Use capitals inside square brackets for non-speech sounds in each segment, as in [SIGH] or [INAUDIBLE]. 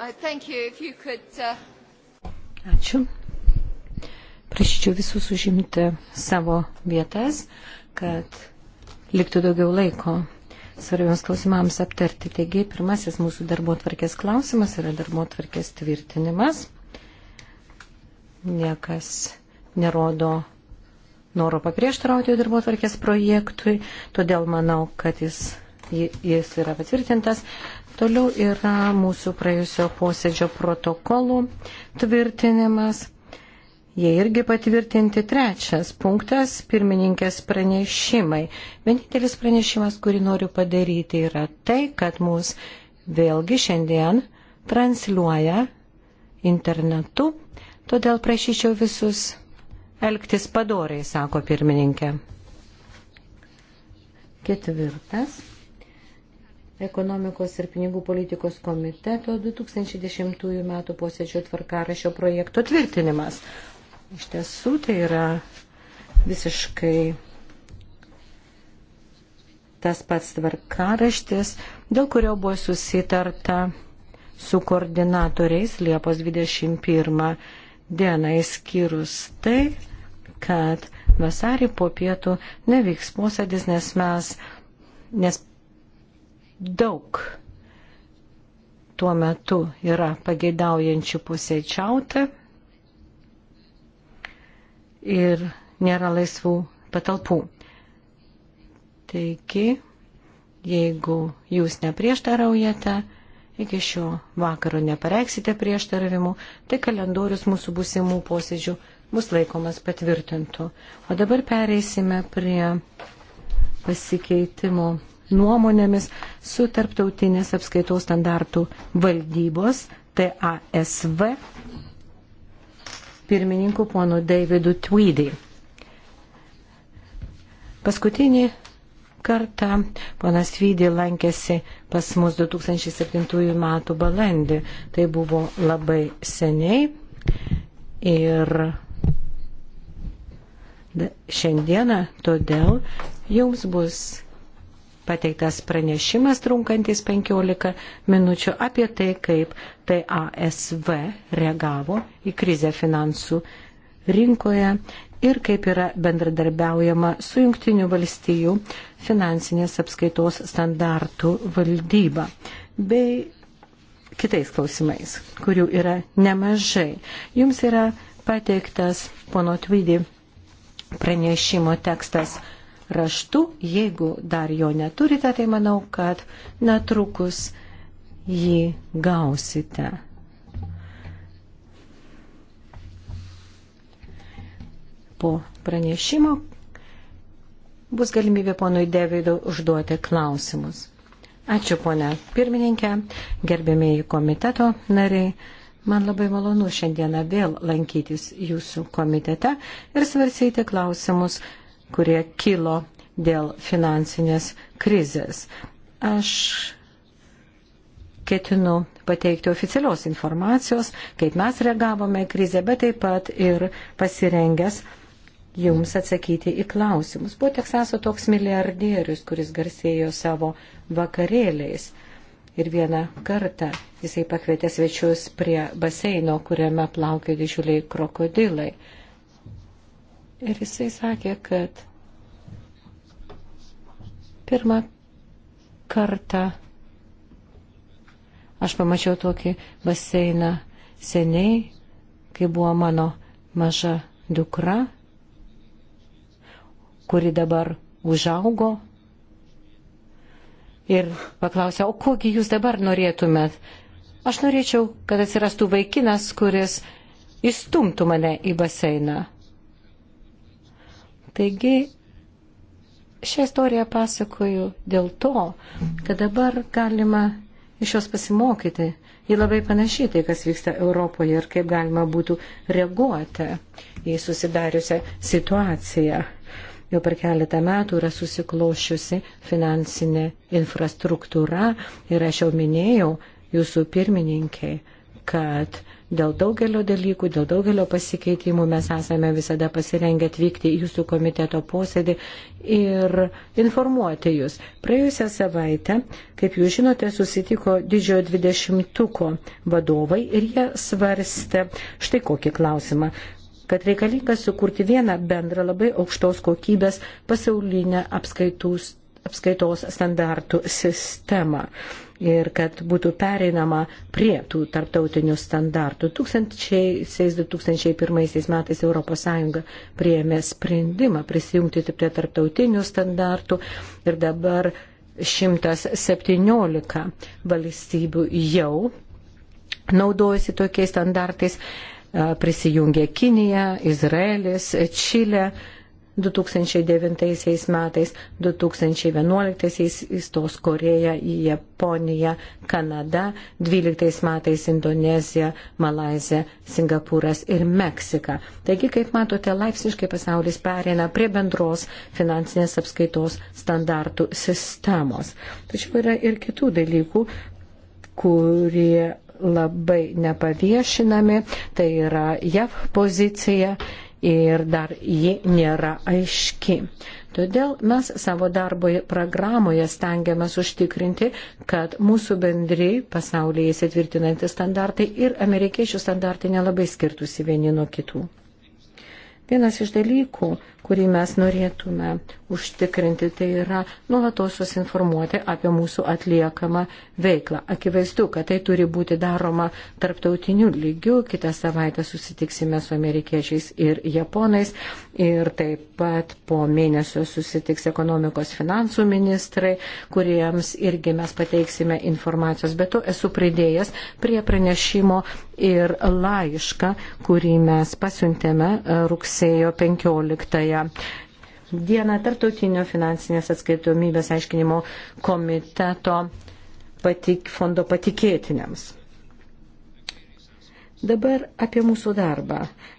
Uh, uh, Ačiū. Prašyčiau visus užimti savo vietas, kad liktų daugiau laiko svarbiams klausimams aptarti. Taigi, pirmasis mūsų darbo tvarkės klausimas yra darbo tvarkės tvirtinimas. Niekas nerodo noro paprieštarauti darbo tvarkės projektui, todėl manau, kad jis, jis yra patvirtintas. Toliau yra mūsų praėjusio posėdžio protokolų tvirtinimas. Jie irgi patvirtinti trečias punktas - pirmininkės pranešimai. Vienintelis pranešimas, kurį noriu padaryti, yra tai, kad mus vėlgi šiandien transliuoja internetu, todėl prašyčiau visus elgtis padoriai, sako pirmininkė. Ketvirtas ekonomikos ir pinigų politikos komiteto 2010 m. posėdžio tvarkarašio projekto tvirtinimas. Iš tiesų tai yra visiškai tas pats tvarkaraštis, dėl kurio buvo susitarta su koordinatoriais Liepos 21 dieną, įskyrus tai, kad vasarį po pietų nevyks posėdis, nes mes, nes daug tuo metu yra pageidaujančių pusėčiauti ir nėra laisvų patalpų. Taigi, jeigu jūs neprieštaraujate, iki šio vakaro nepareiksite prieštaravimų, tai kalendorius mūsų busimų posėdžių bus laikomas patvirtintų. O dabar pereisime prie pasikeitimo nuomonėmis su tarptautinės apskaitos standartų valdybos TASV pirmininku ponu Davidu Tweedy. Paskutinį kartą ponas Vydį lankėsi pas mus 2007 metų balandį. Tai buvo labai seniai ir šiandieną todėl jums bus pateiktas pranešimas trunkantis 15 minučių apie tai, kaip TASV reagavo į krizę finansų rinkoje ir kaip yra bendradarbiaujama su Junktinių valstijų finansinės apskaitos standartų valdyba bei kitais klausimais, kurių yra nemažai. Jums yra pateiktas pono Tvydį pranešimo tekstas raštu. Jeigu dar jo neturite, tai manau, kad netrukus jį gausite. Po pranešimo bus galimybė ponui Devido užduoti klausimus. Ačiū, ponė pirmininkė, gerbėmėjai komiteto nariai. Man labai malonu šiandieną vėl lankytis jūsų komitete ir svarsyti klausimus kurie kilo dėl finansinės krizės. Aš ketinu pateikti oficialios informacijos, kaip mes reagavome į krizę, bet taip pat ir pasirengęs jums atsakyti į klausimus. Buvo Teksaso toks milijardierius, kuris garsėjo savo vakarėliais. Ir vieną kartą jisai pakvietė svečius prie baseino, kuriame plaukė didžiuliai krokodilai. Ir jisai sakė, kad pirmą kartą aš pamačiau tokį baseiną seniai, kai buvo mano maža dukra, kuri dabar užaugo ir paklausė, o kokį jūs dabar norėtumėt? Aš norėčiau, kad atsirastų vaikinas, kuris įstumtų mane į baseiną. Taigi, šią istoriją pasakoju dėl to, kad dabar galima iš jos pasimokyti. Ji labai panašiai tai, kas vyksta Europoje ir kaip galima būtų reaguoti į susidariusią situaciją. Jau per keletą metų yra susiklošiusi finansinė infrastruktūra ir aš jau minėjau jūsų pirmininkiai, kad uh, Dėl daugelio dalykų, dėl daugelio pasikeitimų mes esame visada pasirengę atvykti į jūsų komiteto posėdį ir informuoti jūs. Praėjusią savaitę, kaip jūs žinote, susitiko didžiojo dvidešimtuko vadovai ir jie svarstė štai kokį klausimą kad reikalinga sukurti vieną bendrą labai aukštos kokybės pasaulinę apskaitus, apskaitos standartų sistemą ir kad būtų pereinama prie tų tarptautinių standartų. 2001 metais ES prieėmė sprendimą prisijungti prie tarptautinių standartų ir dabar 117 valstybių jau naudojasi tokiais standartais prisijungė Kinija, Izraelis, Čilė, 2009 metais, 2011 įstos Koreja, Japonija, Kanada, 12 metais Indonezija, Malazija, Singapūras ir Meksika. Taigi, kaip matote, laipsniškai pasaulis perėna prie bendros finansinės apskaitos standartų sistemos. Tačiau yra ir kitų dalykų, kurie labai nepaviešinami, tai yra JAV pozicija ir dar ji nėra aiški. Todėl mes savo darbo programoje stengiamės užtikrinti, kad mūsų bendri pasaulyje įsitvirtinantys standartai ir amerikiečių standartai nelabai skirtųsi vieni nuo kitų. Vienas iš dalykų, kurį mes norėtume užtikrinti, tai yra nuolatos susinformuoti apie mūsų atliekamą veiklą. Akivaizdu, kad tai turi būti daroma tarptautiniu lygiu. Kitą savaitę susitiksime su amerikiečiais ir japonais. Ir taip pat po mėnesio susitiks ekonomikos finansų ministrai, kuriems irgi mes pateiksime informacijos. Bet to esu pridėjęs prie pranešimo ir laišką, kurį mes pasiuntėme e, rugsėjo rugsėjo 15 dieną Tartautinio finansinės atskaitomybės aiškinimo komiteto patik, fondo patikėtiniams. Dabar apie mūsų darbą.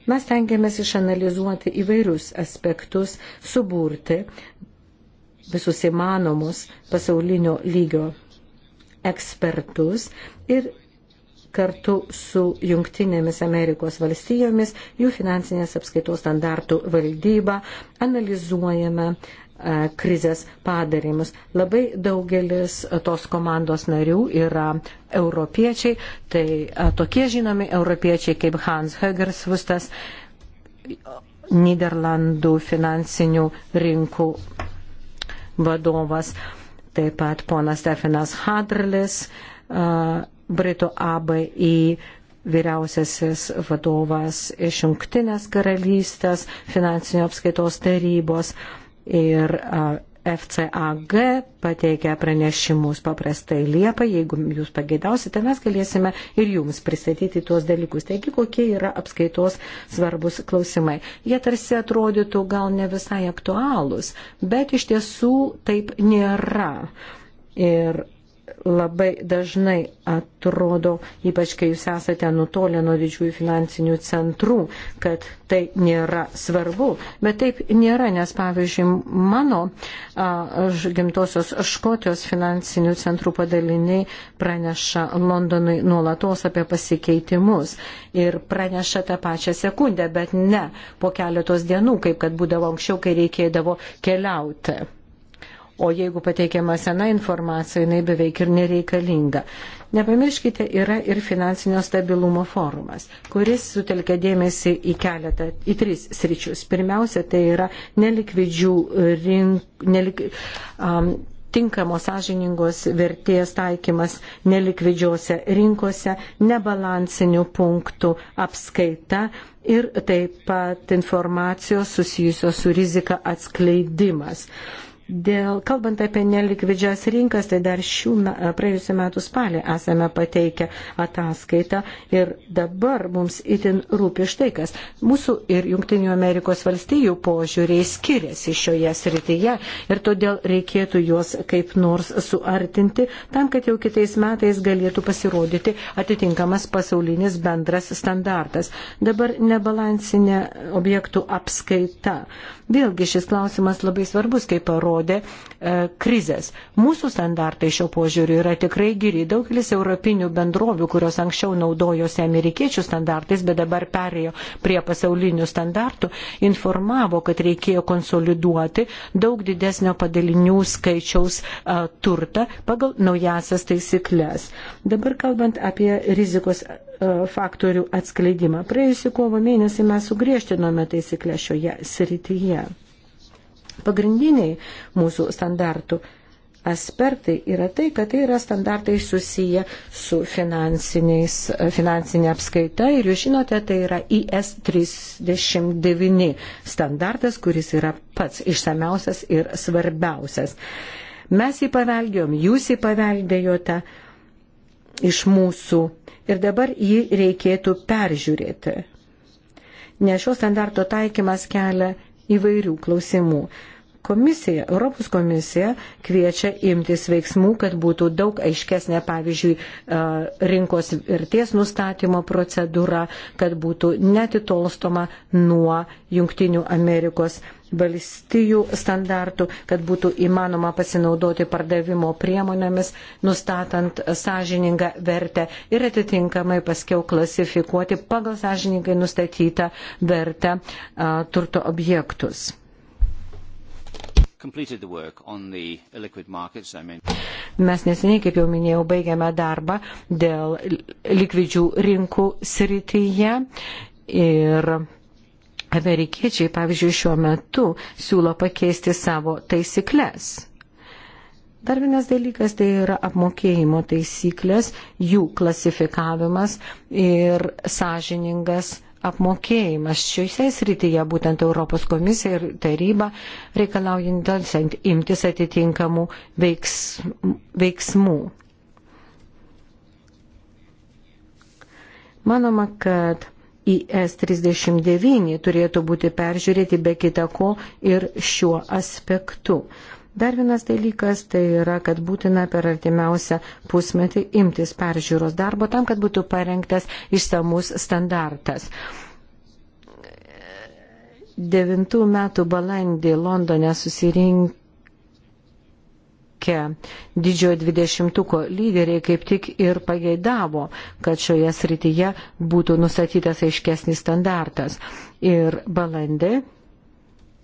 Mes tengiamės išanalizuoti įvairius aspektus, suburti visus įmanomus pasaulinio lygio ekspertus ir kartu su Junktinėmis Amerikos valstijomis, jų finansinės apskaitos standartų valdyba, analizuojame e, krizės padarimus. Labai daugelis tos komandos narių yra europiečiai, tai e, tokie žinomi europiečiai kaip Hans Högersvustas, Niderlandų finansinių rinkų vadovas, taip pat ponas Stefanas Hadrlis, e, Britų ABI vyriausiasis vadovas iš Junktinės karalystės, finansinio apskaitos tarybos ir FCAG pateikia pranešimus paprastai Liepą, jeigu jūs pageidausite, mes galėsime ir jums pristatyti tuos dalykus. Taigi, kokie yra apskaitos svarbus klausimai. Jie tarsi atrodytų gal ne visai aktualūs, bet iš tiesų taip nėra. Ir labai dažnai atrodo, ypač kai jūs esate nutolę nuo didžiųjų finansinių centrų, kad tai nėra svarbu. Bet taip nėra, nes pavyzdžiui, mano a, gimtosios Škotijos finansinių centrų padaliniai praneša Londonui nuolatos apie pasikeitimus ir praneša tą pačią sekundę, bet ne po keletos dienų, kaip kad būdavo anksčiau, kai reikėdavo keliauti o jeigu pateikiama sena informacija, jinai beveik ir nereikalinga. Nepamirškite, yra ir finansinio stabilumo forumas, kuris sutelkia dėmesį į keletą, į tris sričius. Pirmiausia, tai yra nelikvidžių rink, nelik, um, tinkamos sąžiningos vertės taikymas nelikvidžiose rinkose, nebalansinių punktų apskaita ir taip pat informacijos susijusios su rizika atskleidimas. Dėl, kalbant apie nelikvidžias rinkas, tai dar šių praėjusiu metu spalį esame pateikę ataskaitą ir dabar mums itin rūpi štai kas. Mūsų ir Junktinių Amerikos valstijų požiūriai skiriasi šioje srityje ir todėl reikėtų juos kaip nors suartinti tam, kad jau kitais metais galėtų pasirodyti atitinkamas pasaulinis bendras standartas. Dabar nebalansinė objektų apskaita. Vėlgi šis klausimas labai svarbus, kaip parodė E, krizės. Mūsų standartai šio požiūriu yra tikrai geri. Daugelis europinių bendrovių, kurios anksčiau naudojosi amerikiečių standartais, bet dabar perėjo prie pasaulinių standartų, informavo, kad reikėjo konsoliduoti daug didesnio padalinių skaičiaus a, e, turtą pagal naujasias taisyklės. Dabar kalbant apie rizikos e, faktorių atskleidimą. Praėjusį kovo mėnesį mes sugriežtinome taisyklę šioje srityje. Pagrindiniai mūsų standartų aspektai yra tai, kad tai yra standartai susiję su finansinė apskaita ir jūs žinote, tai yra IS 39 standartas, kuris yra pats išsamiausias ir svarbiausias. Mes jį paveldėjom, jūs jį paveldėjote iš mūsų ir dabar jį reikėtų peržiūrėti. Nes šio standarto taikymas kelia įvairių klausimų komisija, Europos komisija kviečia imtis veiksmų, kad būtų daug aiškesnė, pavyzdžiui, rinkos vertės nustatymo procedūra, kad būtų netitolstoma nuo Junktinių Amerikos valstijų standartų, kad būtų įmanoma pasinaudoti pardavimo priemonėmis, nustatant sąžiningą vertę ir atitinkamai paskiau klasifikuoti pagal sąžiningai nustatytą vertę a, turto objektus. Mes neseniai, kaip jau minėjau, baigėme darbą dėl likvidžių rinkų srityje ir amerikiečiai, pavyzdžiui, šiuo metu siūlo pakeisti savo taisyklės. Dar vienas dalykas tai yra apmokėjimo taisyklės, jų klasifikavimas ir sąžiningas apmokėjimas. Šioje srityje būtent Europos komisija ir taryba reikalaujant imtis atitinkamų veiks, veiksmų. Manoma, kad IS-39 turėtų būti peržiūrėti be kita ko ir šiuo aspektu. Dar vienas dalykas tai yra, kad būtina per artimiausią pusmetį imtis peržiūros darbo tam, kad būtų parengtas išsamus standartas. 9 metų balandį Londone susirinkti tokie didžiojo dvidešimtuko lyderiai kaip tik ir pageidavo, kad šioje srityje būtų nustatytas aiškesnis standartas. Ir balandį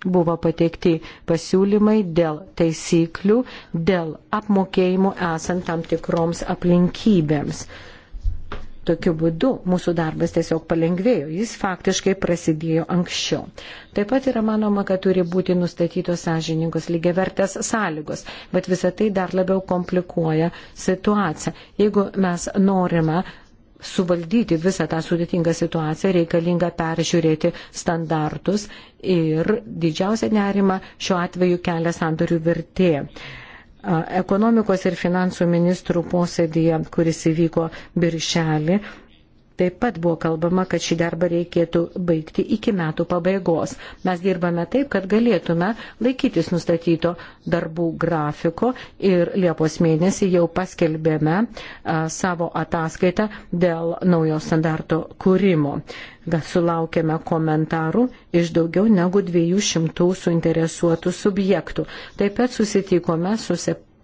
buvo pateikti pasiūlymai dėl taisyklių, dėl apmokėjimų esant tam tikroms aplinkybėms. Tokiu būdu mūsų darbas tiesiog palengvėjo, jis faktiškai prasidėjo anksčiau. Taip pat yra manoma, kad turi būti nustatytos sąžininkos lygiavertės sąlygos, bet visa tai dar labiau komplikuoja situaciją. Jeigu mes norime suvaldyti visą tą sudėtingą situaciją, reikalinga peržiūrėti standartus ir didžiausia nerima šiuo atveju kelia sandorių vertė. Ekonomikos ir finansų ministrų posėdėje, kuris įvyko birželį, Taip pat buvo kalbama, kad šį darbą reikėtų baigti iki metų pabaigos. Mes dirbame taip, kad galėtume laikytis nustatyto darbų grafiko ir Liepos mėnesį jau paskelbėme a, savo ataskaitą dėl naujo standarto kūrimo. Sulaukėme komentarų iš daugiau negu 200 suinteresuotų subjektų. Taip pat susitikome su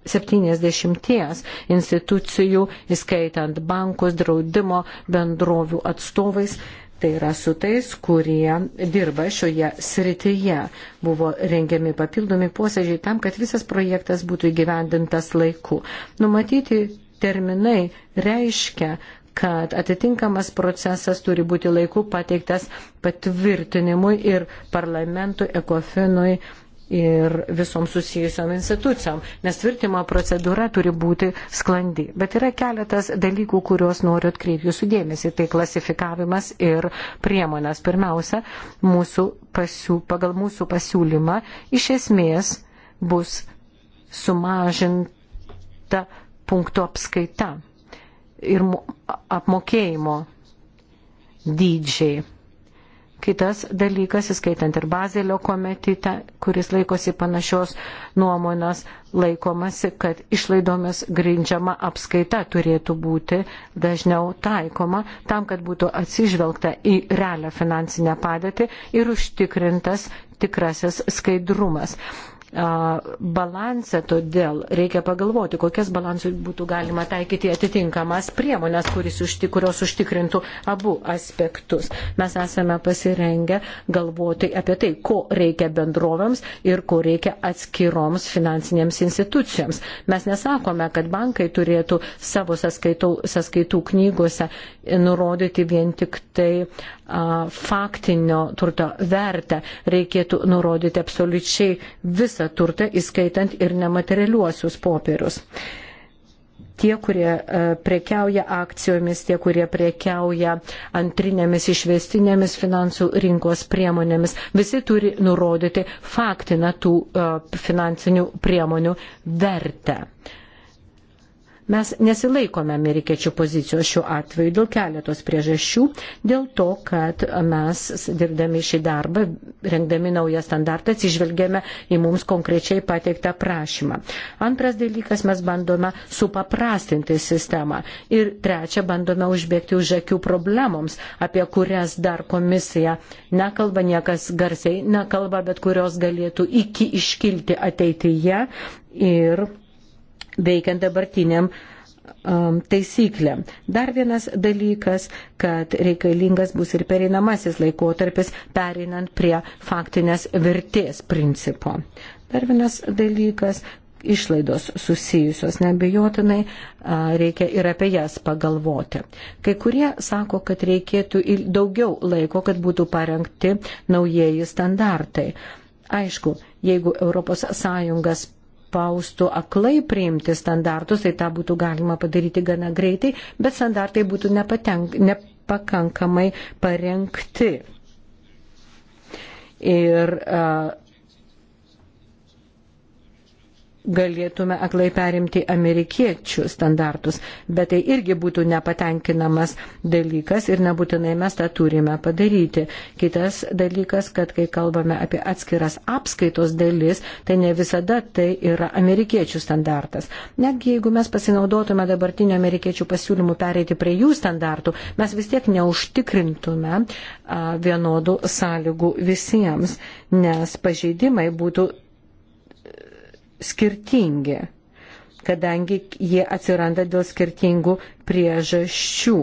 70 institucijų, įskaitant bankus, draudimo bendrovių atstovais. Tai yra su tais, kurie dirba šioje srityje. Buvo rengiami papildomi posėdžiai tam, kad visas projektas būtų įgyvendintas laiku. Numatyti terminai reiškia, kad atitinkamas procesas turi būti laiku pateiktas patvirtinimui ir parlamentui, ekofinui ir visom susijusiom institucijom, nes tvirtimo procedūra turi būti sklandi. Bet yra keletas dalykų, kuriuos noriu atkreipti jūsų dėmesį. Tai klasifikavimas ir priemonės. Pirmiausia, mūsų pasiū, pagal mūsų pasiūlymą iš esmės bus sumažinta punktų apskaita ir apmokėjimo dydžiai Kitas dalykas, įskaitant ir Bazelio komitetą, kuris laikosi panašios nuomonės, laikomasi, kad išlaidomis grindžiama apskaita turėtų būti dažniau taikoma tam, kad būtų atsižvelgta į realią finansinę padėtį ir užtikrintas tikrasis skaidrumas balansą, todėl reikia pagalvoti, kokias balansui būtų galima taikyti atitinkamas priemonės, užti, kurios užtikrintų abu aspektus. Mes esame pasirengę galvoti apie tai, ko reikia bendrovėms ir ko reikia atskiroms finansinėms institucijoms. Mes nesakome, kad bankai turėtų savo sąskaitų, sąskaitų knygose nurodyti vien tik tai faktinio turto vertę, reikėtų nurodyti absoliučiai visą turtą, įskaitant ir nematerialiuosius popierius. Tie, kurie e, prekiauja akcijomis, tie, kurie prekiauja antrinėmis išvestinėmis finansų rinkos priemonėmis, visi turi nurodyti faktiną tų e, finansinių priemonių vertę. Uh, Mes nesilaikome amerikiečių pozicijos šiuo atveju dėl keletos priežasčių, dėl to, kad mes, dirbdami šį darbą, rengdami naują standartą, atsižvelgėme į mums konkrečiai pateiktą prašymą. Antras dalykas, mes bandome supaprastinti sistemą. Ir trečia, bandome užbėgti už akių problemoms, apie kurias dar komisija nekalba, niekas garsiai nekalba, bet kurios galėtų iki iškilti ateityje. Ir veikiant dabartiniam um, taisyklėm. Dar vienas dalykas, kad reikalingas bus ir pereinamasis laikotarpis, pereinant prie faktinės vertės principo. Dar vienas dalykas, išlaidos susijusios, nebejotinai reikia ir apie jas pagalvoti. Kai kurie sako, kad reikėtų daugiau laiko, kad būtų parengti naujieji standartai. Aišku, jeigu ES spaustų aklai priimti standartus, tai tą būtų galima padaryti gana greitai, bet standartai būtų nepatenk, nepakankamai parengti. Ir uh, galėtume aklai perimti amerikiečių standartus, bet tai irgi būtų nepatenkinamas dalykas ir nebūtinai mes tą turime padaryti. Kitas dalykas, kad kai kalbame apie atskiras apskaitos dalis, tai ne visada tai yra amerikiečių standartas. Netgi jeigu mes pasinaudotume dabartinio amerikiečių pasiūlymų pereiti prie jų standartų, mes vis tiek neužtikrintume vienodų sąlygų visiems, nes pažeidimai būtų skirtingi, kadangi jie atsiranda dėl skirtingų priežasčių.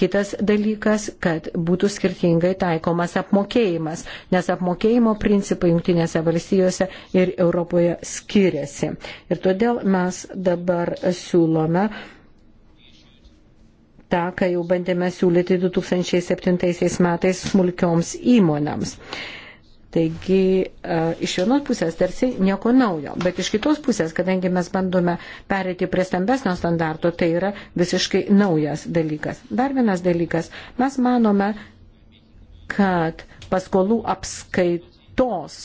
Kitas dalykas, kad būtų skirtingai taikomas apmokėjimas, nes apmokėjimo principai Junktinėse valstijose ir Europoje skiriasi. Ir todėl mes dabar siūlome tą, ką jau bandėme siūlyti 2007 metais smulkioms įmonėms. Taigi e, iš vienos pusės tarsi nieko naujo, bet iš kitos pusės, kadangi mes bandome perėti prie stambesnio standarto, tai yra visiškai naujas dalykas. Dar vienas dalykas, mes manome, kad paskolų apskaitos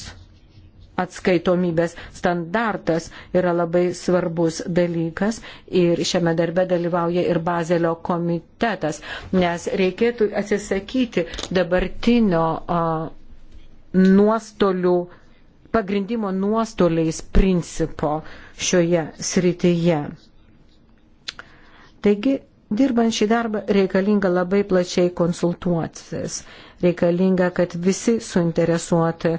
atskaitomybės standartas yra labai svarbus dalykas ir šiame darbe dalyvauja ir Bazelio komitetas, nes reikėtų atsisakyti dabartinio uh, nuostolių, pagrindimo nuostoliais principo šioje srityje. Taigi, dirbant šį darbą reikalinga labai plačiai konsultuotis reikalinga, kad visi suinteresuoti,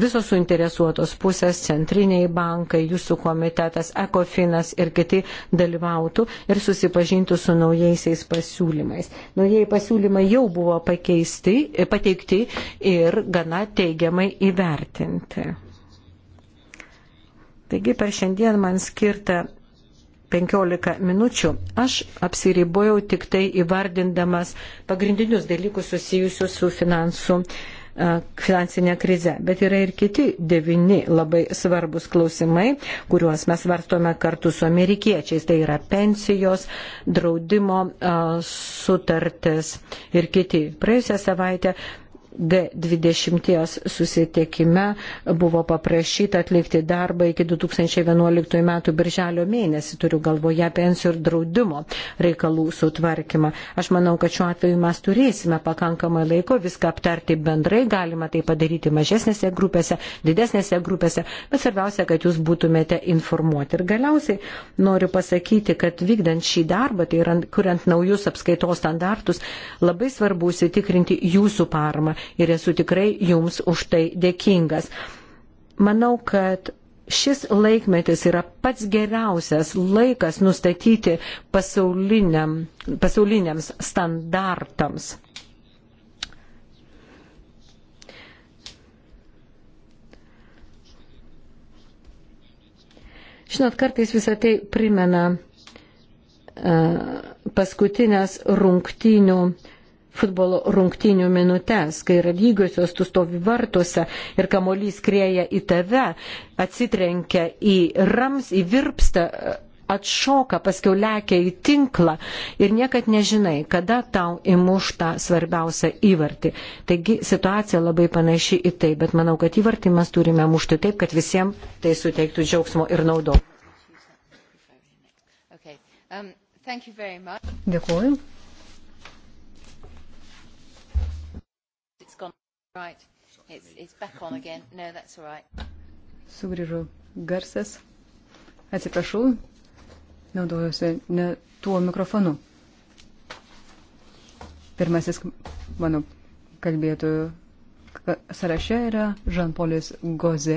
visos suinteresuotos pusės, centriniai bankai, jūsų komitetas, ekofinas ir kiti dalyvautų ir susipažintų su naujaisiais pasiūlymais. Naujieji pasiūlymai jau buvo pakeisti, pateikti ir gana teigiamai įvertinti. Taigi per šiandien man skirtą 15 minučių, aš apsiribojau tik tai įvardindamas pagrindinius dalykus susijusius su finansų finansinė krize. Bet yra ir kiti devini labai svarbus klausimai, kuriuos mes varstome kartu su amerikiečiais. Tai yra pensijos, draudimo sutartis ir kiti. Praėjusią savaitę G20 susitikime buvo paprašyta atlikti darbą iki 2011 metų birželio mėnesį, turiu galvoje pensijų ir draudimo reikalų sutvarkymą. Aš manau, kad šiuo atveju mes turėsime pakankamai laiko viską aptarti bendrai, galima tai padaryti mažesnėse grupėse, didesnėse grupėse, bet svarbiausia, kad jūs būtumėte informuoti. Ir galiausiai noriu pasakyti, kad vykdant šį darbą, tai yra kuriant naujus apskaitos standartus, labai svarbu įsitikrinti jūsų paramą ir esu tikrai jums už tai dėkingas. Manau, kad šis laikmetis yra pats geriausias laikas nustatyti pasauliniam, pasauliniams standartams. Žinot, kartais visą tai primena paskutinės rungtynių uh, futbolo rungtinių minutės, kai yra lygiosios, tu stovi vartuose ir kamolys krieja į tave, atsitrenkia į rams, į virpstą atšoka, paskiau lekia į tinklą ir niekad nežinai, kada tau įmuš tą svarbiausią įvartį. Taigi situacija labai panaši į tai, bet manau, kad įvartį mes turime mušti taip, kad visiems tai suteiktų džiaugsmo ir naudos. Okay. Um, Dėkuoju. Right. It's, it's back on again. No, that's all right. Sugrįžo garsas. Atsiprašau, naudojusi ne tuo mikrofonu. Pirmasis mano kalbėtojų sąraše yra Žanpolis Goze.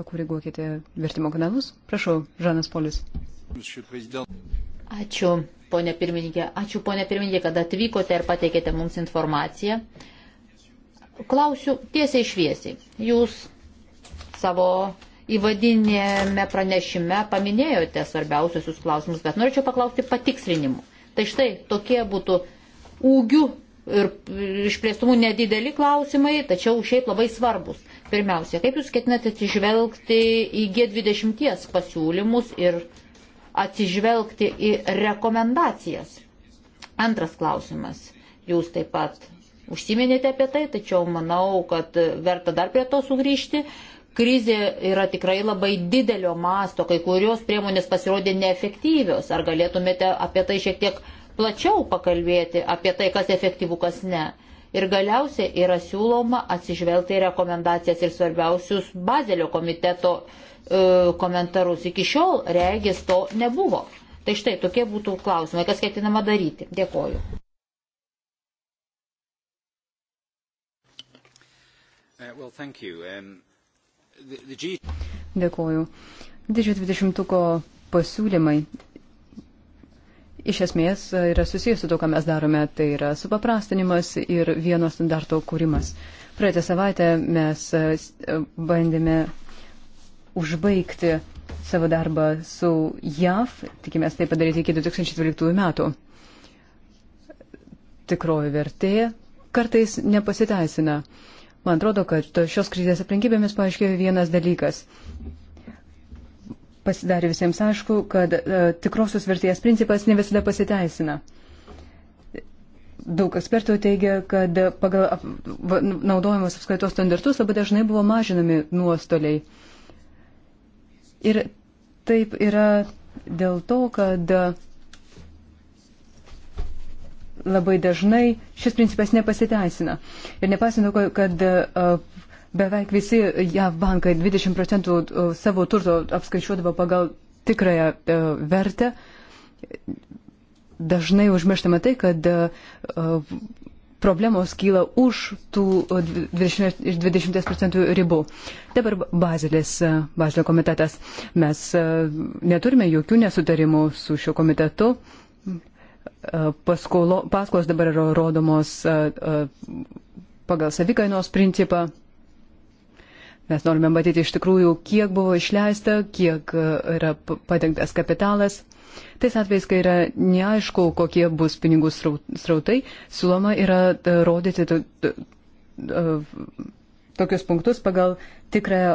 Pakoreguokite vertimo kanalus. Prašau, Žanas Polis. Ačiū, ponė pirmininkė. Ačiū, ponė pirmininkė, kad atvykote ir pateikėte mums informaciją. Klausiu tiesiai šviesiai. Jūs savo įvadinėme pranešime paminėjote svarbiausius klausimus, bet norėčiau paklausti patikslinimu. Tai štai tokie būtų ūgių ir išplėstumų nedideli klausimai, tačiau šiaip labai svarbus. Pirmiausia, kaip Jūs ketinate atsižvelgti į G20 pasiūlymus ir atsižvelgti į rekomendacijas? Antras klausimas. Jūs taip pat užsiminėte apie tai, tačiau manau, kad verta dar prie to sugrįžti. Krizė yra tikrai labai didelio masto, kai kurios priemonės pasirodė neefektyvios. Ar galėtumėte apie tai šiek tiek plačiau pakalbėti, apie tai, kas efektyvu, kas ne? Ir galiausiai yra siūloma atsižvelgti į rekomendacijas ir svarbiausius Bazelio komiteto E, komentarus. Iki šiol regis to nebuvo. Tai štai tokie būtų klausimai, kas ketinama daryti. Dėkoju. Uh, well, um, the, the G... Dėkoju. Didžiojo dvidešimtuko pasiūlymai iš esmės yra susijęs su to, ką mes darome, tai yra supaprastinimas ir vieno standarto kūrimas. Praeitą savaitę mes e, bandėme užbaigti savo darbą su JAV, tikimės tai padaryti iki 2012 metų. Tikroji vertė kartais nepasiteisina. Man atrodo, kad šios krizės aplinkybėmis paaiškėjo vienas dalykas. Pasidarė visiems aišku, kad e, tikrosios vertės principas ne visada pasiteisina. Daug ekspertų teigia, kad pagal ap, naudojimus apskaitos standartus labai dažnai buvo mažinami nuostoliai. E, Ir taip yra dėl to, kad labai dažnai šis principas nepasiteisina. Ir nepasino, kad beveik visi JAV bankai 20 procentų savo turto apskaičiuodavo pagal tikrąją vertę, dažnai užmirštama tai, kad problemos kyla už tų 20, 20 procentų ribų. Dabar Bazilis, e, Bazilio komitetas. Mes e, neturime jokių nesutarimų su šiuo komitetu. E, paskolo, paskolos dabar yra rodomos pagal savikainos principą. Mes norime matyti iš tikrųjų, kiek buvo išleista, kiek yra padengtas kapitalas. Tais atvejais, kai yra neaišku, kokie bus pinigų srautai, siūloma yra e, rodyti e, tokius punktus pagal tikrąją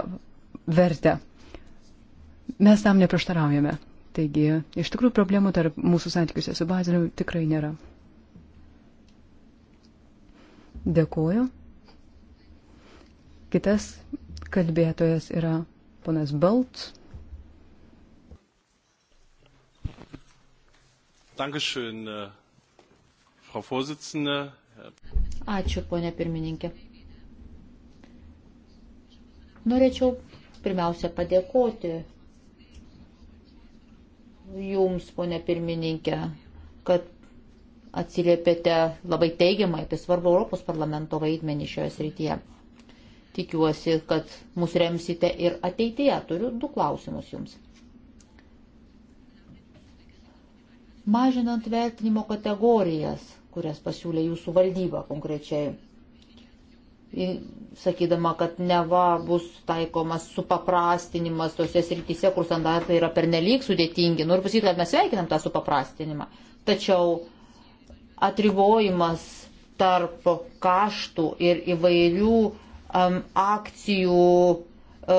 vertę. Mes tam neprieštaraujame. Taigi, iš tikrųjų problemų tarp mūsų santykiuose su Baziliu tikrai nėra. Dėkuoju. Kitas kalbėtojas yra ponas Balts. Dankeschön, äh, Frau Vorsitzende. Ačiū, ponė pirmininkė. Norėčiau pirmiausia padėkoti Jums, ponė pirmininkė, kad atsiliepėte labai teigiamai apie svarbą Europos parlamento vaidmenį šioje srityje. Tikiuosi, kad mus remsite ir ateityje. Turiu du klausimus Jums. mažinant vertinimo kategorijas, kurias pasiūlė jūsų valdyba konkrečiai, sakydama, kad neva bus taikomas supaprastinimas tose srityse, kur standartai yra pernelyg sudėtingi. Noriu pasakyti, kad mes sveikinam tą supaprastinimą. Tačiau atribojimas tarp kaštų ir įvairių um, akcijų E,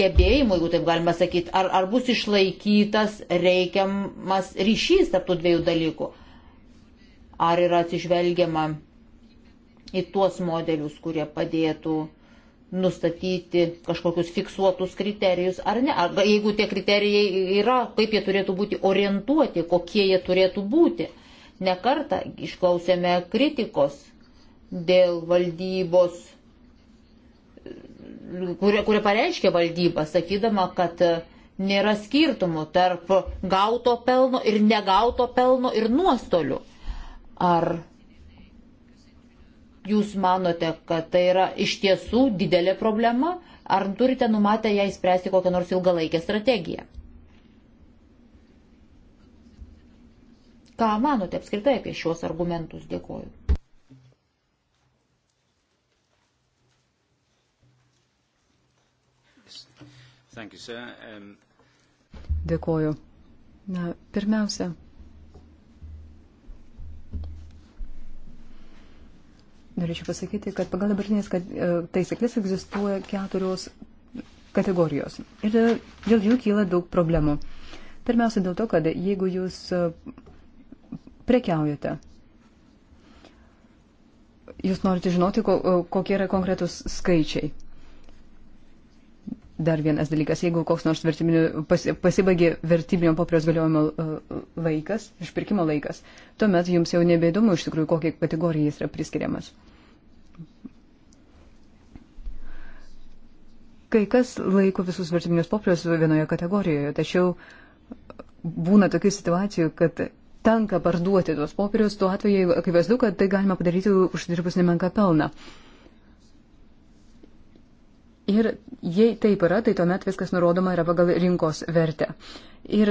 gebėjimų, jeigu taip galima sakyti, ar, ar bus išlaikytas reikiamas ryšys tarp tų dviejų dalykų. Ar yra atsižvelgiama į tuos modelius, kurie padėtų nustatyti kažkokius fiksuotus kriterijus ar ne. Ar jeigu tie kriterijai yra, kaip jie turėtų būti orientuoti, kokie jie turėtų būti. Nekartą išklausėme kritikos dėl valdybos kurie, kurie pareiškė valdybą, sakydama, kad e, nėra skirtumų tarp gauto pelno ir negauto pelno ir nuostolių. Ar jūs manote, kad tai yra iš tiesų didelė problema, ar turite numatę ją įspręsti kokią nors ilgalaikę strategiją? Ką manote apskritai apie šios argumentus? Dėkoju. Thank you, sir. Um... Dėkoju. Na, pirmiausia. Norėčiau pasakyti, kad pagal dabartinės e, taisyklės egzistuoja keturios kategorijos. Ir e, dėl jų kyla daug problemų. Pirmiausia, dėl to, kad jeigu jūs e, prekiaujate, jūs norite žinoti, kokie yra konkretus skaičiai dar vienas dalykas, jeigu koks nors pas, pasibaigė vertybinio popieriaus galiojimo e, laikas, išpirkimo laikas, tuomet jums jau nebeįdomu iš tikrųjų, kokiai kategorijai jis yra priskiriamas. Kai kas laiko visus vertybinius popierius vienoje kategorijoje, tačiau būna tokių situacijų, kad tenka parduoti tuos popierius, tuo atveju akivaizdu, kad tai galima padaryti uždirbus nemenka pelną. Uh, Ir jei taip yra, tai tuomet viskas nurodoma yra pagal rinkos vertę. Ir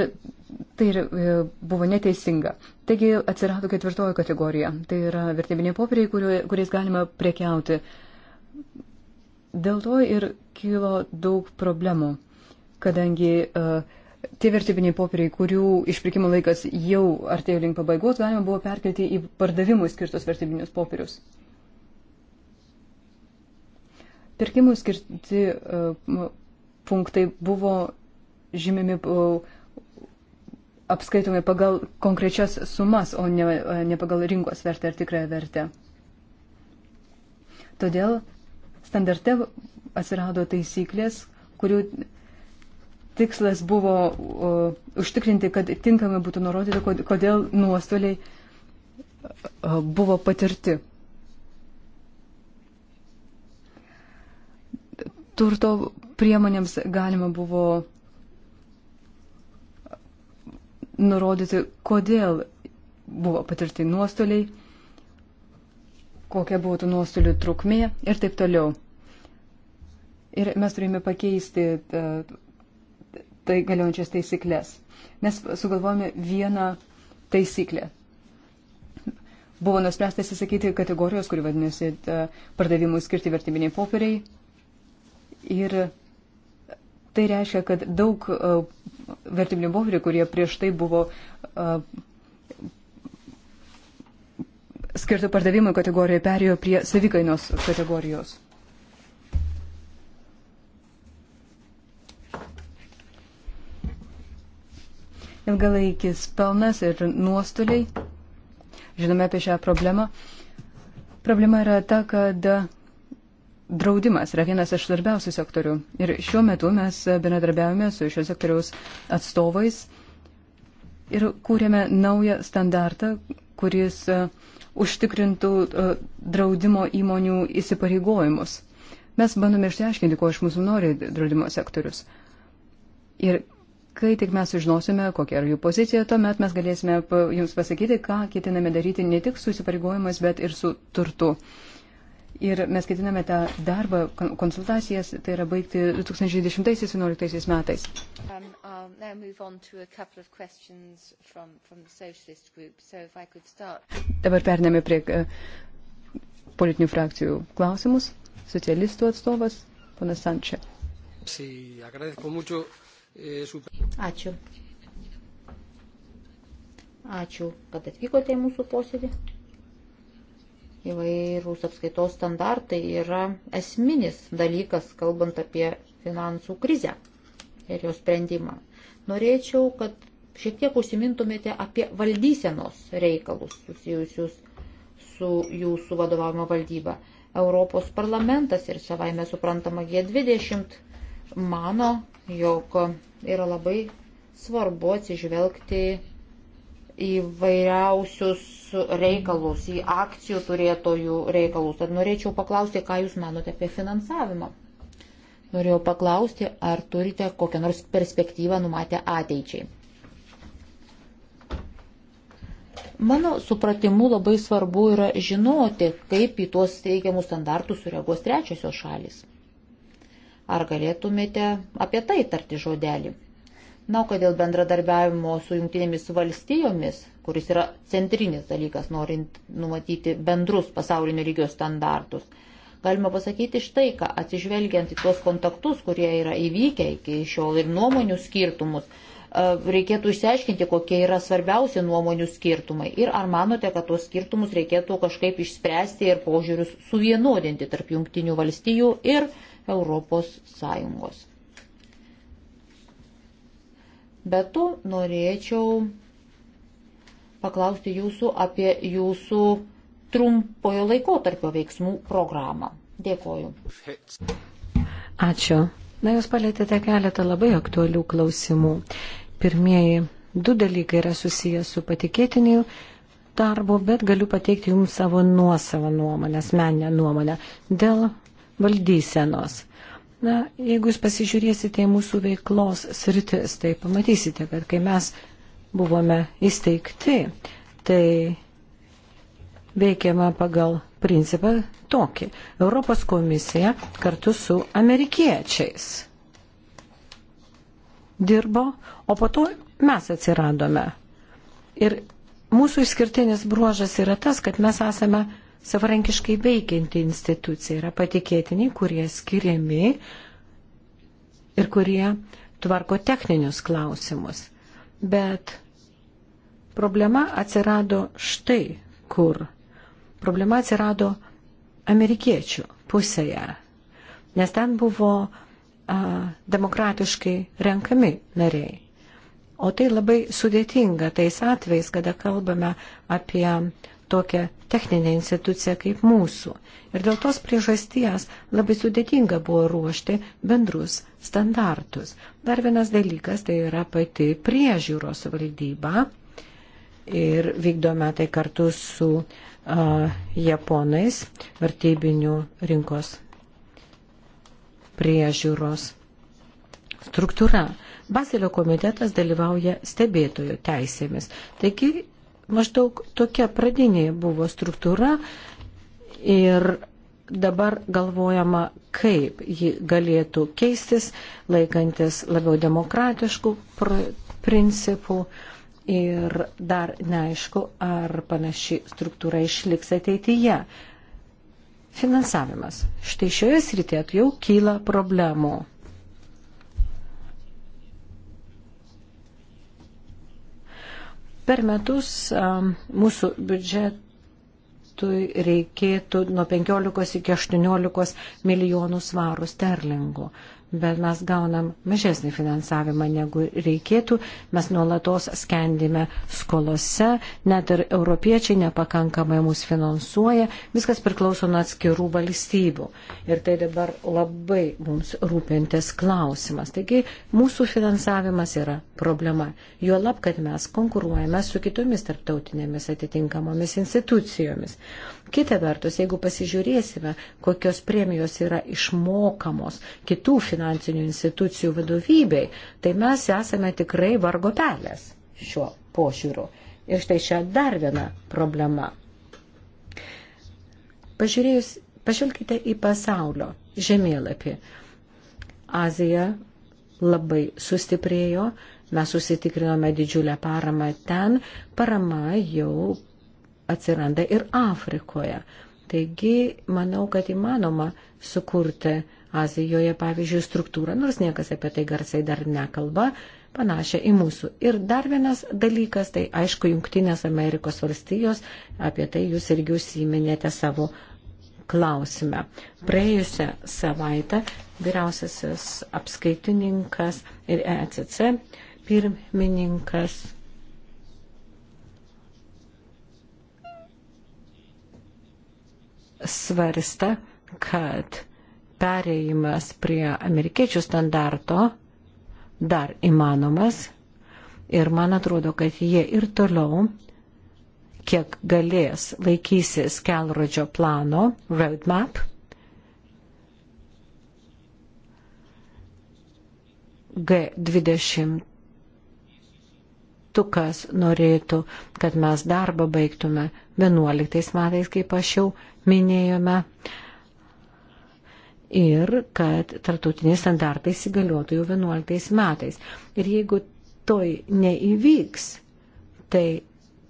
tai ir e, buvo neteisinga. Taigi atsirado ketvirtoji kategorija. Tai yra vertybiniai popieriai, kuriais galima prekiauti. Dėl to ir kilo daug problemų, kadangi uh, tie vertybiniai popieriai, kurių išpirkimo laikas jau artėjo link pabaigos, galima buvo perkelti į pardavimui skirtus vertybinius popierius. Uh, Pirkimų skirti e, punktai buvo žymimi, e, apskaitomi pagal konkrečias sumas, o ne, e, ne pagal rinkos vertę ar tikrąją vertę. Todėl standarte atsirado taisyklės, kurių tikslas buvo o, užtikrinti, kad tinkamai būtų nurodyta, kodėl nuostoliai o, buvo patirti. turto priemonėms galima buvo nurodyti, kodėl buvo patirti nuostoliai, kokia buvo tų nuostolių trukmė ir taip toliau. Ir mes turime pakeisti e, tai galiojančias taisyklės. Mes sugalvojame vieną taisyklę. Buvo nuspręsta atsisakyti kategorijos, kuri vadinasi e, pardavimui skirti vertybiniai popieriai Ir tai reiškia, kad daug e, vertiminių popierių, kurie prieš tai buvo e, skirti pardavimui kategorijoje, perėjo prie savikainos kategorijos. Ilgalaikis pelnas ir nuostoliai. Žinome apie šią problemą. Problema yra ta, kad Draudimas yra vienas iš svarbiausių sektorių ir šiuo metu mes bendradarbiavome su šio sektoriaus atstovais ir kūrėme naują standartą, kuris e, užtikrintų e, draudimo įmonių įsipareigojimus. Mes bandome išsiaiškinti, ko iš mūsų nori draudimo sektorius. Ir kai tik mes sužinosime, kokia yra jų pozicija, tuomet mes galėsime jums pasakyti, ką ketiname daryti ne tik su įsipareigojimais, bet ir su turtu. Uh, Ir mes ketiname tą darbą, konsultacijas, tai yra baigti 2010-2011 metais. Um, from, from group, so start... Dabar pernėme prie uh, politinių frakcijų klausimus. Socialistų atstovas, panas Sančia. Eh, Ačiū. Ačiū, kad atvykote į mūsų posėdį. Įvairūs apskaitos standartai yra esminis dalykas, kalbant apie finansų krizę ir jos sprendimą. Norėčiau, kad šiek tiek užsimintumėte apie valdysenos reikalus susijusius su jūsų vadovavimo valdyba. Europos parlamentas ir savaime suprantama G20 mano, jog yra labai svarbu atsižvelgti įvairiausius reikalus, į akcijų turėtojų reikalus. Tad norėčiau paklausti, ką Jūs manote apie finansavimą. Norėjau paklausti, ar turite kokią nors perspektyvą numatę ateičiai. Mano supratimu labai svarbu yra žinoti, kaip į tuos teigiamus standartus sureaguos trečiosios šalis. Ar galėtumėte apie tai tarti žodelį? Na, kad dėl bendradarbiavimo su jungtinėmis valstijomis, kuris yra centrinis dalykas, norint numatyti bendrus pasaulinio lygio standartus, galima pasakyti štai ką, atsižvelgiant į tuos kontaktus, kurie yra įvykę iki šiol ir nuomonių skirtumus, e, reikėtų išsiaiškinti, kokie yra svarbiausi nuomonių skirtumai ir ar manote, kad tuos skirtumus reikėtų kažkaip išspręsti ir požiūrius suvienodinti tarp jungtinių valstijų ir Europos Sąjungos. Bet to norėčiau paklausti jūsų apie jūsų trumpojo laikotarpio veiksmų programą. Dėkoju. Ačiū. Na, jūs palėtėte keletą labai aktualių klausimų. Pirmieji du dalykai yra susijęs su patikėtiniu darbu, bet galiu pateikti jums savo nuosavą nuomonę, asmeninę nuomonę dėl valdysenos. Na, jeigu jūs pasižiūrėsite į mūsų veiklos sritis, tai pamatysite, kad kai mes buvome įsteigti, tai veikiama pagal principą tokį. Europos komisija kartu su amerikiečiais dirbo, o po to mes atsiradome. Ir mūsų išskirtinis bruožas yra tas, kad mes esame savarankiškai veikianti institucija. Yra patikėtiniai, kurie skiriami ir kurie tvarko techninius klausimus. Bet problema atsirado štai kur. Problema atsirado amerikiečių pusėje, nes ten buvo a, demokratiškai renkami nariai. O tai labai sudėtinga tais atvejais, kada kalbame apie tokią techninę instituciją kaip mūsų. Ir dėl tos priežasties labai sudėtinga buvo ruošti bendrus standartus. Dar vienas dalykas tai yra pati priežiūros valdyba. Ir vykdome tai kartu su uh, japonais vertybinių rinkos priežiūros struktūra. Bazelio komitetas dalyvauja stebėtojų teisėmis. Taigi Maždaug tokia pradinė buvo struktūra ir dabar galvojama, kaip ji galėtų keistis, laikantis labiau demokratiškų principų. Ir dar neaišku, ar panaši struktūra išliks ateityje. Finansavimas. Štai šioje srityje jau kyla problemų. Per metus mūsų biudžetui reikėtų nuo 15 iki 18 milijonų svarų sterlingų bet mes gaunam mažesnį finansavimą negu reikėtų, mes nuolatos skendime skolose, net ir europiečiai nepakankamai mūsų finansuoja, viskas priklauso nuo atskirų valstybių. Ir tai dabar labai mums rūpintis klausimas. Taigi mūsų finansavimas yra problema. Juolab, kad mes konkuruojame su kitomis tarptautinėmis atitinkamomis institucijomis. Kita vertus, jeigu pasižiūrėsime, kokios premijos yra išmokamos kitų finansinių institucijų vadovybei, tai mes esame tikrai vargotelės šiuo požiūriu. Ir štai čia dar viena problema. Pažiūrėjus, pažvelkite į pasaulio žemėlapį. Azija labai sustiprėjo, mes susitikrinome didžiulę paramą ten, parama jau atsiranda ir Afrikoje. Taigi, manau, kad įmanoma sukurti Azijoje, pavyzdžiui, struktūrą, nors niekas apie tai garsiai dar nekalba, panašią į mūsų. Ir dar vienas dalykas, tai aišku, Junktinės Amerikos valstijos, apie tai jūs irgi užsiminėte savo klausime. Praėjusią savaitę vyriausiasis apskaitininkas ir ECC pirmininkas svarsta, kad pereimas prie amerikiečių standarto dar įmanomas ir man atrodo, kad jie ir toliau, kiek galės, laikysis kelrodžio plano, roadmap, G20 tu kas norėtų, kad mes darbą baigtume 11 metais, kaip aš jau minėjome, ir kad tartutiniai standartai įsigaliotų jau 11 metais. Ir jeigu toj neįvyks, tai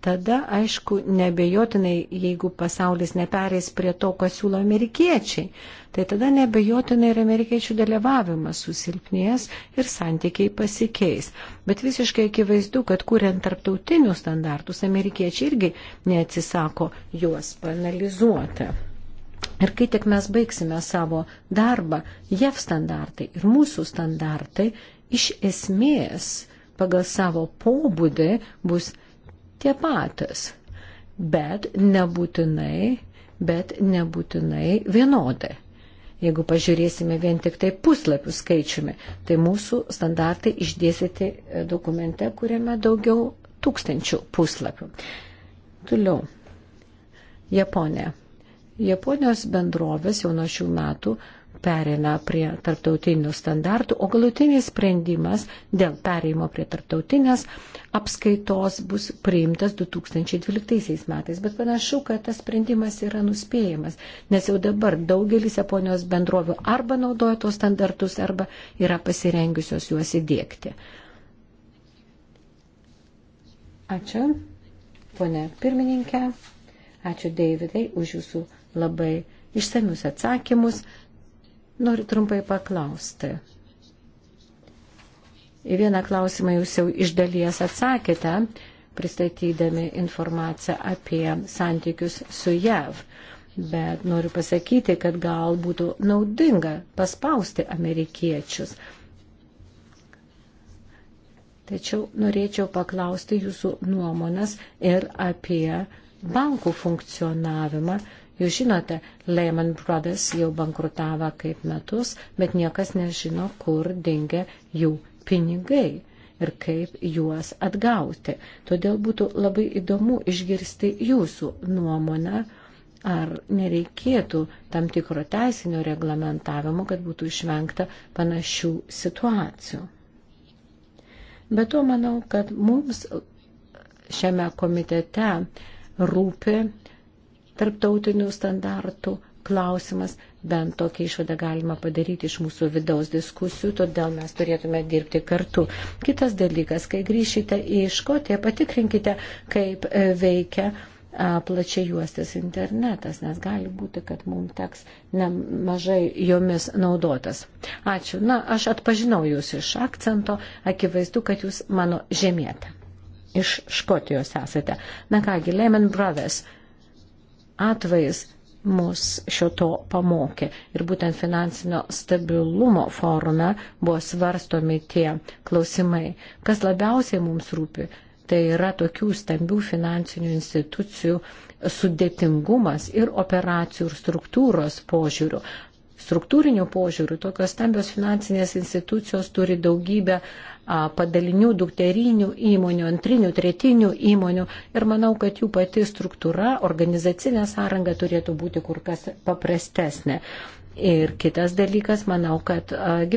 tada, aišku, nebejotinai, jeigu pasaulis nepereis prie to, ką siūlo amerikiečiai, tai tada nebejotinai ir amerikiečių dalyvavimas susilpnės ir santykiai pasikeis. Bet visiškai akivaizdu, kad kuriant tarptautinius standartus, amerikiečiai irgi neatsisako juos panalizuoti. Ir kai tik mes baigsime savo darbą, JAV e standartai ir mūsų standartai iš esmės pagal savo pobūdį bus tie patys, bet nebūtinai, bet nebūtinai vienodai. Jeigu pažiūrėsime vien tik tai puslapių skaičiumi, tai mūsų standartai išdėsyti dokumente, kuriame daugiau tūkstančių puslapių. Toliau. Japonija. Japonijos bendrovės jau nuo šių metų uh, perina prie tarptautinių standartų, o galutinis sprendimas dėl pereimo prie tarptautinės apskaitos bus priimtas 2012 metais. Bet panašu, kad tas sprendimas yra nuspėjamas, nes jau dabar daugelis Japonijos bendrovių arba naudoja tos standartus, arba yra pasirengusios juos įdėkti. Ačiū, ponė pirmininkė. Ačiū Davidai už jūsų labai išsamius atsakymus. Noriu trumpai paklausti. Į vieną klausimą jūs jau iš dalies atsakėte, pristatydami informaciją apie santykius su JAV. Bet noriu pasakyti, kad gal būtų naudinga paspausti amerikiečius. Tačiau norėčiau paklausti jūsų nuomonės ir apie bankų funkcionavimą Jūs žinote, Lehman Brothers jau bankrutavo kaip metus, bet niekas nežino, kur dingia jų pinigai ir kaip juos atgauti. Todėl būtų labai įdomu išgirsti jūsų nuomonę, ar nereikėtų tam tikro teisinio reglamentavimo, kad būtų išvengta panašių situacijų. Bet to manau, kad mums šiame komitete rūpi tarptautinių standartų klausimas, bent tokia išvada galima padaryti iš mūsų vidaus diskusijų, todėl mes turėtume dirbti kartu. Kitas dalykas, kai grįšite į Škotiją, patikrinkite, kaip e, veikia plačiai juostis internetas, nes gali būti, kad mums teks nemažai jomis naudotas. Ačiū. Na, aš atpažinau jūs iš akcento, akivaizdu, kad jūs mano žemėte. Iš Škotijos esate. Na kągi, Lehman Brothers atvejais mus šito pamokė. Ir būtent finansinio stabilumo forume buvo svarstomi tie klausimai. Kas labiausiai mums rūpi, tai yra tokių stambių finansinių institucijų sudėtingumas ir operacijų ir struktūros požiūrių struktūrinių požiūrių tokios stambios finansinės institucijos turi daugybę padalinių, dukterinių įmonių, antrinių, tretinių įmonių ir manau, kad jų pati struktūra, organizacinė sąranga turėtų būti kur kas paprastesnė. Ir kitas dalykas, manau, kad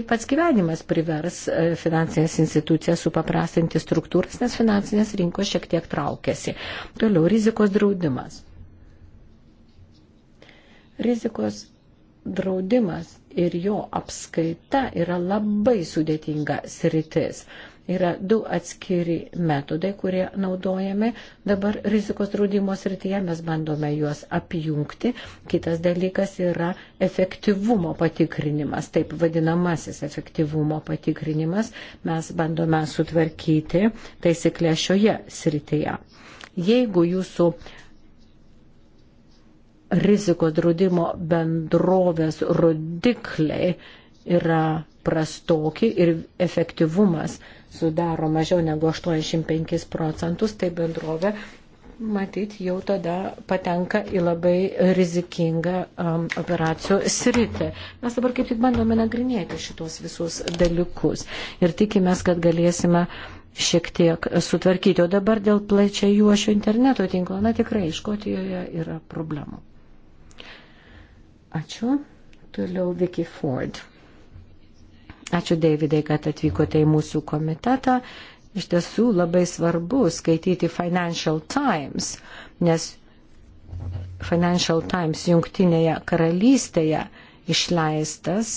pats gyvenimas privers finansinės institucijas supaprastinti struktūras, nes finansinės rinkos šiek tiek traukiasi. Toliau rizikos draudimas. Rizikos draudimas ir jo apskaita yra labai sudėtinga sritis. Yra du atskiri metodai, kurie naudojami. Dabar rizikos draudimo srityje mes bandome juos apjungti. Kitas dalykas yra efektyvumo patikrinimas, taip vadinamasis efektyvumo patikrinimas. Mes bandome sutvarkyti taisyklę šioje srityje. Jeigu jūsų uh, rizikos draudimo bendrovės rodikliai yra prastoki ir efektyvumas sudaro mažiau negu 85 procentus, tai bendrovė matyt jau tada patenka į labai rizikingą um, operacijų sritį. Mes dabar kaip tik bandome nagrinėti šitos visus dalykus ir tikimės, kad galėsime šiek tiek sutvarkyti. O dabar dėl plačia juošio interneto tinklo, na tikrai, Škotijoje yra problemų. Ačiū. Toliau Vicky Ford. Ačiū, Davidai, kad atvykote į mūsų komitetą. Iš tiesų labai svarbu skaityti Financial Times, nes Financial Times jungtinėje karalystėje išleistas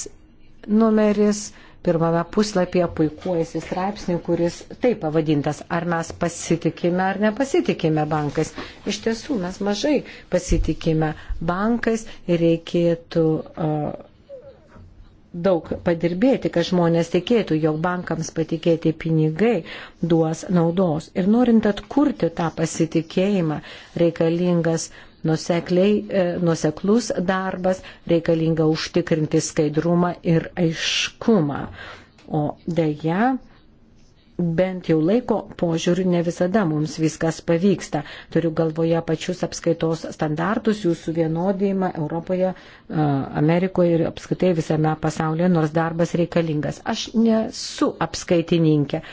numeris pirmame puslapyje puikuojasi straipsnį, kuris taip pavadintas, ar mes pasitikime ar nepasitikime bankais. Iš tiesų, mes mažai pasitikime bankais ir reikėtų. Uh, daug padirbėti, kad žmonės tikėtų, jog bankams patikėti pinigai duos naudos. Ir norint atkurti tą pasitikėjimą, reikalingas E, nuseklus darbas, reikalinga užtikrinti skaidrumą ir aiškumą. O dėja, bent jau laiko požiūriu ne visada mums viskas pavyksta. Turiu galvoje pačius apskaitos standartus, jų suvienodėjimą Europoje, e, Amerikoje ir apskaitai visame pasaulyje, nors darbas reikalingas. Aš nesu apskaitininkė,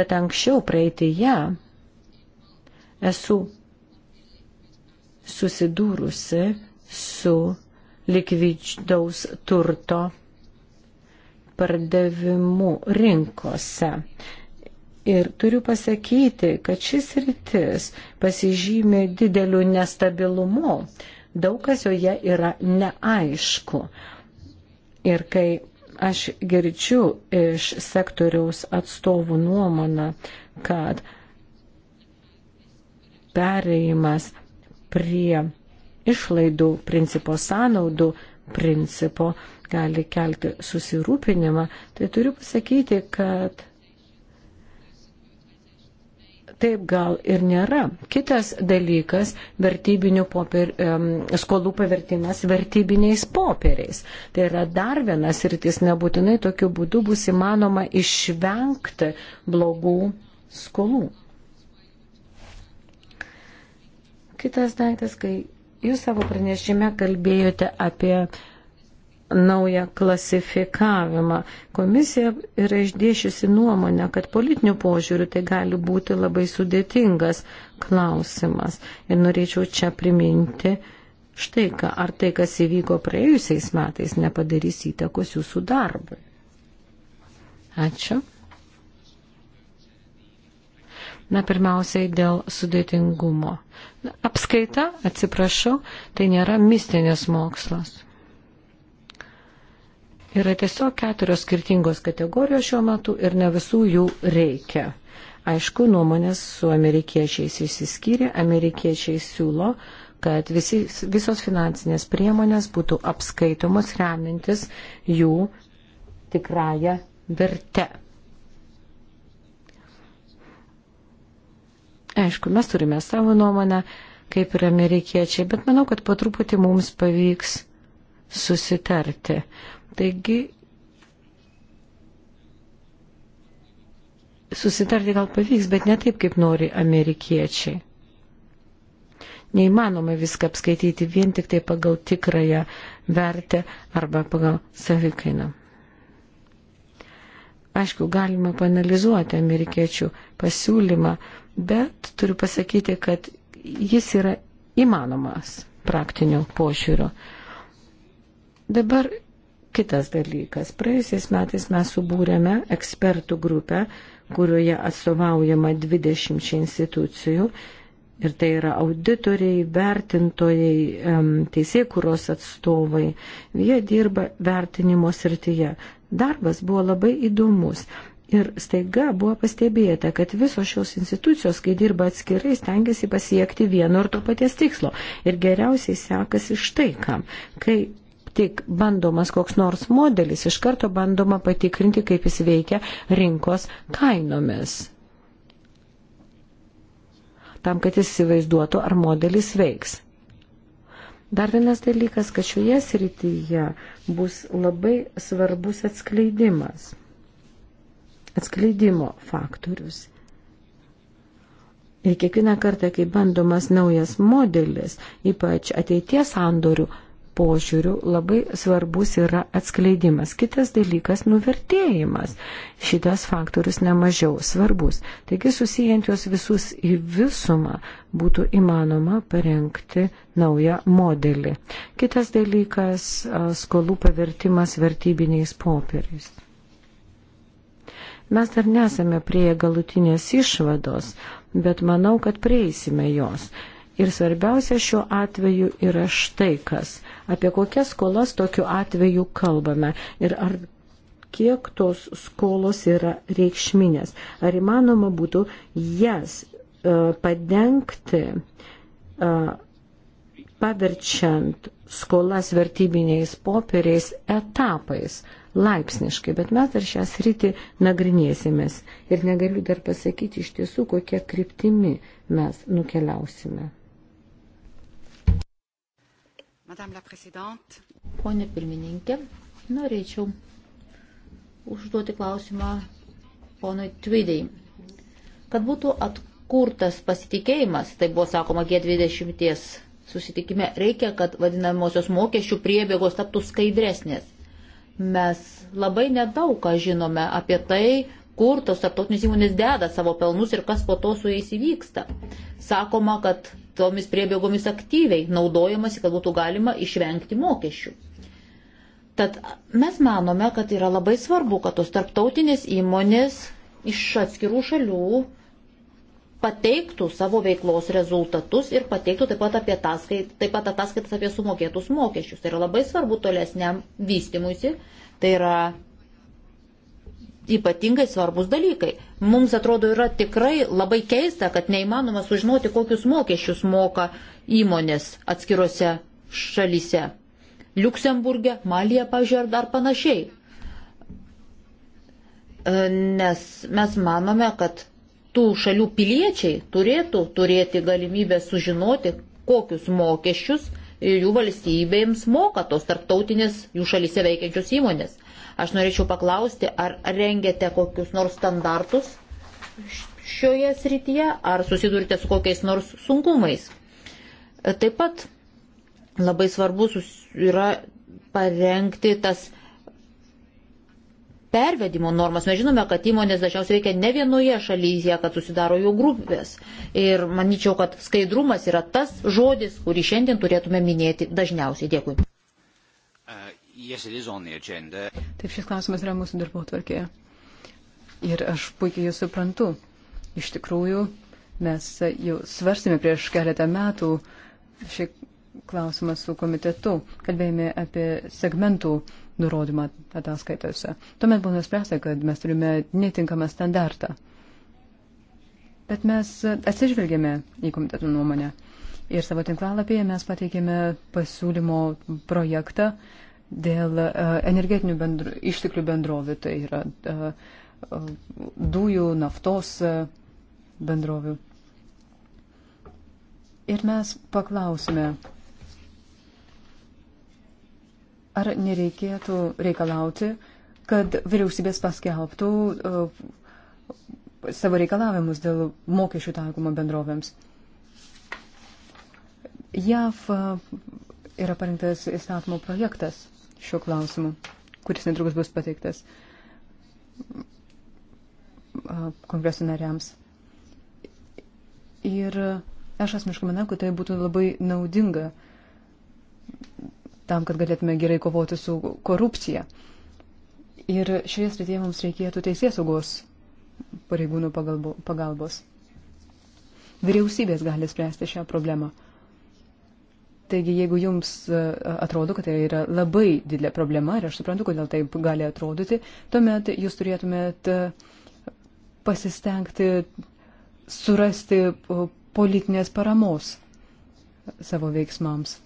bet anksčiau praeitėje esu susidūrusi su likvidaus turto pardavimu rinkose. Ir turiu pasakyti, kad šis rytis pasižymi dideliu nestabilumu. Daug kas joje yra neaišku. Ir kai aš girčiu iš sektoriaus atstovų nuomoną, kad pereimas prie išlaidų principo sąnaudų principo gali kelti susirūpinimą, tai turiu pasakyti, kad taip gal ir nėra. Kitas dalykas - vertybinių popier, um, skolų pavertimas vertybiniais popieriais. Tai yra dar vienas rytis, nebūtinai tokiu būdu bus įmanoma išvengti blogų skolų. Kitas daiktas, kai jūs savo pranešime kalbėjote apie naują klasifikavimą. Komisija yra išdėšiusi nuomonę, kad politinių požiūrių tai gali būti labai sudėtingas klausimas. Ir norėčiau čia priminti štai ką, ar tai, kas įvyko praėjusiais metais, nepadarys įtakos jūsų darbui. Ačiū. Na, pirmiausiai dėl sudėtingumo. Apskaita, atsiprašau, tai nėra mistinis mokslas. Yra tiesiog keturios skirtingos kategorijos šiuo metu ir ne visų jų reikia. Aišku, nuomonės su amerikiečiais išsiskyrė, amerikiečiai siūlo, kad visi, visos finansinės priemonės būtų apskaitomos remintis jų tikrąją vertę. Aišku, mes turime savo nuomonę, kaip ir amerikiečiai, bet manau, kad po truputį mums pavyks susitarti. Taigi, susitarti gal pavyks, bet ne taip, kaip nori amerikiečiai. Neįmanoma viską apskaityti vien tik tai pagal tikrąją vertę arba pagal savikainą. Aišku, galima panalizuoti amerikiečių pasiūlymą, bet turiu pasakyti, kad jis yra įmanomas praktiniu pošiūriu. Dabar kitas dalykas. Praėjusiais metais mes subūrėme ekspertų grupę, kurioje atstovaujama 20 institucijų. Ir tai yra auditoriai, vertintojai, teisėkuros atstovai. Jie dirba vertinimo srityje. Darbas buvo labai įdomus. Ir staiga buvo pastebėta, kad visos šios institucijos, kai dirba atskirai, stengiasi pasiekti vieno ir to paties tikslo. Ir geriausiai sekasi štai kam. Kai tik bandomas koks nors modelis, iš karto bandoma patikrinti, kaip jis veikia rinkos kainomis tam, kad jis įsivaizduotų, ar modelis veiks. Dar vienas dalykas, kad šioje srityje bus labai svarbus atskleidimas atskleidimo faktorius. Ir kiekvieną kartą, kai bandomas naujas modelis, ypač ateities sandorių požiūrių, labai svarbus yra atskleidimas. Kitas dalykas - nuvertėjimas. Šitas faktorius nemažiau svarbus. Taigi susijant juos visus į visumą būtų įmanoma parengti naują modelį. Kitas dalykas - skolų pavertimas vertybiniais popieriais. Mes dar nesame prie galutinės išvados, bet manau, kad prieisime jos. Ir svarbiausia šiuo atveju yra štai kas, apie kokias skolas tokiu atveju kalbame ir ar kiek tos skolos yra reikšminės, ar įmanoma būtų jas e, padengti, e, paverčiant skolas vertybiniais popieriais etapais laipsniškai, bet mes dar šią sritį nagrinėsimės ir negaliu dar pasakyti iš tiesų, kokie kryptimi mes nukeliausime. Pone pirmininkė, norėčiau užduoti klausimą ponui Tvidai. Kad būtų atkurtas pasitikėjimas, tai buvo sakoma G20 susitikime, reikia, kad vadinamosios mokesčių priebėgos taptų skaidresnės. Mes labai nedaug ką žinome apie tai, kur tos tarptautinės įmonės deda savo pelnus ir kas po to su jais įvyksta. Sakoma, kad tomis priebėgomis aktyviai naudojamasi, kad būtų galima išvengti mokesčių. Tad mes manome, kad yra labai svarbu, kad tos tarptautinės įmonės iš atskirų šalių pateiktų savo veiklos rezultatus ir pateiktų taip pat, apie ataskait, taip pat ataskaitas apie sumokėtus mokesčius. Tai yra labai svarbu tolesniam vystimuisi, tai yra ypatingai svarbus dalykai. Mums atrodo yra tikrai labai keista, kad neįmanoma sužinoti, kokius mokesčius moka įmonės atskiruose šalyse. Luksemburgė, Malija, pažiūrėjau, ar dar panašiai. E, nes mes manome, kad tų šalių piliečiai turėtų turėti galimybę sužinoti, kokius mokesčius jų valstybėms moka tos tarptautinės jų šalyse veikiančios įmonės. Aš norėčiau paklausti, ar rengiate kokius nors standartus šioje srityje, ar susidurite su kokiais nors sunkumais. Taip pat labai svarbu yra parengti tas pervedimo normas. Mes žinome, kad įmonės dažniausiai veikia ne vienoje šalyje, kad susidaro jų grupės. Ir manyčiau, kad skaidrumas yra tas žodis, kurį šiandien turėtume minėti dažniausiai. Dėkui. Uh, yes, Taip, šis klausimas yra mūsų darbo tvarkėje. Ir aš puikiai jūs suprantu. Iš tikrųjų, mes jau svarstėme prieš keletą metų šį klausimą su komitetu. Kalbėjome apie segmentų uh, nurodymą ataskaitose. Tuomet buvo nuspręsta, kad mes turime netinkamą standartą. Bet mes atsižvelgėme į komitetų nuomonę. Ir savo tinklalapyje mes pateikėme pasiūlymo projektą dėl e, energetinių bendro, išteklių bendrovių, tai yra e, e, dujų, naftos bendrovių. Ir mes paklausime ar nereikėtų reikalauti, kad vyriausybės paskelbtų uh, savo reikalavimus dėl mokesčių taikomo bendrovėms. JAV uh, yra parinktas įstatymo projektas šiuo klausimu, kuris netrukus bus pateiktas uh, kongreso nariams. Ir aš asmeniškai manau, kad tai būtų labai naudinga tam, kad galėtume gerai kovoti su korupcija. Ir šioje srityje mums reikėtų teisės saugos pareigūnų pagalbos. Vyriausybės gali spręsti šią problemą. Taigi, jeigu jums e, atrodo, kad tai yra labai didelė problema ir aš suprantu, kodėl taip gali atrodyti, tuomet jūs turėtumėt e, pasistengti surasti politinės paramos savo veiksmams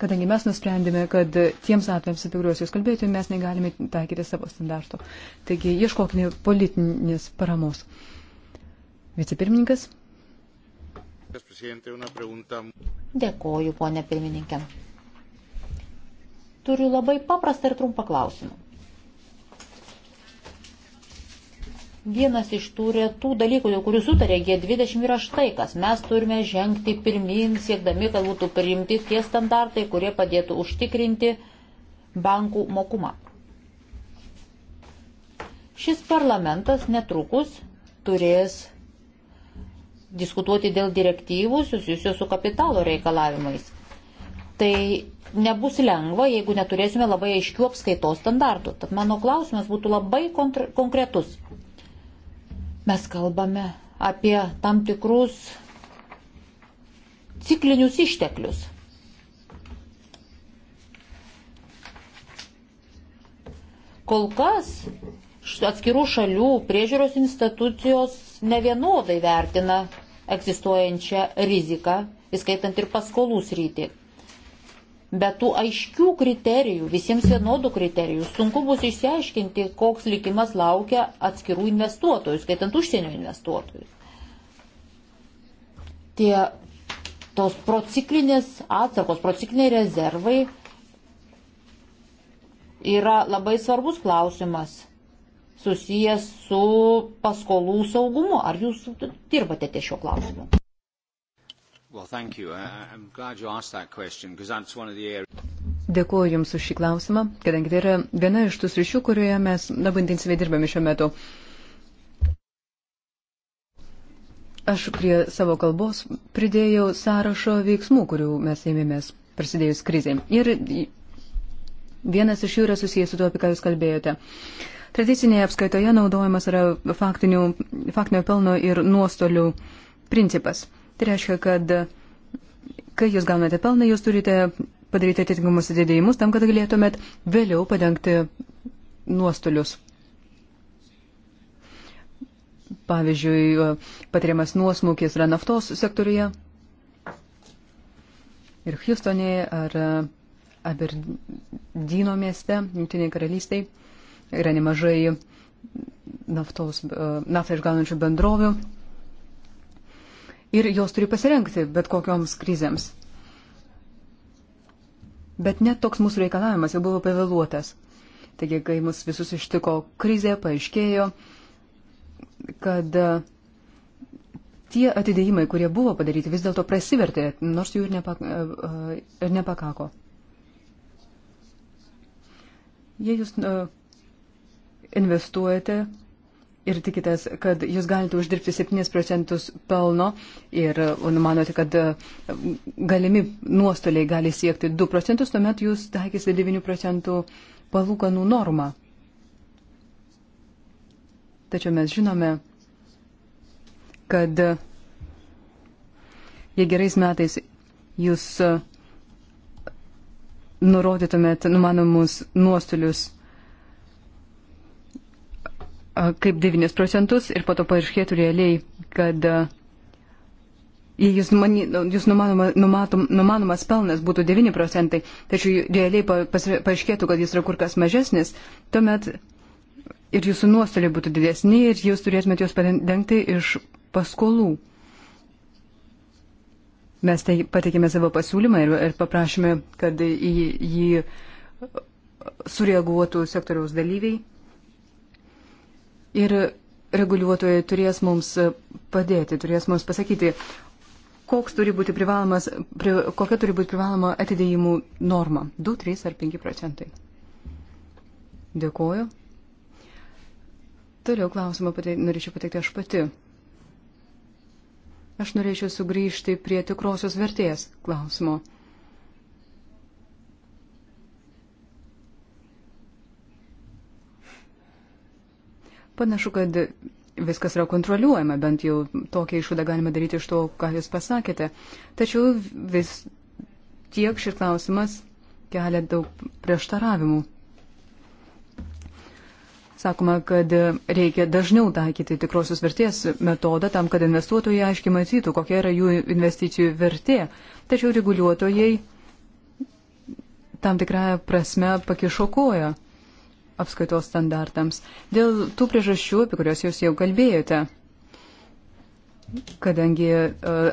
kadangi mes nusprendėme, kad tiems atvejams, apie kuriuos jūs kalbėjote, mes negalime taikyti savo standarto. Taigi ieškokime politinės paramos. Vicepirmininkas. Dėkoju, ponė pirmininkė. Turiu labai paprastą ir trumpą klausimą. Vienas iš tų retų dalykų, dėl kurių sutarė G20 yra štai kas. Mes turime žengti pirmin, siekdami, kad būtų priimti tie standartai, kurie padėtų užtikrinti bankų mokumą. Šis parlamentas netrukus turės diskutuoti dėl direktyvų susijusių su kapitalo reikalavimais. Tai nebus lengva, jeigu neturėsime labai aiškių apskaitos standartų. Tad mano klausimas būtų labai konkretus. Mes kalbame apie tam tikrus ciklinius išteklius. Kol kas atskirų šalių priežiūros institucijos nevienodai vertina egzistuojančią riziką, įskaitant ir paskolų sritį. Bet tų aiškių kriterijų, visiems vienodų kriterijų, sunku bus išsiaiškinti, koks likimas laukia atskirų investuotojų, skaitant užsienio investuotojus. Tie tos prociklinės atsargos, procikliniai rezervai yra labai svarbus klausimas susijęs su paskolų saugumu. Ar jūs dirbate ties šiuo klausimu? Well, thank you. I, I'm glad you asked that question because that's one of the areas. Dėkuoju Jums už šį klausimą, kadangi tai yra viena iš tų sričių, kurioje mes labai intensyviai dirbame šiuo metu. Aš prie savo kalbos pridėjau sąrašo veiksmų, kurių mes ėmėmės prasidėjus krizėm. Ir vienas iš jų yra susijęs su tuo, apie ką Jūs kalbėjote. Tradicinėje apskaitoje naudojamas yra faktinių, faktinio pelno ir nuostolių principas. Tai reiškia, kad kai jūs gaunate pelną, jūs turite padaryti atitinkamus atidėjimus tam, kad galėtumėt vėliau padengti nuostolius. Pavyzdžiui, patiriamas nuosmukis yra naftos sektoriuje ir Houstonėje ar Aberdyno mieste, Junktiniai karalystiai, yra nemažai naftos, naftą išgaunančių bendrovių ir jos turi pasirengti bet kokioms krizėms. Bet net toks mūsų reikalavimas jau buvo pavėluotas. Taigi, kai mus visus ištiko krizė, paaiškėjo, kad e, tie atidėjimai, kurie buvo padaryti, vis dėlto prasivertė, nors jų ir, nepak e, e, ir nepakako. Jei jūs investuojate ir tikitės, kad jūs galite uždirbti 7 procentus pelno ir numanote, kad e, galimi nuostoliai gali siekti 2 procentus, tuomet jūs taikysite 9 procentų palūkanų normą. Tačiau mes žinome, kad jei gerais metais jūs e, nurodytumėt numanomus nuostolius kaip 9 procentus ir po to paaiškėtų realiai, kad e, jei jūs, mani, nu, jūs numanoma, numatom, numanomas pelnas būtų 9 procentai, tačiau realiai pa, pas, paaiškėtų, kad jis yra kur kas mažesnis, tuomet ir jūsų nuostoliai būtų didesni ir jūs turėtumėte juos padengti iš paskolų. Mes tai pateikėme savo pasiūlymą ir, ir paprašėme, kad į jį sureaguotų sektoriaus dalyviai. Ir reguliuotojai turės mums padėti, turės mums pasakyti, koks turi būti privalomas, pri, kokia turi būti privaloma atidėjimų norma - 2, 3 ar 5 procentai. Dėkuoju. Toliau klausimą pate, norėčiau pateikti aš pati. Aš norėčiau sugrįžti prie tikrosios vertės klausimo. Panašu, kad viskas yra kontroliuojama, bent jau tokią išvadą galime daryti iš to, ką jūs pasakėte. Tačiau vis tiek šis klausimas kelia daug prieštaravimų. Sakoma, kad reikia dažniau taikyti tikrosios vertės metodą tam, kad investuotojai aiškiai matytų, kokia yra jų investicijų vertė. Tačiau reguliuotojai tam tikrą prasme pakišo koją apskaitos standartams. Dėl tų priežasčių, apie kurias jūs jau kalbėjote, kadangi e,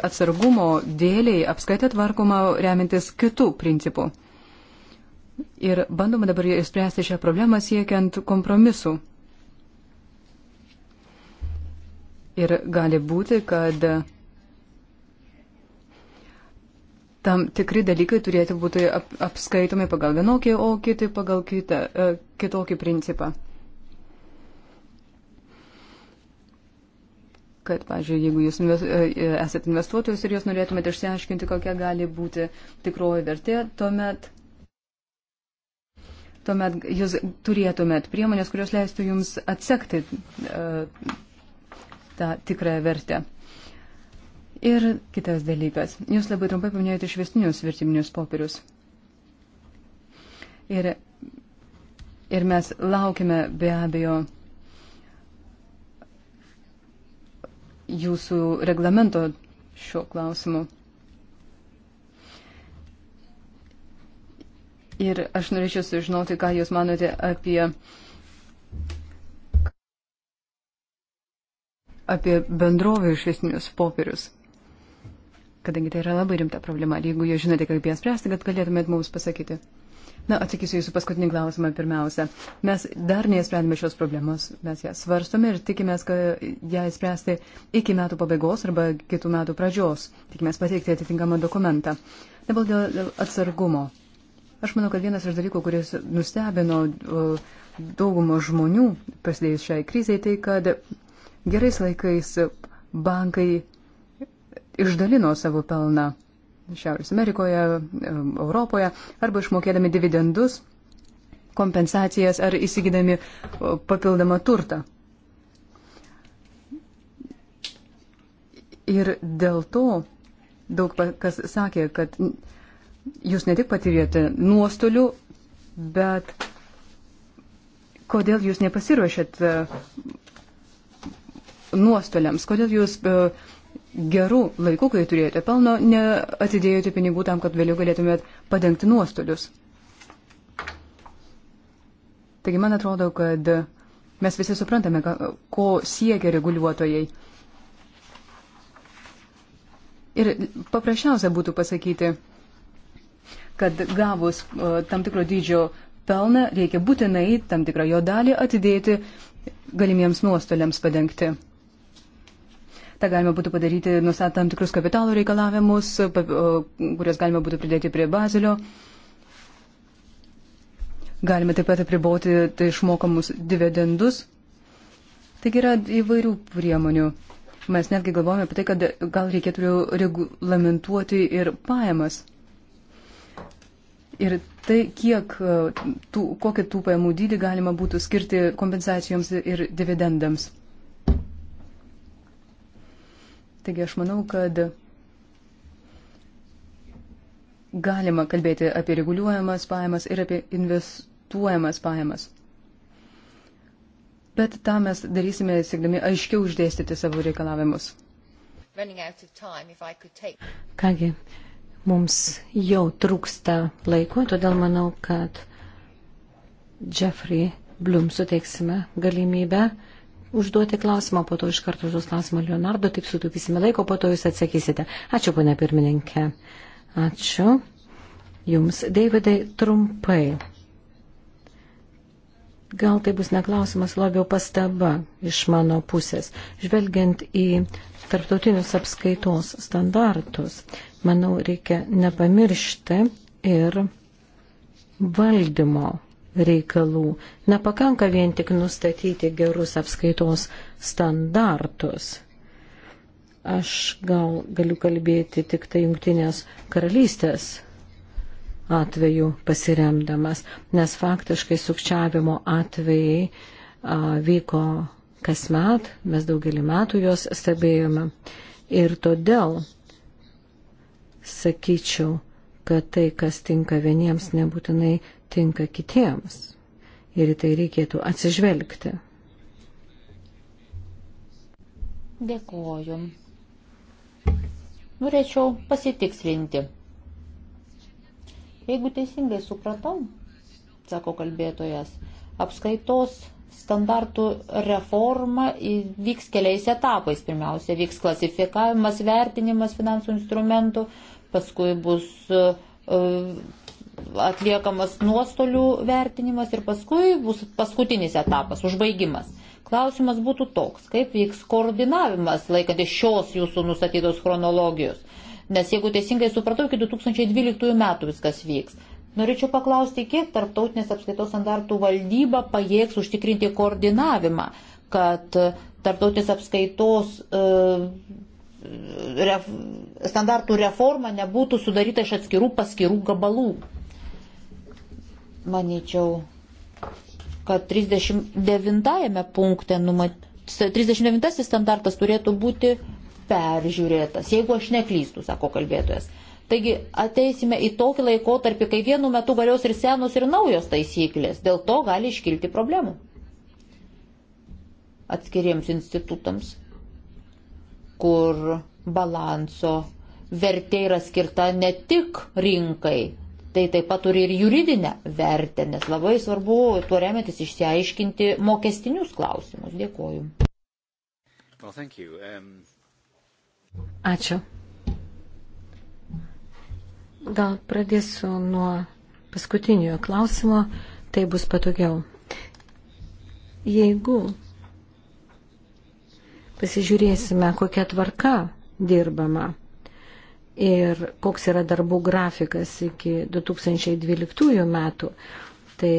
atsargumo dėliai apskaita tvarkoma remintis kitų principų. Ir bandoma dabar išspręsti šią problemą siekiant kompromisų. Ir gali būti, kad tam tikri dalykai turėtų būti ap, apskaitomi pagal vienokį, o kiti pagal kitą, e, kitokį principą. Kad, pavyzdžiui, jeigu jūs invest, e, e, esate investuotojas ir jūs norėtumėte išsiaiškinti, kokia gali būti tikroji vertė, tuomet, tuomet jūs turėtumėt priemonės, kurios leistų jums atsekti uh, tą tikrąją vertę. Ir kitas dalykas. Jūs labai trumpai paminėjote išvestinius vertiminius popierius. Ir, ir mes laukime be abejo jūsų reglamento šiuo klausimu. Ir aš norėčiau sužinoti, ką Jūs manote apie, apie bendrovio išvesnius popierius kadangi tai yra labai rimta problema. Ir jeigu jūs žinote, kaip ją spręsti, kad galėtumėt mums pasakyti. Na, atsakysiu jūsų paskutinį klausimą pirmiausia. Mes dar neįsprendėme šios problemos, mes ją svarstome ir tikimės, kad ją įspręsti iki metų pabaigos arba kitų metų pradžios. Tikimės pateikti atitinkamą dokumentą. Dabar dėl, dėl atsargumo. Aš manau, kad vienas iš dalykų, kuris nustebino daugumo žmonių prasidėjus šiai kriziai, tai kad gerais laikais bankai išdalino savo pelną Šiaurės Amerikoje, Europoje, arba išmokėdami dividendus, kompensacijas ar įsigydami papildomą turtą. Ir dėl to daug kas sakė, kad jūs ne tik patyrėte nuostolių, bet kodėl jūs nepasiruošėt e, nuostoliams, kodėl jūs uh, gerų laikų, kai turėjote pelno, neatidėjote pinigų tam, kad vėliau galėtumėt padengti nuostolius. Taigi man atrodo, kad mes visi suprantame, ko siekia reguliuotojai. Ir paprasčiausia būtų pasakyti, kad gavus uh, tam tikro dydžio pelną reikia būtinai tam tikrą jo dalį atidėti galimiems nuostoliams padengti. Ta galima būtų padaryti, nustatant tam tikrus kapitalo reikalavimus, kurias galima būtų pridėti prie bazilio. Galime taip pat apriboti tai išmokamus dividendus. Taigi yra įvairių priemonių. Mes netgi galvojame apie tai, kad gal reikėtų reglamentuoti ir pajamas. Ir tai, kiek, e, tų, kokią tų pajamų dydį galima būtų skirti kompensacijoms ir dividendams. Taigi aš manau, kad galima kalbėti apie reguliuojamas pajamas ir apie investuojamas pajamas. Bet tą mes darysime siekdami aiškiau uždėstyti savo reikalavimus. Kągi, mums jau trūksta laiko, todėl manau, kad Jeffrey Blum suteiksime galimybę užduoti klausimą, po to iš karto užduos klausimą Leonardo, taip sutaupysime laiko, po to jūs atsakysite. Ačiū, ponia pirmininkė. Ačiū. Jums, Davidai, trumpai. Gal tai bus neklausimas, labiau pastaba iš mano pusės. Žvelgiant į tarptautinius apskaitos standartus, manau, reikia nepamiršti ir valdymo reikalų. Nepakanka vien tik nustatyti gerus apskaitos standartus. Aš gal galiu kalbėti tik tai jungtinės karalystės atveju pasiremdamas, nes faktiškai sukčiavimo atvejai a, vyko kasmet, mes daugelį metų juos stebėjome. Ir todėl sakyčiau, kad tai, kas tinka vieniems, nebūtinai tinka kitiems ir į tai reikėtų atsižvelgti. Dėkoju. Norėčiau pasitikslinti. Jeigu teisingai supratau, sako kalbėtojas, apskaitos standartų reforma vyks keliais etapais. Pirmiausia, vyks klasifikavimas, vertinimas finansų instrumentų, paskui bus uh, atliekamas nuostolių vertinimas ir paskui bus paskutinis etapas, užbaigimas. Klausimas būtų toks, kaip vyks koordinavimas laikant iš šios jūsų nustatytos chronologijos. Nes jeigu teisingai supratau, iki 2012 metų viskas vyks. Norėčiau paklausti, kiek tarptautinės apskaitos standartų valdyba pajėgs užtikrinti koordinavimą, kad tarptautinės apskaitos uh, ref, standartų reforma nebūtų sudaryta iš atskirų paskirų gabalų. Manyčiau, kad 39 punkte numatyta. 39 standartas turėtų būti peržiūrėtas, jeigu aš neklystu, sako kalbėtojas. Taigi ateisime į tokį laikotarpį, kai vienu metu galios ir senos, ir naujos taisyklės. Dėl to gali iškilti problemų atskiriems institutams, kur balanso vertė yra skirta ne tik rinkai, Tai taip pat turi ir juridinę vertę, nes labai svarbu tuo remiantis išsiaiškinti mokestinius klausimus. Dėkoju. Well, um... Ačiū. Gal pradėsiu nuo paskutiniojo klausimo, tai bus patogiau. Jeigu pasižiūrėsime, kokia tvarka dirbama, ir koks yra darbų grafikas iki 2012 metų, tai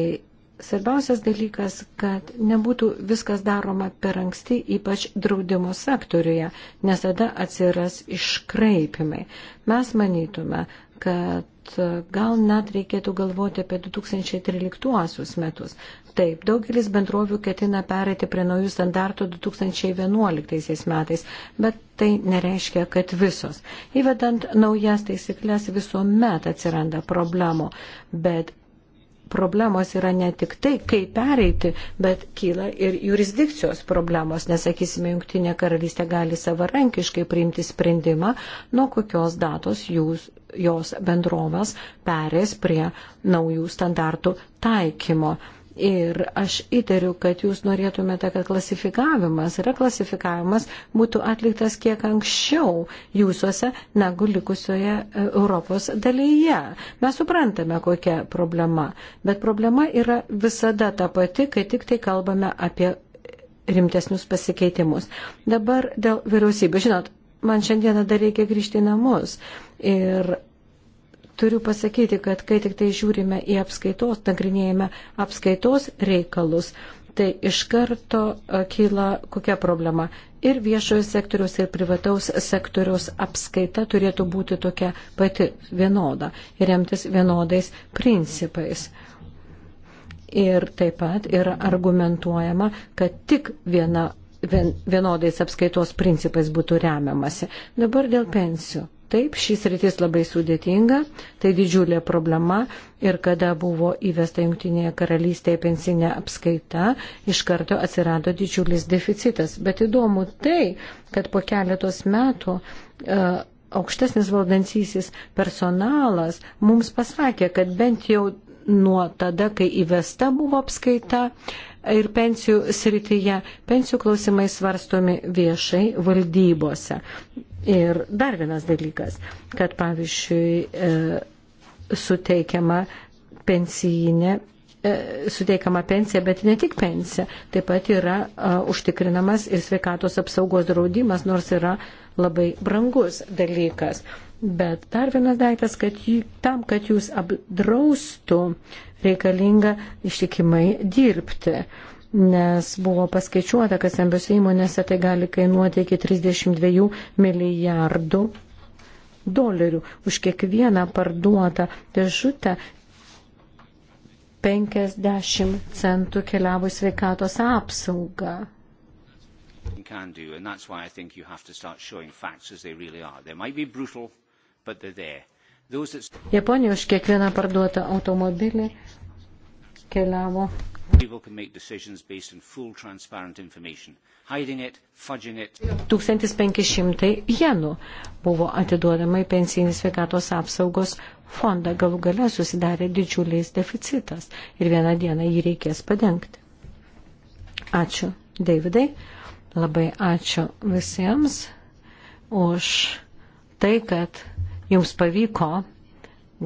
svarbiausias dalykas, kad nebūtų viskas daroma per anksti, ypač draudimo sektoriuje, nes tada atsiras iškraipimai. Mes manytume, kad gal net reikėtų galvoti apie 2013 metus, Taip, daugelis bendrovių ketina pereiti prie naujų standartų 2011 metais, bet tai nereiškia, kad visos. Įvedant naujas taisyklės visuomet atsiranda problemų, bet problemos yra ne tik tai, kaip pereiti, bet kyla ir jurisdikcijos problemos, nes, sakysime, Junktinė karalystė gali savarankiškai priimti sprendimą, nuo kokios datos jūs jos bendrovas perės prie naujų standartų taikymo. Ir aš įtariu, kad jūs norėtumėte, kad klasifikavimas yra klasifikavimas būtų atliktas kiek anksčiau jūsuose negu likusioje e, Europos dalyje. Mes suprantame, kokia problema, bet problema yra visada ta pati, kai tik tai kalbame apie rimtesnius pasikeitimus. Dabar dėl vyriausybės. Žinot, man šiandieną dar reikia grįžti į namus. Ir Turiu pasakyti, kad kai tik tai žiūrime į apskaitos, nagrinėjame apskaitos reikalus, tai iš karto e, kyla kokia problema. Ir viešojo sektoriaus, ir privataus sektoriaus apskaita turėtų būti tokia pati vienoda ir remtis vienodais principais. Ir taip pat yra argumentuojama, kad tik viena, vien, vienodais apskaitos principais būtų remiamasi. Dabar dėl pensijų Taip, šis rytis labai sudėtinga, tai didžiulė problema ir kada buvo įvesta Junktinėje karalystėje pensinė apskaita, iš karto atsirado didžiulis deficitas. Bet įdomu tai, kad po keletos metų uh, aukštesnis valdantysis personalas mums pasakė, kad bent jau nuo tada, kai įvesta buvo apskaita ir pensijų srityje, pensijų klausimai svarstomi viešai valdybose. Ir dar vienas dalykas, kad pavyzdžiui e, suteikiama pensijinė e, suteikiama pensija, bet ne tik pensija. Taip pat yra uh, užtikrinamas ir sveikatos apsaugos draudimas, nors yra labai brangus dalykas. Bet dar vienas daiktas, kad jį, tam, kad jūs apdraustų, reikalinga ištikimai dirbti. Uh, nes buvo paskaičiuota, kad stambiose įmonėse tai gali kainuoti iki 32 milijardų dolerių. Už kiekvieną parduotą dėžutę 50 centų keliavo sveikatos apsaugą. Do, and that's why I think you have to start showing facts as they really are. They might be brutal, but they're there. Those that... Japonija už kiekvieną parduotą automobilį keliavo People can make decisions based on full transparent information. Hiding it, fudging it. 1500 jenų buvo atiduodama į pensinį sveikatos apsaugos fondą. Galų gale susidarė didžiulis deficitas ir vieną dieną jį reikės padengti. Ačiū, Davidai. Labai ačiū visiems už tai, kad jums pavyko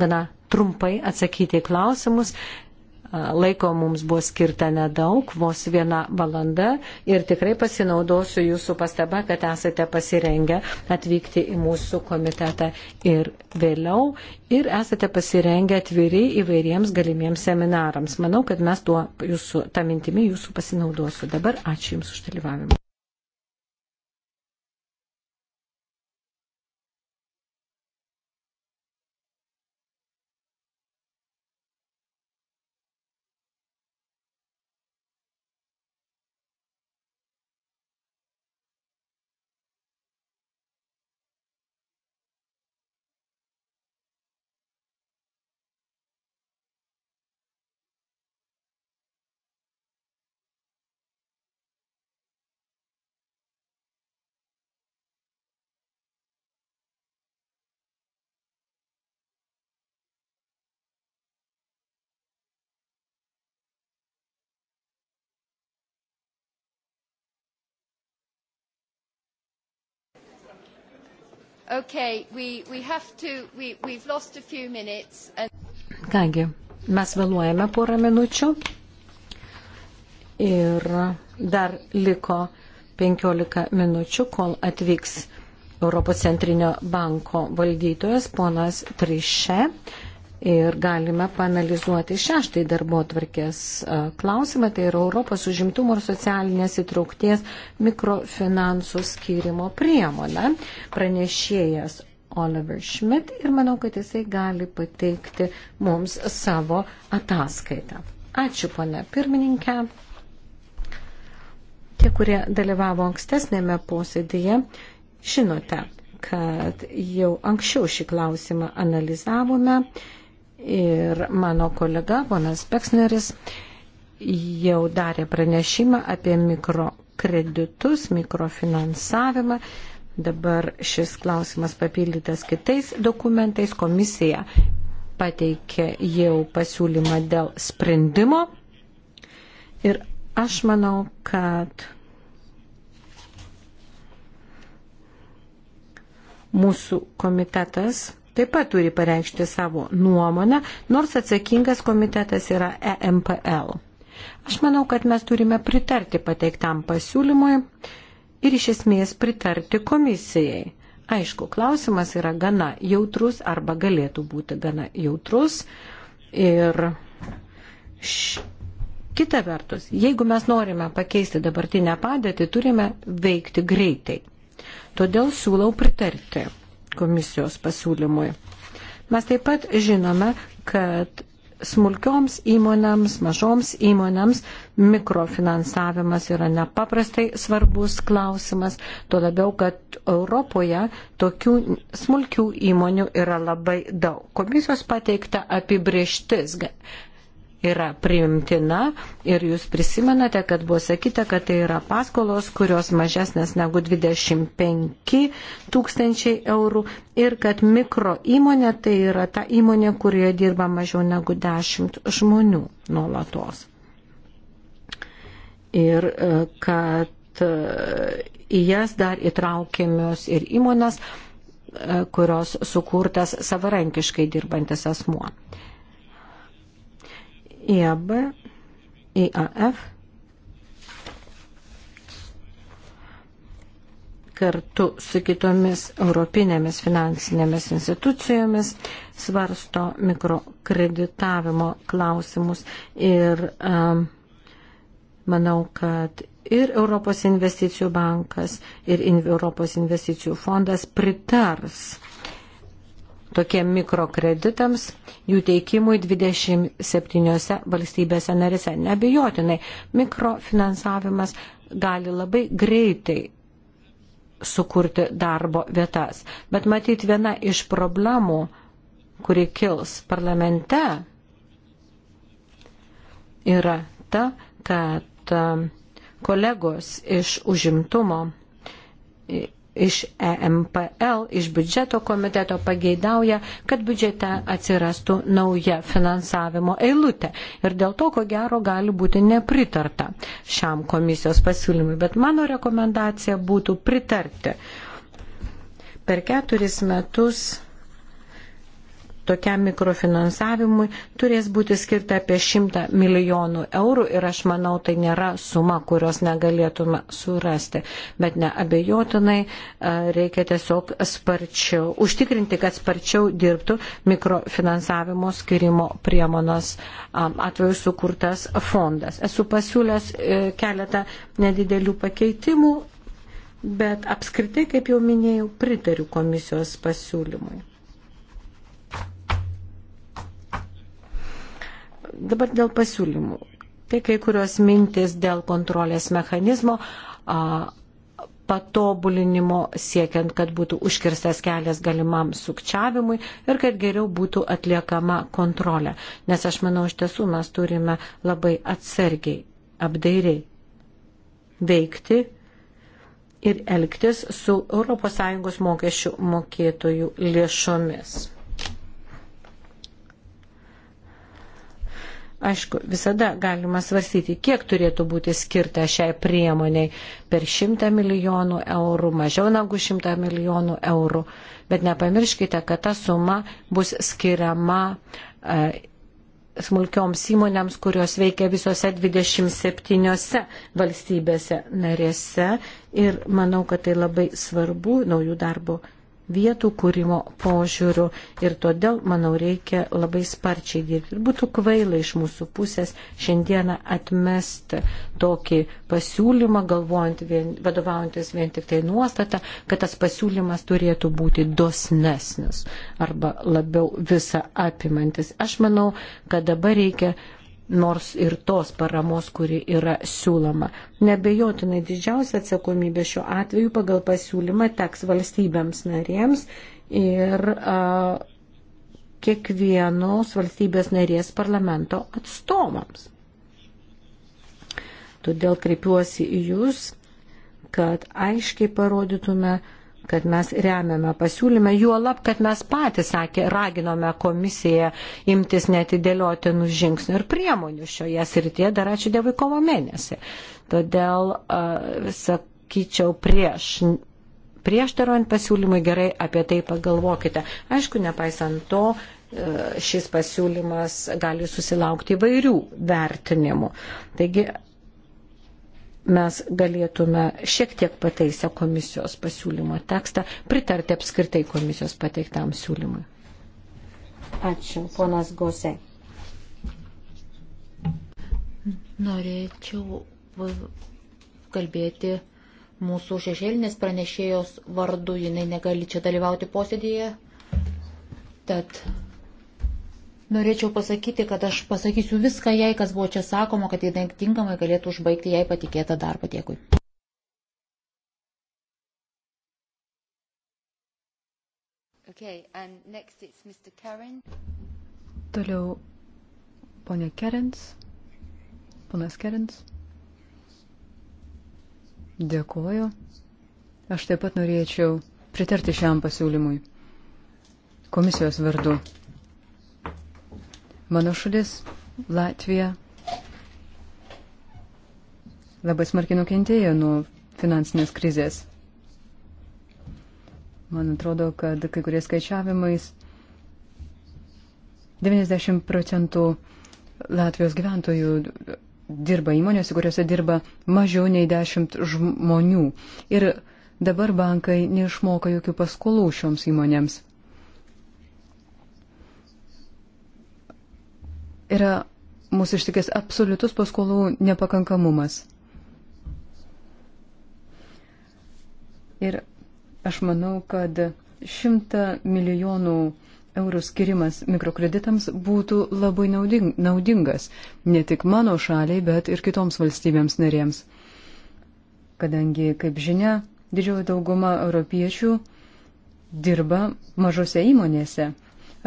gana trumpai atsakyti į klausimus Laiko mums buvo skirta nedaug, vos viena valanda ir tikrai pasinaudosiu jūsų pastaba, kad esate pasirengę atvykti į mūsų komitetą ir vėliau ir esate pasirengę atviri įvairiems galimiems seminarams. Manau, kad mes tuo jūsų, tą mintimį jūsų pasinaudosiu. Dabar ačiū Jums už dalyvavimą. Okay, we, we to, we, minutes, and... Kągi, mes vėluojame porą minučių ir dar liko 15 minučių, kol atvyks Europos centrinio banko valdytojas ponas Trišė. Ir galime panalizuoti šeštai darbo tvarkės klausimą, tai yra Europos užimtumo ir socialinės įtraukties mikrofinansų skirimo priemonę. Pranešėjas Oliver Schmidt ir manau, kad jisai gali pateikti mums savo ataskaitą. Ačiū, pone pirmininkė. Tie, kurie dalyvavo ankstesnėme posėdėje, žinote, kad jau anksčiau šį klausimą analizavome ir mano kolega, ponas Peksneris, jau darė pranešimą apie mikrokreditus, mikrofinansavimą. Dabar šis klausimas papildytas kitais dokumentais. Komisija pateikė jau pasiūlymą dėl sprendimo. Ir aš manau, kad mūsų komitetas taip pat turi pareikšti savo nuomonę, nors atsakingas komitetas yra EMPL. Aš manau, kad mes turime pritarti pateiktam pasiūlymui ir iš esmės pritarti komisijai. Aišku, klausimas yra gana jautrus arba galėtų būti gana jautrus. Ir š... kita vertus, jeigu mes norime pakeisti dabartinę padėtį, turime veikti greitai. Todėl siūlau pritarti komisijos pasiūlymui. Mes taip pat žinome, kad smulkioms įmonėms, mažoms įmonėms mikrofinansavimas yra nepaprastai svarbus klausimas, to labiau, kad Europoje tokių smulkių įmonių yra labai daug. Komisijos pateikta apibrieštis yra priimtina ir jūs prisimenate, kad buvo sakyta, kad tai yra paskolos, kurios mažesnės negu 25 tūkstančiai eurų ir kad mikro įmonė tai yra ta įmonė, kurioje dirba mažiau negu 10 žmonių nuolatos. Ir e, kad e, į jas dar įtraukiamios ir įmonės, e, kurios sukurtas savarankiškai dirbantis asmuo. EAB, EAF kartu su kitomis europinėmis finansinėmis institucijomis svarsto mikrokreditavimo klausimus ir um, manau, kad ir Europos investicijų bankas, ir Europos investicijų fondas pritars tokiem mikrokreditams, jų teikimui 27 valstybėse narise. Nebijotinai, mikrofinansavimas gali labai greitai sukurti darbo vietas. Bet matyt, viena iš problemų, kuri kils parlamente, yra ta, kad um, kolegos iš užimtumo iš EMPL, iš biudžeto komiteto pageidauja, kad biudžete atsirastų nauja finansavimo eilutė. Ir dėl to, ko gero, gali būti nepritarta šiam komisijos pasiūlymui. Bet mano rekomendacija būtų pritarti. Per keturis metus tokiam mikrofinansavimui turės būti skirta apie 100 milijonų eurų ir aš manau, tai nėra suma, kurios negalėtume surasti. Bet neabejotinai reikia tiesiog sparčiau, užtikrinti, kad sparčiau dirbtų mikrofinansavimo skirimo priemonos atveju sukurtas fondas. Esu pasiūlęs e, keletą nedidelių pakeitimų, bet apskritai, kaip jau minėjau, pritariu komisijos pasiūlymui. Dabar dėl pasiūlymų. Tai kai kurios mintis dėl kontrolės mechanizmo patobulinimo siekiant, kad būtų užkirstas kelias galimam sukčiavimui ir kad geriau būtų atliekama kontrolė. Nes aš manau, iš tiesų mes turime labai atsargiai, apdairiai veikti ir elgtis su ES mokesčių mokėtojų lėšomis. Aišku, visada galima svarstyti, kiek turėtų būti skirta šiai priemoniai per 100 milijonų eurų, mažiau negu 100 milijonų eurų, bet nepamirškite, kad ta suma bus skiriama e, smulkioms įmonėms, kurios veikia visose 27 valstybėse narėse ir manau, kad tai labai svarbu naujų darbo vietų kūrimo požiūrių ir todėl, manau, reikia labai sparčiai dirbti. Ir būtų kvaila iš mūsų pusės šiandieną atmesti tokį pasiūlymą, galvojant, vien, vadovaujantis vien tik tai nuostatą, kad tas pasiūlymas turėtų būti dosnesnis arba labiau visą apimantis. Aš manau, kad dabar reikia nors ir tos paramos, kuri yra siūloma. Nebejotinai didžiausia atsakomybė šiuo atveju pagal pasiūlymą teks valstybėms narėms ir a, kiekvienos valstybės narės parlamento atstovams. Todėl kreipiuosi į Jūs, kad aiškiai parodytume, kad mes remiame pasiūlymą, juolab, kad mes patys, sakė, raginome komisiją imtis netidėliotinų žingsnių ir priemonių šioje srityje, dar ačiū Dievui kovo mėnesį. Todėl, sakyčiau, prieš prieštarojant pasiūlymui gerai apie tai pagalvokite. Aišku, nepaisant to, e, šis pasiūlymas gali susilaukti įvairių vertinimų. Taigi mes galėtume šiek tiek pataisę komisijos pasiūlymo tekstą pritarti apskritai komisijos pateiktam siūlymui. Ačiū, ponas Gose. Norėčiau kalbėti mūsų šešėlinės pranešėjos vardu, jinai negali čia dalyvauti posėdėje, tad Norėčiau pasakyti, kad aš pasakysiu viską jai, kas buvo čia sakoma, kad jie tinkamai galėtų užbaigti jai patikėtą darbą. Dėkui. Okay, and next it's Mr. Karen. Toliau ponia Kerens, ponas Kerens. Dėkuoju. Aš taip pat norėčiau pritarti šiam pasiūlymui. Komisijos vardu. Mano šalis, Latvija, labai smarkiai nukentėjo nuo finansinės krizės. Man atrodo, kad kai kurie skaičiavimais 90 procentų Latvijos gyventojų dirba įmonėse, kuriuose dirba mažiau nei 10 žmonių. Ir dabar bankai neišmoka jokių paskolų šioms įmonėms. yra mūsų ištikęs absoliutus paskolų nepakankamumas. Ir aš manau, kad šimta milijonų eurų skirimas mikrokreditams būtų labai naudingas ne tik mano šaliai, bet ir kitoms valstybėms narėms. Kadangi, kaip žinia, didžioji dauguma europiečių dirba mažose įmonėse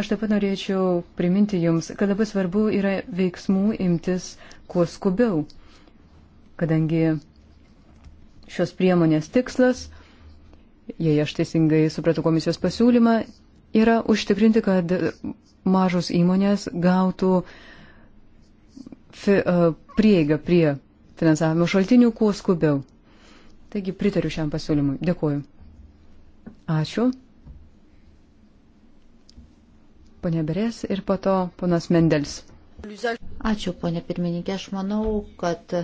Aš taip pat norėčiau priminti Jums, kad labai svarbu yra veiksmų imtis kuo skubiau, kadangi šios priemonės tikslas, jei aš teisingai supratau komisijos pasiūlymą, yra užtikrinti, kad mažos įmonės gautų fi, uh, prieigą prie finansavimo šaltinių kuo skubiau. Taigi pritariu šiam pasiūlymui. Dėkuoju. Ačiū ponė Berės ir po to ponas Mendels. Ačiū, ponė pirmininkė. Aš manau, kad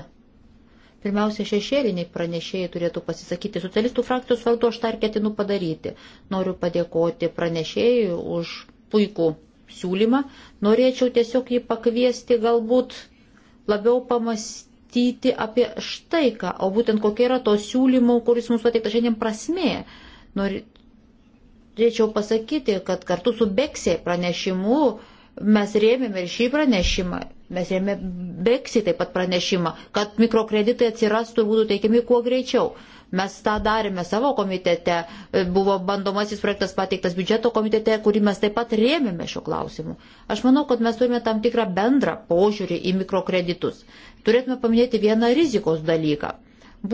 pirmiausia šešėliniai pranešėjai turėtų pasisakyti. Socialistų frakcijos vardu aš tą ir ketinu padaryti. Noriu padėkoti pranešėjai už puikų siūlymą. Norėčiau tiesiog jį pakviesti galbūt labiau pamastyti apie štai ką, o būtent kokia yra to siūlymo, kuris mums pateikta šiandien prasmė. Nori, Reičiau pasakyti, kad kartu su Beksė pranešimu mes rėmėme ir šį pranešimą, mes rėmėme Beksį taip pat pranešimą, kad mikrokreditai atsirastų ir būtų teikiami kuo greičiau. Mes tą darėme savo komitete, buvo bandomasis projektas pateiktas biudžeto komitete, kurį mes taip pat rėmėme šiuo klausimu. Aš manau, kad mes turime tam tikrą bendrą požiūrį į mikrokreditus. Turėtume paminėti vieną rizikos dalyką.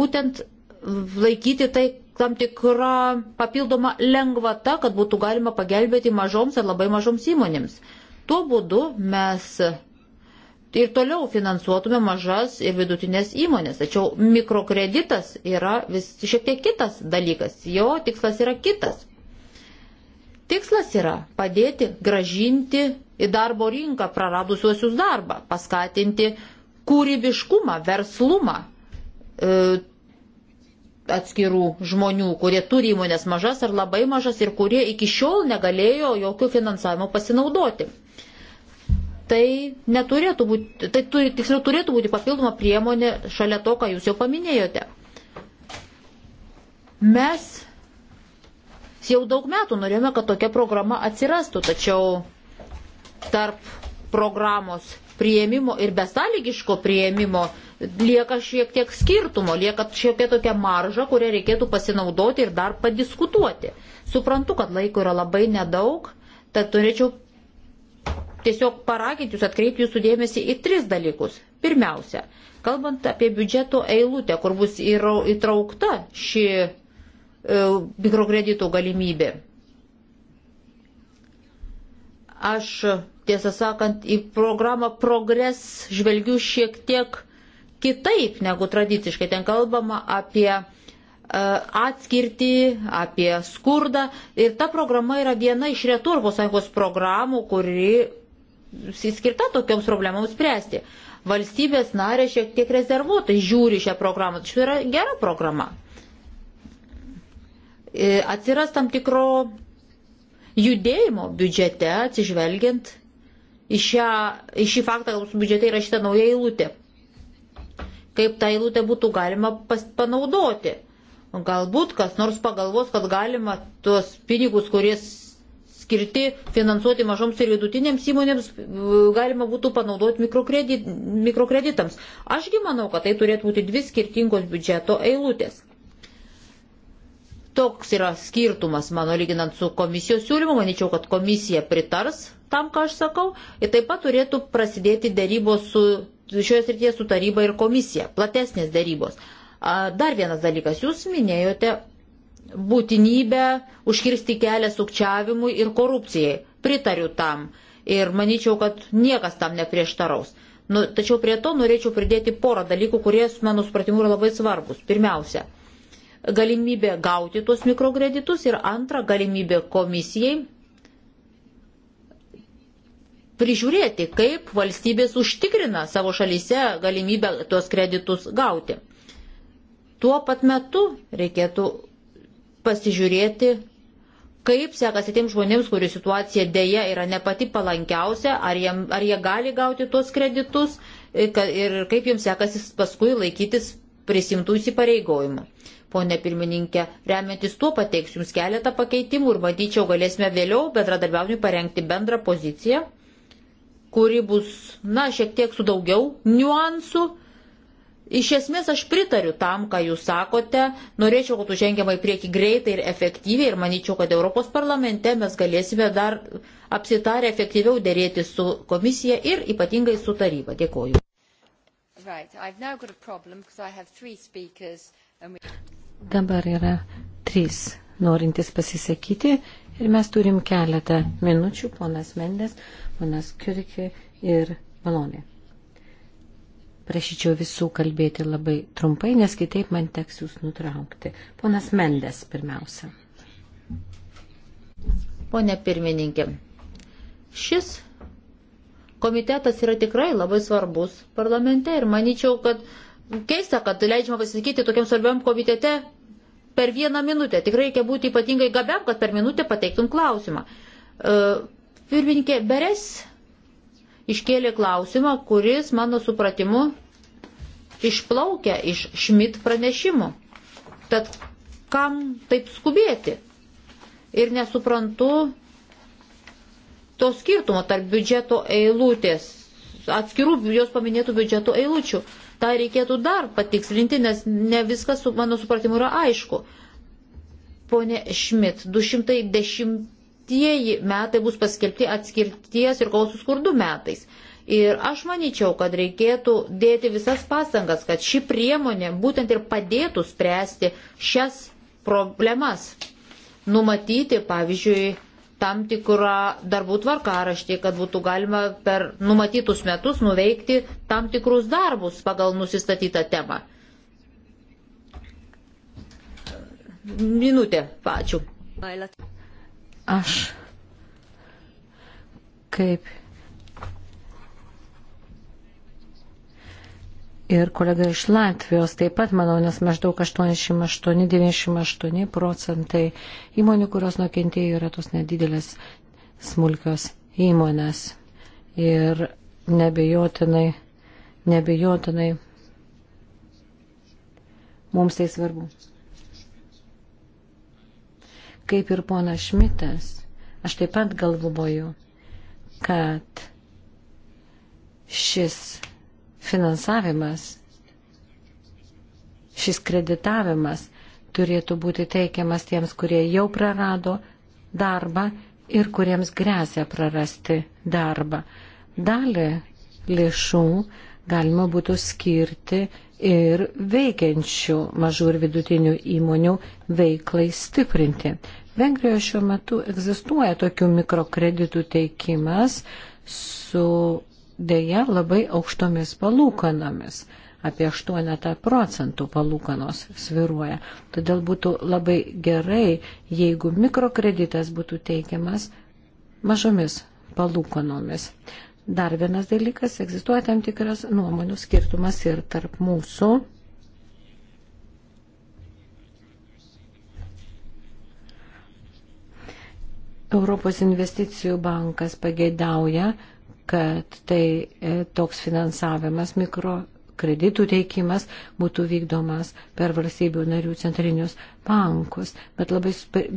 Būtent laikyti tai tam tikra papildoma lengvata, kad būtų galima pagelbėti mažoms ar labai mažoms įmonėms. Tuo būdu mes ir toliau finansuotume mažas ir vidutinės įmonės. Tačiau mikrokreditas yra vis šiek tiek kitas dalykas. Jo tikslas yra kitas. Tikslas yra padėti gražinti į darbo rinką praradusiuosius darbą, paskatinti kūrybiškumą, verslumą, e, atskirų žmonių, kurie turi įmonės mažas ar labai mažas ir kurie iki šiol negalėjo jokio finansavimo pasinaudoti. Tai neturėtų būti, tai turi, tiksliau turėtų būti papildoma priemonė šalia to, ką jūs jau paminėjote. Mes jau daug metų norėjome, kad tokia programa atsirastų, tačiau tarp programos prieimimo ir besąlygiško prieimimo lieka šiek tiek skirtumo, lieka šiek tiek tokia marža, kurią reikėtų pasinaudoti ir dar padiskutuoti. Suprantu, kad laiko yra labai nedaug, tad turėčiau tiesiog paraginti jūs atkreipti jūsų dėmesį į tris dalykus. Pirmiausia, kalbant apie biudžeto eilutę, kur bus įtraukta ši e, mikrokreditų galimybė. Aš tiesą sakant, į programą progres žvelgiu šiek tiek kitaip negu tradiciškai. Ten kalbama apie e, atskirti, apie skurdą. Ir ta programa yra viena iš retų Europos Sąjungos programų, kuri skirta tokioms problemams spręsti. Valstybės narė šiek tiek rezervuotai žiūri šią programą. Tai yra gera programa. E, atsiras tam tikro judėjimo biudžete atsižvelgiant į, šią, į šį faktą mūsų biudžete yra šita nauja eilutė. Kaip tą eilutę būtų galima pas, panaudoti. Galbūt kas nors pagalvos, kad galima tuos pinigus, kurie skirti finansuoti mažoms ir vidutinėms įmonėms, galima būtų panaudoti mikrokredit, mikrokreditams. Ašgi manau, kad tai turėtų būti dvi skirtingos biudžeto eilutės. Toks yra skirtumas mano lyginant su komisijos siūlymu. Manyčiau, kad komisija pritars tam, ką aš sakau. Ir taip pat turėtų prasidėti dėrybos su šioje srityje su taryba ir komisija. Platesnės dėrybos. Dar vienas dalykas. Jūs minėjote būtinybę užkirsti kelią sukčiavimui ir korupcijai. Pritariu tam. Ir manyčiau, kad niekas tam neprieštaraus. Nu, tačiau prie to norėčiau pridėti porą dalykų, kurie, mano supratimu, yra labai svarbus. Pirmiausia, galimybė gauti tuos mikrokreditus ir antra galimybė komisijai prižiūrėti, kaip valstybės užtikrina savo šalyse galimybę tuos kreditus gauti. Tuo pat metu reikėtų pasižiūrėti, kaip sekasi tiems žmonėms, kurių situacija dėja yra ne pati palankiausia, ar, jiem, ar jie gali gauti tuos kreditus ir kaip jiems sekasi paskui laikytis prisimtų įsipareigojimų ponė pirmininkė, remiantis tuo pateiksiu Jums keletą pakeitimų ir matyčiau galėsime vėliau bendradarbiavimui parengti bendrą poziciją, kuri bus, na, šiek tiek su daugiau niuansų. Iš esmės aš pritariu tam, ką jūs sakote, norėčiau, kad užžengiama į priekį greitai ir efektyviai ir manyčiau, kad Europos parlamente mes galėsime dar apsitarę efektyviau dėrėti su komisija ir ypatingai su taryba. Dėkoju. Right. Dabar yra trys norintys pasisakyti ir mes turim keletą minučių, ponas Mendes, ponas Kirki ir Malonė. Prašyčiau visų kalbėti labai trumpai, nes kitaip man teks jūs nutraukti. Ponas Mendes pirmiausia. Pone pirmininkė, šis komitetas yra tikrai labai svarbus parlamente ir manyčiau, kad uh, keista, kad leidžiama pasisakyti tokiam svarbiam komitete per vieną minutę. Tikrai reikia būti ypatingai gabiam, kad per minutę pateiktum klausimą. E, pirmininkė Beres iškėlė klausimą, kuris, mano supratimu, išplaukia iš Šmit pranešimų. Tad kam taip skubėti? Ir nesuprantu to skirtumo tarp biudžeto eilutės, atskirų jos paminėtų biudžeto eilučių tą reikėtų dar patikslinti, nes ne viskas, mano supratimu, yra aišku. Pone Šmit, 210 metai bus paskelbti atskirties ir kovos su skurdu metais. Ir aš manyčiau, kad reikėtų dėti visas pastangas, kad ši priemonė būtent ir padėtų spręsti šias problemas. Numatyti, pavyzdžiui, tam tikrą darbų tvarkaraštį, kad būtų galima per numatytus metus nuveikti tam tikrus darbus pagal nusistatytą temą. Minutė, ačiū. Aš kaip ir kolega iš Latvijos taip pat, manau, nes maždaug 88-98 procentai įmonių, kurios nukentėjo, yra tos nedidelės smulkios įmonės. Ir nebejotinai, nebejotinai mums tai svarbu. Kaip ir pona Šmitas, aš taip pat galvoju, kad šis finansavimas, šis kreditavimas turėtų būti teikiamas tiems, kurie jau prarado darbą ir kuriems grėsia prarasti darbą. Dalį lėšų galima būtų skirti ir veikiančių mažų ir vidutinių įmonių veiklai stiprinti. Vengrijoje šiuo metu egzistuoja tokių mikrokreditų teikimas su dėja labai aukštomis palūkanomis. Apie 8 procentų palūkanos sviruoja. Todėl būtų labai gerai, jeigu mikrokreditas būtų teikiamas mažomis palūkanomis. Dar vienas dalykas, egzistuoja tam tikras nuomonių skirtumas ir tarp mūsų. Europos investicijų bankas pageidauja, kad tai e, toks finansavimas mikro kreditų teikimas būtų vykdomas per valstybių narių centrinius bankus, bet labai,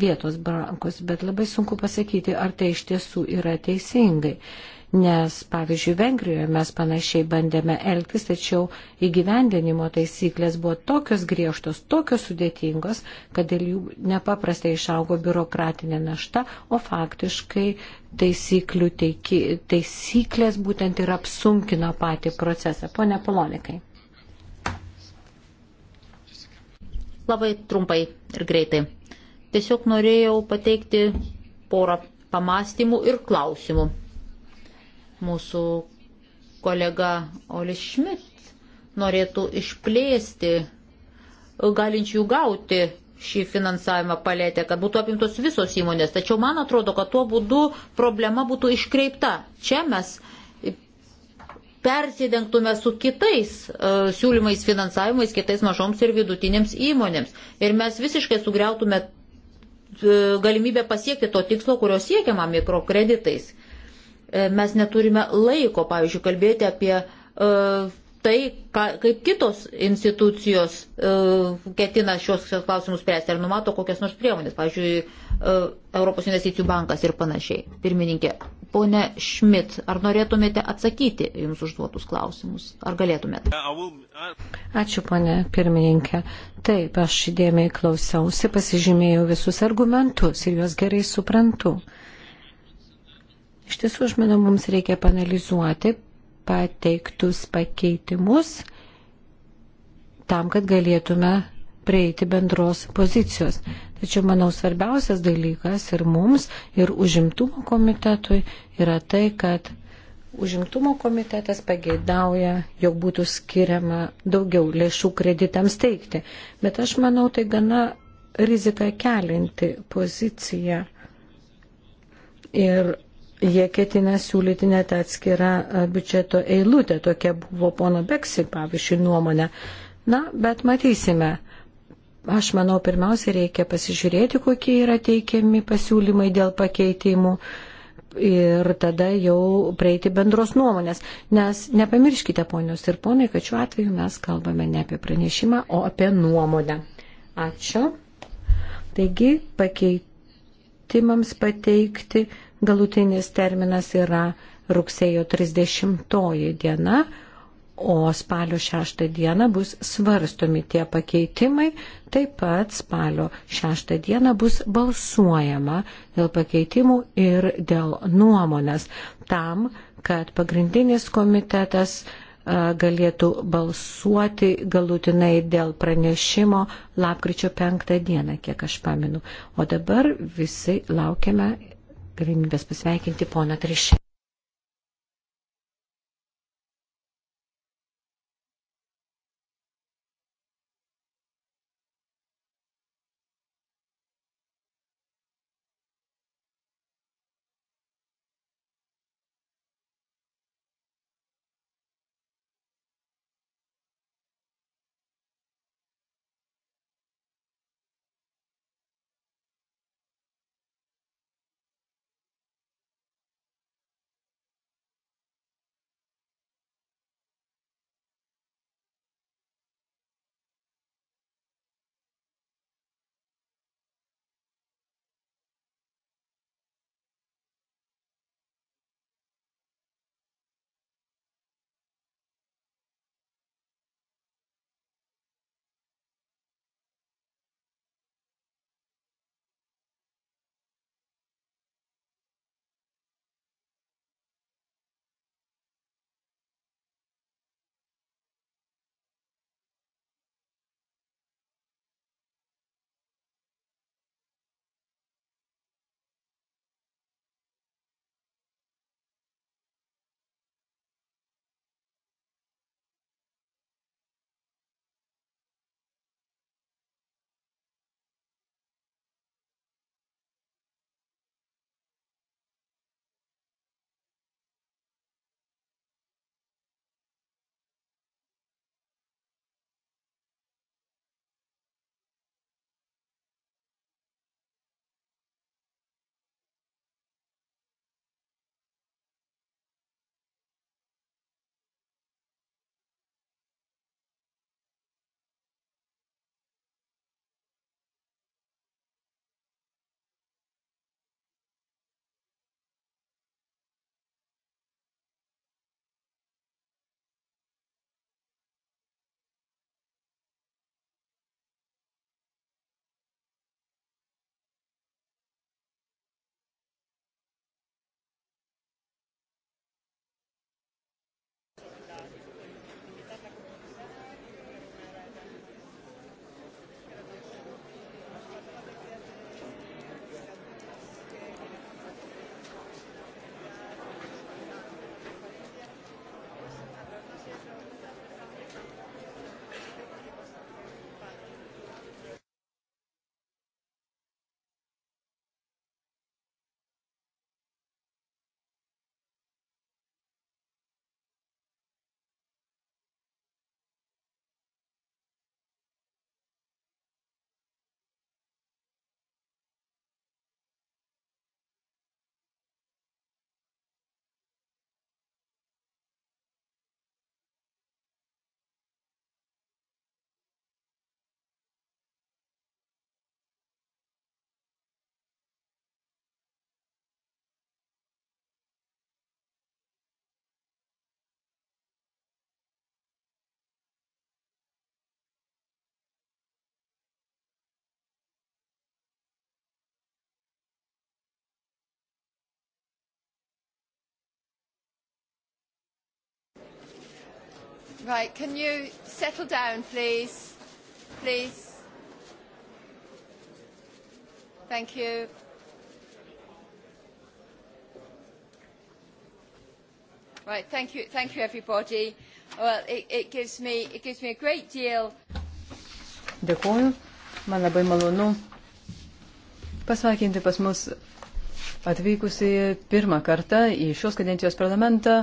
vietos bankus, bet labai sunku pasakyti, ar tai iš tiesų yra teisingai nes, pavyzdžiui, Vengrijoje mes panašiai bandėme elgtis, tačiau įgyvendinimo taisyklės buvo tokios griežtos, tokios sudėtingos, kad dėl jų nepaprastai išaugo biurokratinė našta, o faktiškai taisyklių teiki, taisyklės būtent ir apsunkino patį procesą. Pone Polonikai. Labai trumpai ir greitai. Tiesiog norėjau pateikti porą pamastymų ir klausimų Mūsų kolega Olis Šmit norėtų išplėsti galinčių gauti šį finansavimą palėtę, kad būtų apimtos visos įmonės. Tačiau man atrodo, kad tuo būdu problema būtų iškreipta. Čia mes persidengtume su kitais uh, siūlymais finansavimais, kitais mažoms ir vidutinėms įmonėms. Ir mes visiškai sugriautume uh, galimybę pasiekti to tikslo, kurio siekiama mikrokreditais. E, mes neturime laiko, pavyzdžiui, kalbėti apie uh, tai, ka, kaip kitos institucijos uh, ketina šios klausimus spręsti, ar numato kokias nors priemonės, pavyzdžiui, uh, Europos investicijų bankas ir panašiai. Pirmininkė, ponė Šmit, ar norėtumėte atsakyti jums užduotus klausimus? Ar galėtumėte? Ačiū, ponė pirmininkė. Taip, aš įdėmiai klausiausi, pasižymėjau visus argumentus ir juos gerai suprantu. Uh, Iš tiesų, aš manau, mums reikia panalizuoti pateiktus pakeitimus tam, kad galėtume prieiti bendros pozicijos. Tačiau, manau, svarbiausias dalykas ir mums, ir užimtumo komitetui yra tai, kad užimtumo komitetas pageidauja, jog būtų skiriama daugiau lėšų kreditams teikti. Bet aš manau, tai gana rizika kelinti pozicija. Ir jie ketina siūlyti net atskirą biudžeto eilutę. Tokia buvo pono Beksi, pavyzdžiui, nuomonė. Na, bet matysime. Aš manau, pirmiausia, reikia pasižiūrėti, kokie yra teikiami pasiūlymai dėl pakeitimų ir tada jau prieiti bendros nuomonės. Nes nepamirškite, ponios ir ponai, kad šiuo atveju mes kalbame ne apie pranešimą, o apie nuomonę. Ačiū. Taigi, pakeitimams pateikti galutinis terminas yra rugsėjo 30 diena, o spalio 6 dieną bus svarstomi tie pakeitimai, taip pat spalio 6 dieną bus balsuojama dėl pakeitimų ir dėl nuomonės tam, kad pagrindinis komitetas e, galėtų balsuoti galutinai dėl pranešimo lapkričio penktą dieną, kiek aš paminu. O dabar visi laukiame galimybės pasveikinti poną Trišį. Right, can you settle down, please? Please. Thank you. Right, thank you, thank you everybody. Well, it, it, gives me, it gives me a great deal. Dėkuoju, man labai malonu pasveikinti pas mus atvykusi pirmą kartą į šios kadencijos parlamentą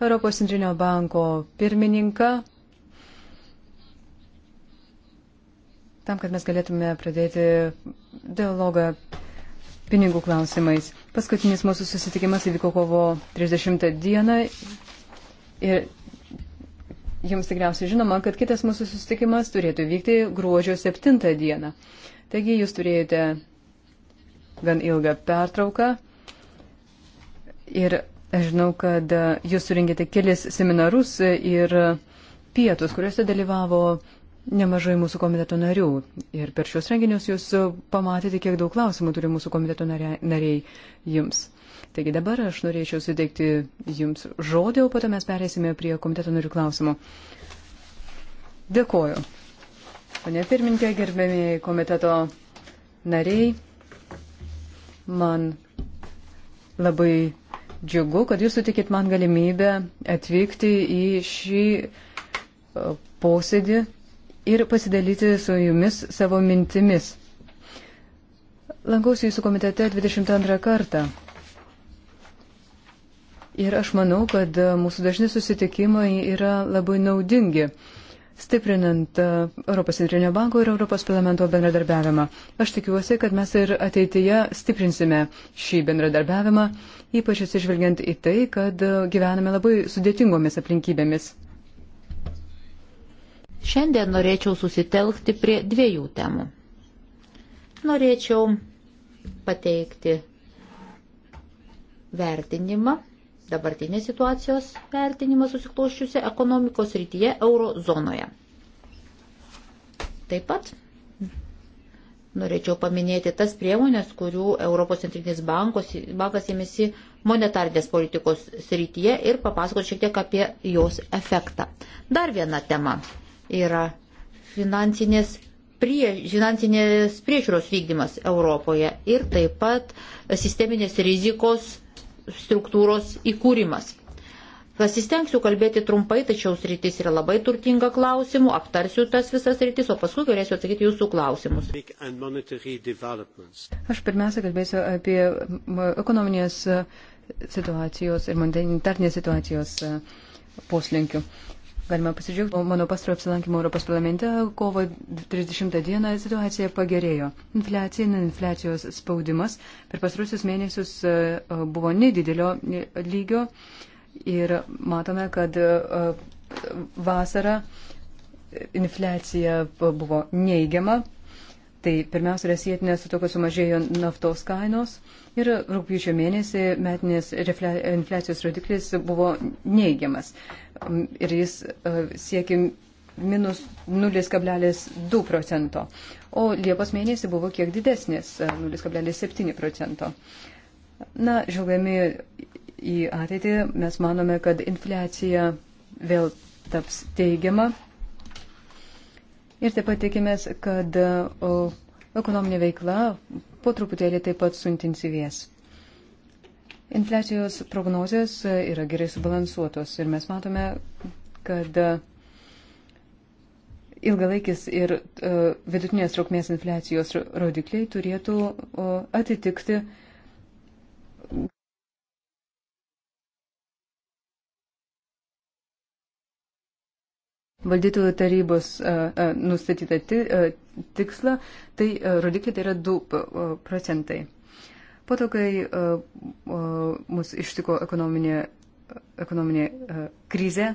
Europos centrinio banko pirmininką, tam, kad mes galėtume pradėti dialogą pinigų klausimais. Paskutinis mūsų susitikimas įvyko kovo 30 dieną ir jums tikriausiai žinoma, kad kitas mūsų susitikimas turėtų vykti gruodžio 7 dieną. Taigi jūs turėjote gan ilgą pertrauką ir Aš žinau, kad e, jūs surinkite kelis seminarus e, ir e, pietus, kuriuose dalyvavo nemažai mūsų komiteto narių. Ir per šios renginius jūs pamatėte, kiek daug klausimų turi mūsų komiteto nariai jums. Taigi dabar aš norėčiau suteikti jums žodį, o po to mes perėsime prie komiteto narių klausimų. Dėkoju. Pane pirmininkė, gerbėmiai komiteto nariai, man labai džiugu, kad jūs sutikit man galimybę atvykti į šį e, posėdį ir pasidalyti su jumis savo mintimis. Lankausi jūsų komitete 22 kartą. Ir aš manau, kad mūsų dažni susitikimai yra labai naudingi stiprinant e, Europos centrinio banko ir Europos parlamento bendradarbiavimą. Aš tikiuosi, kad mes ir ateityje stiprinsime šį bendradarbiavimą, ypač atsižvelgiant į tai, kad e, gyvename labai sudėtingomis aplinkybėmis. Šiandien norėčiau susitelkti prie dviejų temų. Norėčiau pateikti vertinimą dabartinės situacijos vertinimą susikloščiusią ekonomikos rytyje eurozonoje. Taip pat norėčiau paminėti tas priemonės, kurių Europos centrinis bankos, bankas ėmėsi monetarnės politikos srityje ir papasakoti šiek tiek apie jos efektą. Dar viena tema yra finansinės, prie, finansinės priežiūros vykdymas Europoje ir taip pat sisteminės rizikos struktūros įkūrimas. Pasistengsiu kalbėti trumpai, tačiau sritis yra labai turtinga klausimų, aptarsiu tas visas sritis, o paskui galėsiu atsakyti jūsų klausimus. Aš pirmiausia kalbėsiu apie ekonominės situacijos ir monetarnės situacijos poslinkių. Galima pasidžiaugti, mano pastarojo apsilankimo Europos parlamente kovo 30 dieną situacija pagerėjo. Infliacija, infliacijos spaudimas per pastarusius mėnesius e, buvo nedidelio lygio ir matome, kad e, vasarą infliacija buvo neigiama. Tai pirmiausia yra sėtinė su to, kad sumažėjo naftos kainos ir rūpjūčio mėnesį metinės infliacijos rodiklis buvo neigiamas ir jis e, siekia minus 0,2 procento, o Liepos mėnesį buvo kiek didesnis 0,7 e, procento. Na, žvelgami į ateitį, mes manome, kad infliacija vėl taps teigiama ir taip pat tikimės, kad e, o, ekonominė veikla po truputėlį taip pat suintensyvės. Infliacijos prognozijos yra gerai subalansuotos ir mes matome, kad e, ilgalaikis ir e, vidutinės trukmės infliacijos rodikliai turėtų atitikti valdytojų tarybos e, nustatytą tikslą, tai rodikliai tai yra 2 procentai. Po to, kai e, e, mus ištiko ekonominė, ekonominė e, krizė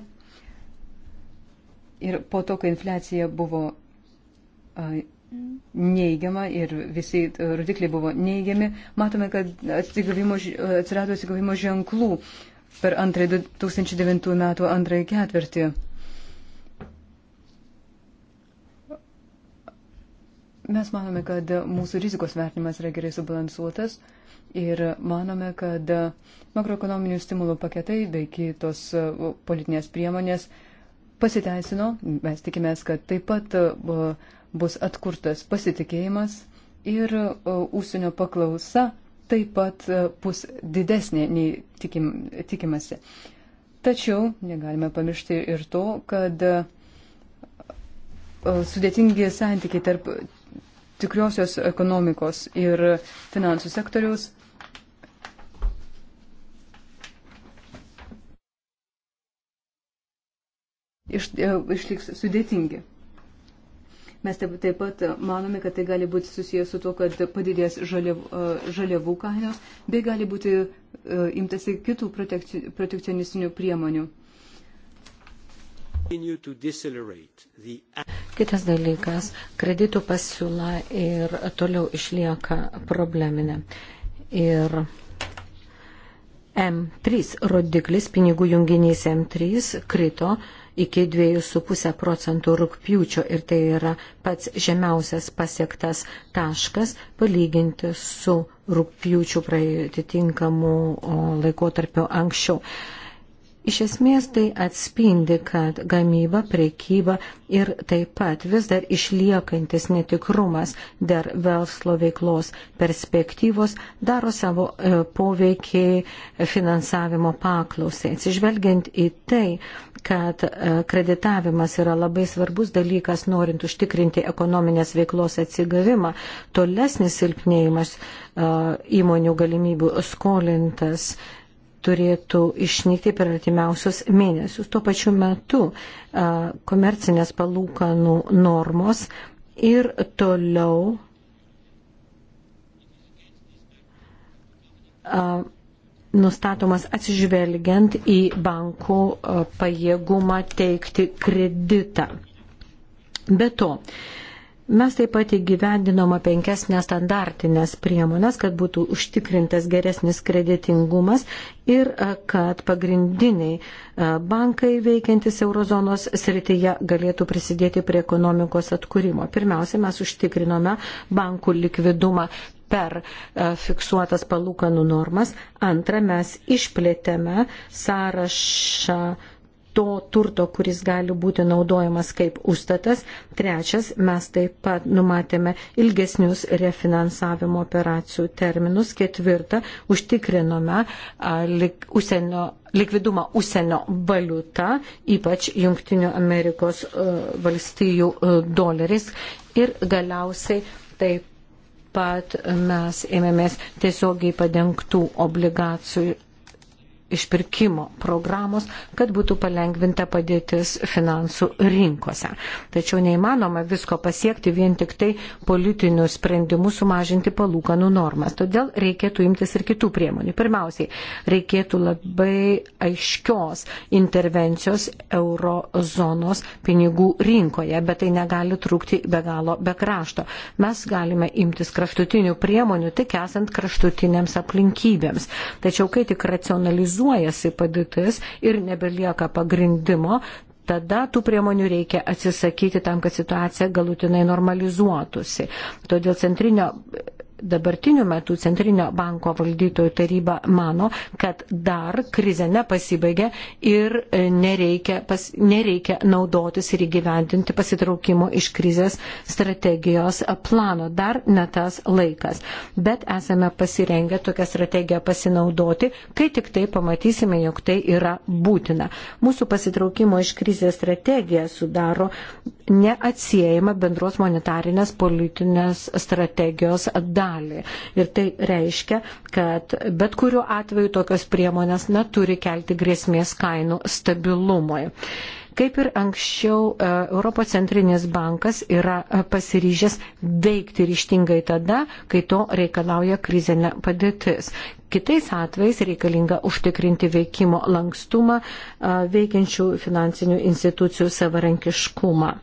ir po to, kai infliacija buvo neigiama ir visi rodikliai buvo neigiami, matome, kad atsirado atsigavimo ženklų per antrąjį 2009 metų antrąjį ketvirtį. Mes manome, kad mūsų rizikos vertinimas yra gerai subalansuotas ir manome, kad makroekonominių stimulų paketai bei kitos e, politinės priemonės pasiteisino. Mes tikimės, kad taip pat e, bus atkurtas pasitikėjimas ir e, ūsinio paklausa taip pat bus didesnė nei tikim, tikimasi. Tačiau negalime pamiršti ir to, kad sudėtingi santykiai tarp tikriosios ekonomikos ir finansų sektoriaus iš, e, išliks sudėtingi. Mes taip, taip pat manome, kad tai gali būti susijęs su to, kad padidės žaliav, e, žaliavų kainos, bei gali būti e, imtasi kitų protekci, protekcionistinių priemonių. Kitas dalykas, kreditų pasiūla ir toliau išlieka probleminė. Ir M3 rodiklis, pinigų junginys M3 krito iki 2,5 procentų rūpjūčio ir tai yra pats žemiausias pasiektas taškas palyginti su rūpjūčių atitinkamu laikotarpiu anksčiau. Iš esmės tai atspindi, kad gamyba, prekyba ir taip pat vis dar išliekantis netikrumas dar verslo veiklos perspektyvos daro savo e, poveikį finansavimo paklausai. Atsižvelgiant į tai, kad e, kreditavimas yra labai svarbus dalykas, norint užtikrinti ekonominės veiklos atsigavimą, tolesnis silpnėjimas e, įmonių galimybių skolintas turėtų išnykti per artimiausius mėnesius. Tuo pačiu metu komercinės palūkanų normos ir toliau nustatomas atsižvelgiant į bankų pajėgumą teikti kreditą. Be to, uh, Mes taip pat įgyvendinoma penkias nestandartinės priemonės, kad būtų užtikrintas geresnis kreditingumas ir e, kad pagrindiniai e, bankai veikiantis eurozonos srityje galėtų prisidėti prie ekonomikos atkūrimo. Pirmiausia, mes užtikrinome bankų likvidumą per e, fiksuotas palūkanų normas. Antra, mes išplėtėme sąrašą to turto, kuris gali būti naudojamas kaip užstatas. Trečias, mes taip pat numatėme ilgesnius refinansavimo operacijų terminus. Ketvirta, užtikrinome lik, užsienio, likvidumą užsienio valiutą, ypač Junktinių Amerikos uh, valstijų uh, e, doleris. Ir galiausiai taip pat mes ėmėmės tiesiogiai padengtų obligacijų išpirkimo programos, kad būtų palengvinta padėtis finansų rinkose. Tačiau neįmanoma visko pasiekti vien tik tai politinių sprendimų sumažinti palūkanų normas. Todėl reikėtų imtis ir kitų priemonių. Pirmiausiai, reikėtų labai aiškios intervencijos eurozonos pinigų rinkoje, bet tai negali trūkti be galo be krašto. Mes galime imtis kraštutinių priemonių tik esant kraštutinėms aplinkybėms. Tačiau, kai tik racionalizuojame, stabilizuojasi padėtis ir nebelieka pagrindimo, tada tų priemonių reikia atsisakyti tam, kad situacija galutinai normalizuotųsi. Todėl centrinio dabartiniu metu Centrinio banko valdytojų taryba mano, kad dar krize nepasibaigė ir e, nereikia, pas, nereikia naudotis ir įgyventinti pasitraukimo iš krizės strategijos plano. Dar ne tas laikas. Bet esame pasirengę tokią strategiją pasinaudoti, kai tik tai pamatysime, jog tai yra būtina. Mūsų pasitraukimo iš krizės strategija sudaro neatsiejama bendros monetarinės politinės strategijos dalį šalį. Ir tai reiškia, kad bet kuriuo atveju tokios priemonės neturi kelti grėsmės kainų stabilumui. Kaip ir anksčiau, e, Europos centrinis bankas yra e, pasiryžęs veikti ryštingai tada, kai to reikalauja krizinė padėtis. Kitais atvejais reikalinga užtikrinti veikimo lankstumą, e, veikiančių finansinių institucijų savarankiškumą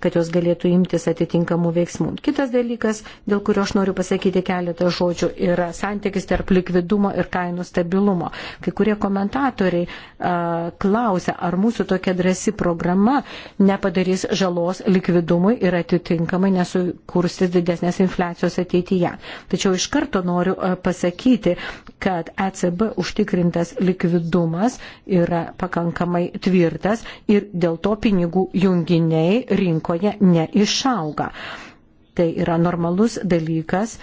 kad jos galėtų imtis atitinkamų veiksmų. Kitas dalykas, dėl kurio aš noriu pasakyti keletą žodžių, yra santykis tarp likvidumo ir kainų stabilumo. Kai kurie komentatoriai a, klausia, ar mūsų tokia drasi programa nepadarys žalos likvidumui ir atitinkamai nesukursis didesnės infliacijos ateityje. Tačiau iš karto noriu pasakyti, kad ECB užtikrintas likvidumas yra pakankamai tvirtas ir dėl to pinigų junginiai rinko aplinkoje neišauga. Tai yra normalus dalykas,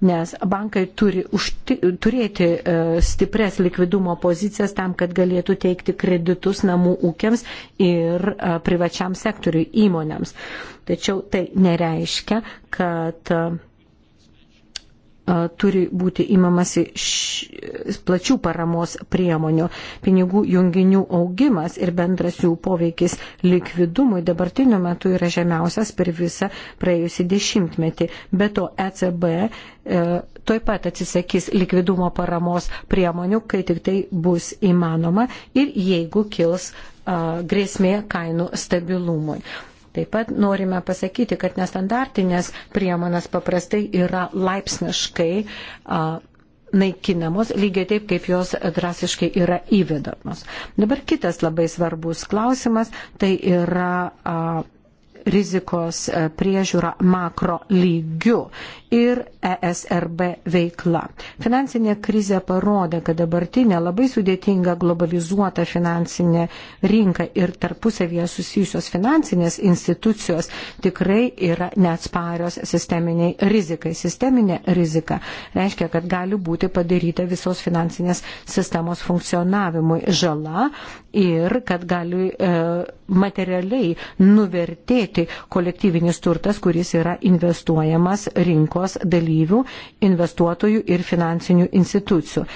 nes bankai turi užti, turėti e, stipres likvidumo pozicijas tam, kad galėtų teikti kreditus namų ūkiams ir e, privačiam sektoriui įmonėms. Tačiau tai nereiškia, kad e, turi būti imamasi š, plačių paramos priemonių. Pinigų junginių augimas ir bendras jų poveikis likvidumui dabartiniu metu yra žemiausias per visą praėjusį dešimtmetį. Be to ECB e, e toj pat atsisakys likvidumo paramos priemonių, kai tik tai bus įmanoma ir jeigu kils e, grėsmė kainų stabilumui. Taip pat norime pasakyti, kad nestandartinės priemonės paprastai yra laipsniškai a, naikinamos, lygiai taip, kaip jos drastiškai yra įvedamos. Dabar kitas labai svarbus klausimas, tai yra a, rizikos priežiūra makro lygių ir ESRB veikla. Finansinė krizė parodė, kad dabartinė labai sudėtinga globalizuota finansinė rinka ir tarpusavėje susijusios finansinės institucijos tikrai yra neatsparios sisteminiai rizikai. Sisteminė rizika reiškia, kad gali būti padaryta visos finansinės sistemos funkcionavimui žala ir kad gali e, materialiai nuvertėti kolektyvinis turtas, kuris yra investuojamas rinkoje rinkos dalyvių, investuotojų ir finansinių institucijų.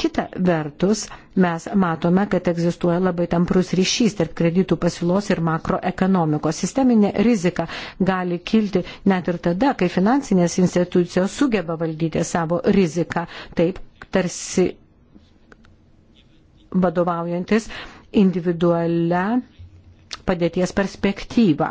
Kita vertus, mes matome, kad egzistuoja labai tamprus ryšys tarp kreditų pasiūlos ir makroekonomikos. Sisteminė rizika gali kilti net ir tada, kai finansinės institucijos sugeba valdyti savo riziką, taip tarsi vadovaujantis individualia padėties perspektyvą.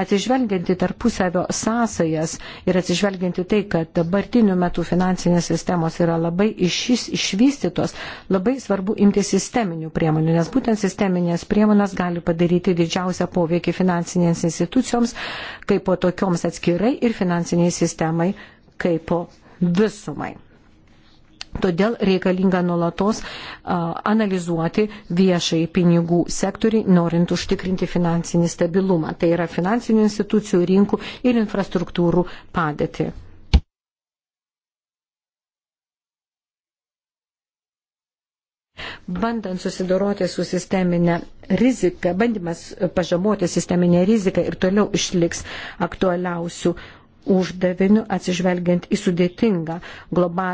Atsižvelgianti tarpusavio sąsajas ir atsižvelgianti tai, kad dabartiniu metu finansinės sistemos yra labai išis, išvystytos, labai svarbu imti sisteminių priemonių, nes būtent sisteminės priemonės gali padaryti didžiausią poveikį finansinėms institucijoms, kaip po tokioms atskirai ir finansiniai sistemai, kaip po visumai. Todėl reikalinga nuolatos analizuoti viešai pinigų sektorį, norint užtikrinti finansinį stabilumą. Tai yra finansinių institucijų, rinkų ir infrastruktūrų padėti. bandant susidoroti su sisteminė rizika, bandymas pažaboti sisteminę riziką ir toliau išliks aktualiausių uždaviniu atsižvelgiant į sudėtingą globa,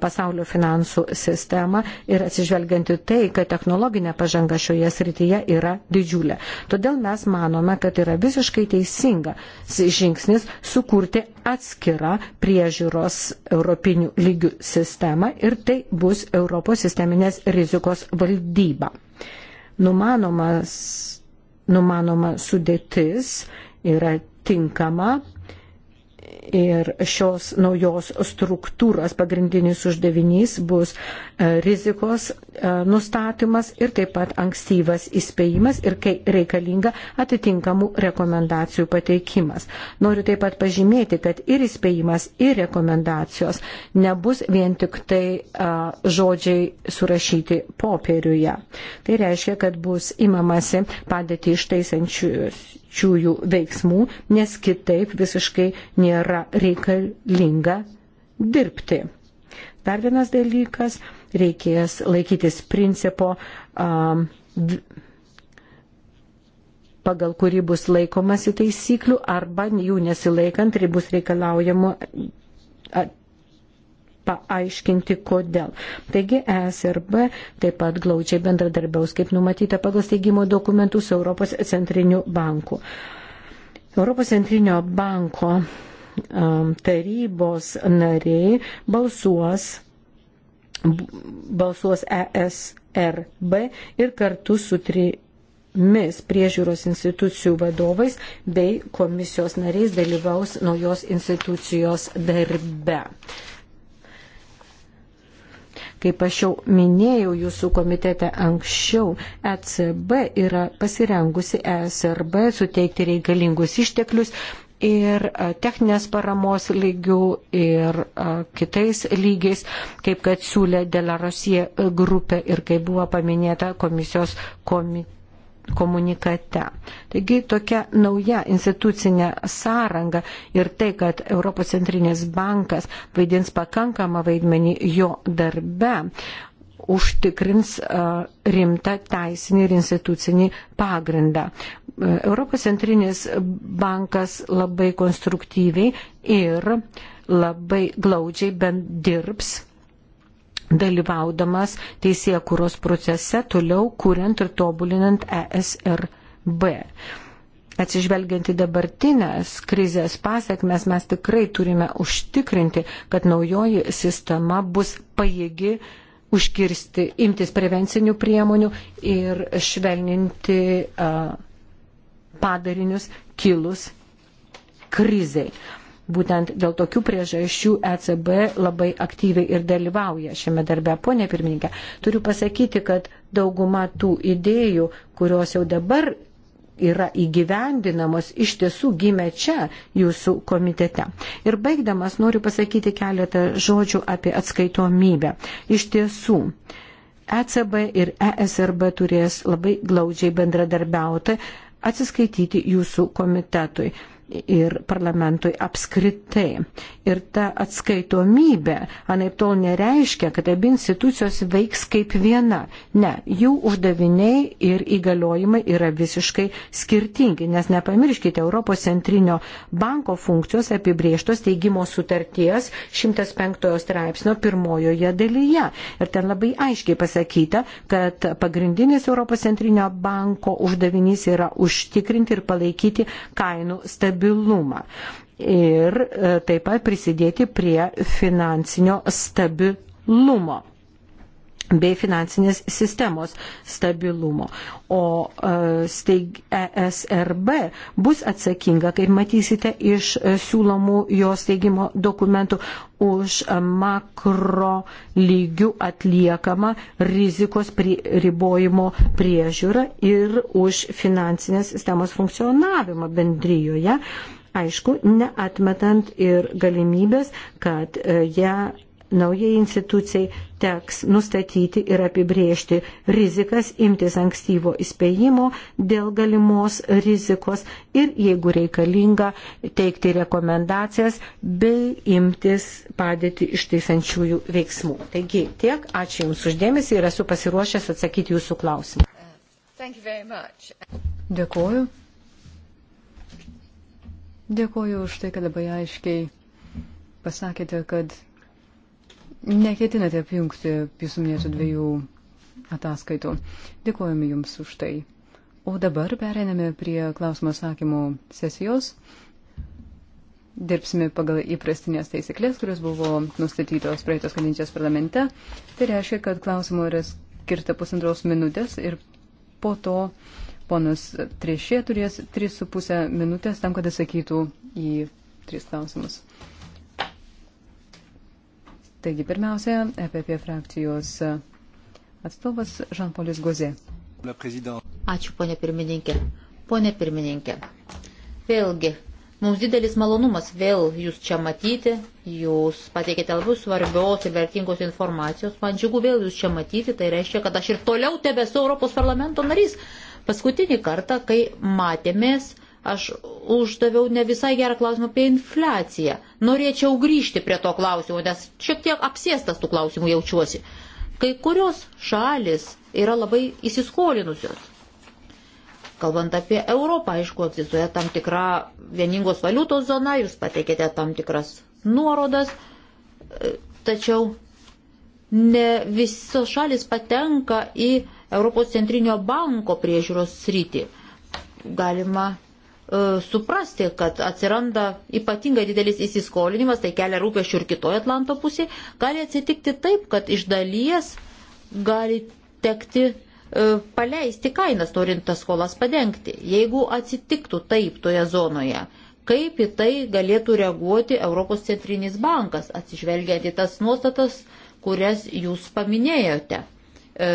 pasaulio finansų sistemą ir atsižvelgiant į tai, kad technologinė pažanga šioje srityje yra didžiulė. Todėl mes manome, kad yra visiškai teisinga žingsnis sukurti atskirą priežiūros europinių lygių sistemą ir tai bus Europos sisteminės rizikos valdyba. Numanomas, numanoma sudėtis yra tinkama Ir šios naujos struktūros pagrindinis uždavinys bus e, rizikos E, nustatymas ir taip pat ankstyvas įspėjimas ir kai reikalinga atitinkamų rekomendacijų pateikimas. Noriu taip pat pažymėti, kad ir įspėjimas, ir rekomendacijos nebus vien tik tai a, e, žodžiai surašyti popieriuje. Tai reiškia, kad bus imamasi padėti ištaisančiųjų veiksmų, nes kitaip visiškai nėra reikalinga dirbti. Dar vienas dalykas reikės laikytis principo, pagal kurį bus laikomasi taisyklių arba jų nesilaikant ir tai bus reikalaujama paaiškinti kodėl. Taigi ESRB taip pat glaučiai bendradarbiaus, kaip numatyta pagal steigimo dokumentus Europos centrinių bankų. Europos centrinio banko um, tarybos nariai balsuos balsuos ESRB ir kartu su trimis priežiūros institucijų vadovais bei komisijos nariais dalyvaus naujos institucijos darbe. Kaip aš jau minėjau jūsų komitete anksčiau, ECB yra pasirengusi ESRB suteikti reikalingus išteklius ir e, techninės paramos lygių ir e, kitais lygiais, kaip kad siūlė Delarosie e, grupė ir kaip buvo paminėta komisijos komitė komunikate. Taigi tokia nauja institucinė sąranga ir tai, kad Europos centrinės bankas vaidins pakankamą vaidmenį jo darbe, užtikrins e, rimtą teisinį ir institucinį pagrindą. E, Europos centrinis bankas labai konstruktyviai ir labai glaudžiai bent dirbs dalyvaudamas teisėkuros procese, toliau kuriant ir tobulinant ESRB atsižvelgiant į dabartinės krizės pasiekmes, mes tikrai turime užtikrinti, kad naujoji sistema bus pajėgi užkirsti, imtis prevencinių priemonių ir švelninti padarinius kilus krizai. Būtent dėl tokių priežasčių ECB labai aktyviai ir dalyvauja šiame darbe. Pone pirmininkė, turiu pasakyti, kad dauguma tų idėjų, kurios jau dabar yra įgyvendinamos, iš tiesų gimė čia jūsų komitete. Ir baigdamas noriu pasakyti keletą žodžių apie atskaitomybę. Iš tiesų, ECB ir ESRB turės labai glaudžiai bendradarbiauti atsiskaityti jūsų komitetui ir parlamentui apskritai. Ir ta atskaitomybė, anaip tol nereiškia, kad abi institucijos veiks kaip viena. Ne, jų uždaviniai ir įgaliojimai yra visiškai skirtingi, nes nepamirškite Europos centrinio banko funkcijos apibrieštos teigimo sutarties 105 straipsnio pirmojoje dalyje. Ir ten labai aiškiai pasakyta, kad pagrindinis Europos centrinio banko uždavinys yra užtikrinti ir palaikyti kainų stabilumą stabilumą ir e, taip pat prisidėti prie finansinio stabilumo bei finansinės sistemos stabilumo. O e, steig, ESRB bus atsakinga, kaip matysite, iš e, siūlomų jo steigimo dokumentų už makro lygių atliekamą rizikos prie, ribojimo priežiūrą ir už finansinės sistemos funkcionavimą bendryjoje. Aišku, neatmetant ir galimybės, kad e, ją. Ja, naujai institucijai teks nustatyti ir apibriežti rizikas, imtis ankstyvo įspėjimo dėl galimos rizikos ir, jeigu reikalinga, teikti rekomendacijas bei imtis padėti išteisančiųjų veiksmų. Taigi tiek, ačiū Jums uždėmesi ir esu pasiruošęs atsakyti Jūsų klausimą. Dėkuoju. Dėkuoju už tai, kad labai aiškiai pasakėte, kad neketinate apjungti jūsų minėtų dviejų ataskaitų. Dėkojame Jums už tai. O dabar pereiname prie klausimo atsakymų sesijos. Dirbsime pagal įprastinės taisyklės, kurios buvo nustatytos praeitos kadencijos parlamente. Tai reiškia, kad klausimų yra skirta pusantros minutės ir po to ponas Trešė turės 3,5 minutės tam, kad atsakytų į tris klausimus. Taigi, pirmiausia, EPP frakcijos atstovas Žanpolis Gozė. Ačiū, ponė pirmininkė. Pone pirmininkė, vėlgi, mums didelis malonumas vėl jūs čia matyti, jūs pateikėte labai svarbios ir vertingos informacijos, man džiugu vėl jūs čia matyti, tai reiškia, kad aš ir toliau tebesu Europos parlamento narys. Paskutinį kartą, kai matėmės, Aš uždaviau ne visai gerą klausimą apie infliaciją. Norėčiau grįžti prie to klausimo, nes šiek tiek apsėstas tų klausimų jaučiuosi. Kai kurios šalis yra labai įsiskolinusios. Kalbant apie Europą, aišku, egzistuoja tam tikra vieningos valiutos zona, jūs pateikėte tam tikras nuorodas, tačiau ne visos šalis patenka į Europos centrinio banko priežiūros sritį. Galima E, suprasti, kad atsiranda ypatingai didelis įsiskolinimas, tai kelia rūpeščių ir kitoje Atlanto pusėje, gali atsitikti taip, kad iš dalies gali tekti e, paleisti kainas, norint tas skolas padengti. Jeigu atsitiktų taip toje zonoje, kaip į tai galėtų reaguoti Europos centrinis bankas, atsižvelgiant į tas nuostatas, kurias jūs paminėjote, e,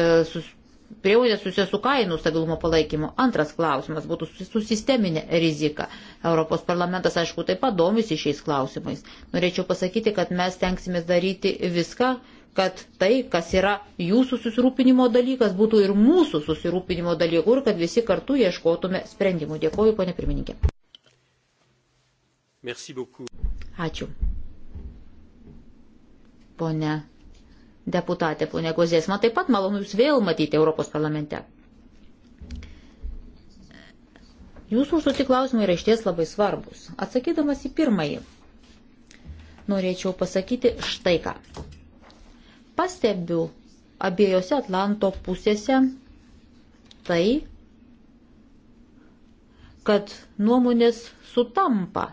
priemonės susijęs su kainų stabilumo palaikymu. Antras klausimas būtų su sisteminė rizika. Europos parlamentas, aišku, taip pat domisi šiais klausimais. Norėčiau pasakyti, kad mes tenksimės daryti viską, kad tai, kas yra jūsų susirūpinimo dalykas, būtų ir mūsų susirūpinimo dalykų ir kad visi kartu ieškotume sprendimų. Dėkuoju, ponė pirmininkė. Ačiū. Pone deputatė, ponė Gozės. Man taip pat malonu Jūs vėl matyti Europos parlamente. Jūsų užduoti klausimai yra išties labai svarbus. Atsakydamas į pirmąjį, norėčiau pasakyti štai ką. Pastebiu abiejose Atlanto pusėse tai, kad nuomonės sutampa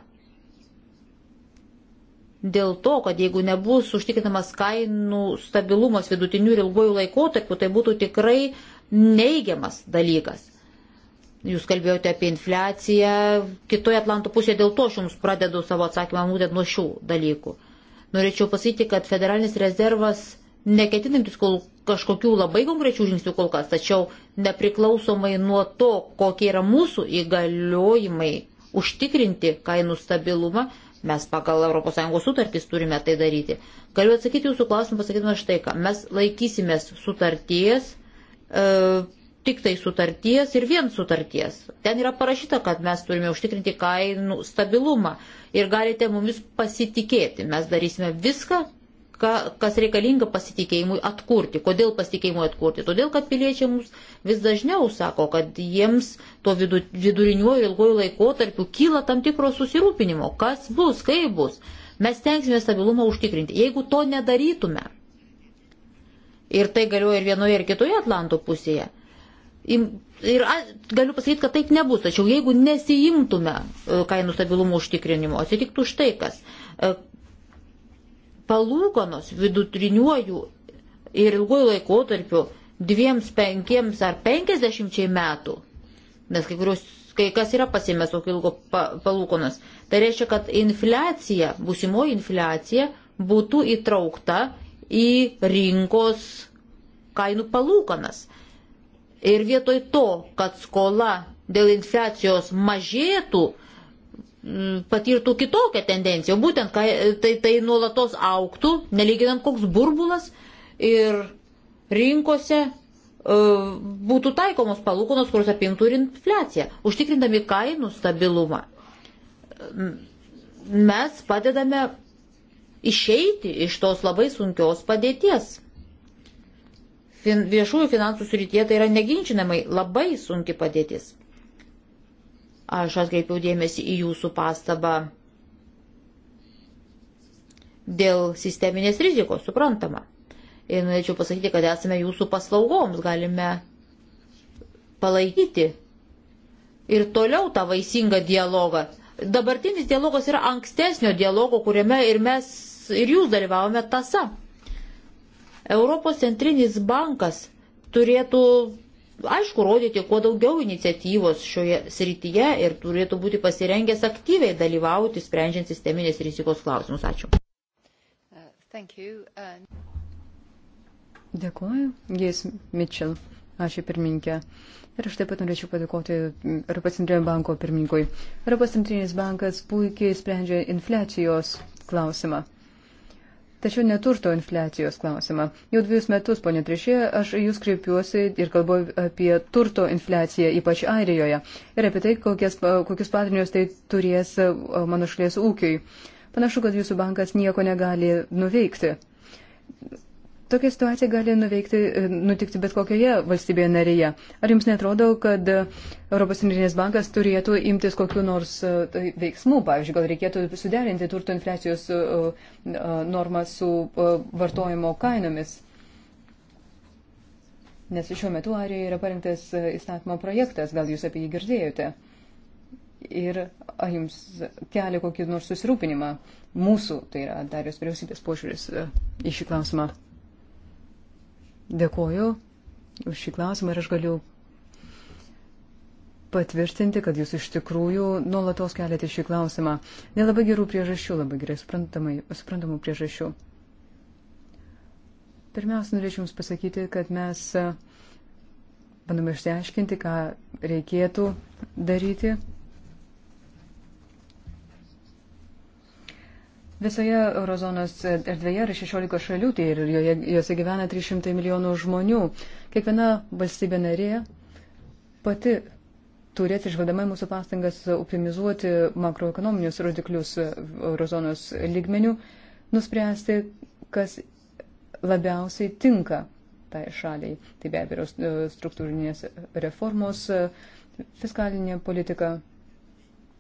dėl to, kad jeigu nebus užtikrinamas kainų stabilumas vidutinių ir ilgojų laikotarpių, tai būtų tikrai neigiamas dalykas. Jūs kalbėjote apie infliaciją, kitoje Atlanto pusėje dėl to aš jums pradedu savo atsakymą būtent nuo šių dalykų. Norėčiau pasakyti, kad federalinis rezervas neketinantis kažkokių labai konkrečių žingsnių kol kas, tačiau nepriklausomai nuo to, kokie yra mūsų įgaliojimai užtikrinti kainų stabilumą, Mes pagal ES sutartys turime tai daryti. Galiu atsakyti jūsų klausimą, pasakytume štai ką. Mes laikysimės sutarties, e, tik tai sutarties ir vien sutarties. Ten yra parašyta, kad mes turime užtikrinti kainų stabilumą ir galite mumis pasitikėti. Mes darysime viską, ka, kas reikalinga pasitikėjimui atkurti. Kodėl pasitikėjimui atkurti? Todėl, kad piliečiai mums vis dažniau sako, kad jiems to vidu, viduriniuoju ilgoju laikotarpiu kyla tam tikro susirūpinimo, kas bus, kaip bus. Mes tenksime stabilumą užtikrinti. Jeigu to nedarytume, ir tai galioja ir vienoje, ir kitoje Atlanto pusėje, ir galiu pasakyti, kad taip nebus, tačiau jeigu nesijimtume e, kainų stabilumo užtikrinimo, atsitiktų štai kas e, palūkanos vidutriniuoju ir ilguoju laikotarpiu dviems, penkiems ar penkisdešimčiai metų, nes kai, kurios, kai kas yra pasimęs tokio ilgo pa, palūkonas, tai reiškia, kad infliacija, būsimoji infliacija būtų įtraukta į rinkos kainų palūkanas. Ir vietoj to, kad skola dėl infliacijos mažėtų, Mm, patirtų kitokią tendenciją, būtent tai, tai nuolatos auktų, nelyginant koks burbulas ir rinkose e, būtų taikomos palūkonos, kurios apimtų ir infliaciją, užtikrindami kainų stabilumą. Mm, mes padedame išeiti iš tos labai sunkios padėties. Fin, viešųjų finansų srityje tai yra neginčinamai labai sunki padėtis. Aš atkreipiau dėmesį į jūsų pastabą dėl sisteminės rizikos, suprantama. Ir norėčiau pasakyti, kad esame jūsų paslaugoms, galime palaikyti ir toliau tą vaisingą dialogą. Dabartinis dialogas yra ankstesnio dialogo, kuriame ir mes, ir jūs dalyvavome tasa. Europos centrinis bankas turėtų aišku, rodyti kuo daugiau iniciatyvos šioje srityje ir turėtų būti pasirengęs aktyviai dalyvauti, sprendžiant sisteminės rizikos klausimus. Ačiū. Uh, Dėkuoju, Gės Mitchell, aš į pirmininkę. Ir aš taip pat norėčiau padėkoti Europos centrinio banko pirmininkui. Europos centrinis bankas puikiai sprendžia infliacijos klausimą. Tačiau neturto infliacijos klausimą. Jau dviejus metus, ponė Trišė, aš jūs kreipiuosi ir kalbu apie turto infliaciją, ypač Airijoje, ir apie tai, kokias, kokius padarinius tai turės e, mano šalies ūkiui. Panašu, kad jūsų bankas nieko negali nuveikti. Tokia situacija gali nuveikti, nutikti bet kokioje valstybėje narėje. Ar jums netrodo, kad Europos centrinės bankas turėtų imtis kokiu nors e, tai veiksmų? Pavyzdžiui, gal reikėtų suderinti turto infliacijos e, e, normą su vartojimo kainomis? Nes šiuo metu Arijoje yra parengtas įstatymo projektas, gal jūs apie jį girdėjote. Ir ar jums kelia kokį nors susirūpinimą mūsų, tai yra Darijos vyriausybės požiūris į šį klausimą? Dėkuoju už šį klausimą ir aš galiu patvirtinti, kad jūs iš tikrųjų nuolatos keliate šį klausimą. Dėl labai gerų priežasčių, labai gerai suprantamų priežasčių. Pirmiausia, norėčiau Jums pasakyti, kad mes uh, bandome išsiaiškinti, ką reikėtų daryti Visoje eurozonos erdvėje yra 16 šalių, tai ir joje, jose gyvena 300 milijonų žmonių. Kiekviena valstybė narė pati turi atsižvedama mūsų pastangas optimizuoti makroekonominius rodiklius eurozonos lygmenių, nuspręsti, kas labiausiai tinka tai šaliai. Tai be abejo struktūrinės reformos, fiskalinė politika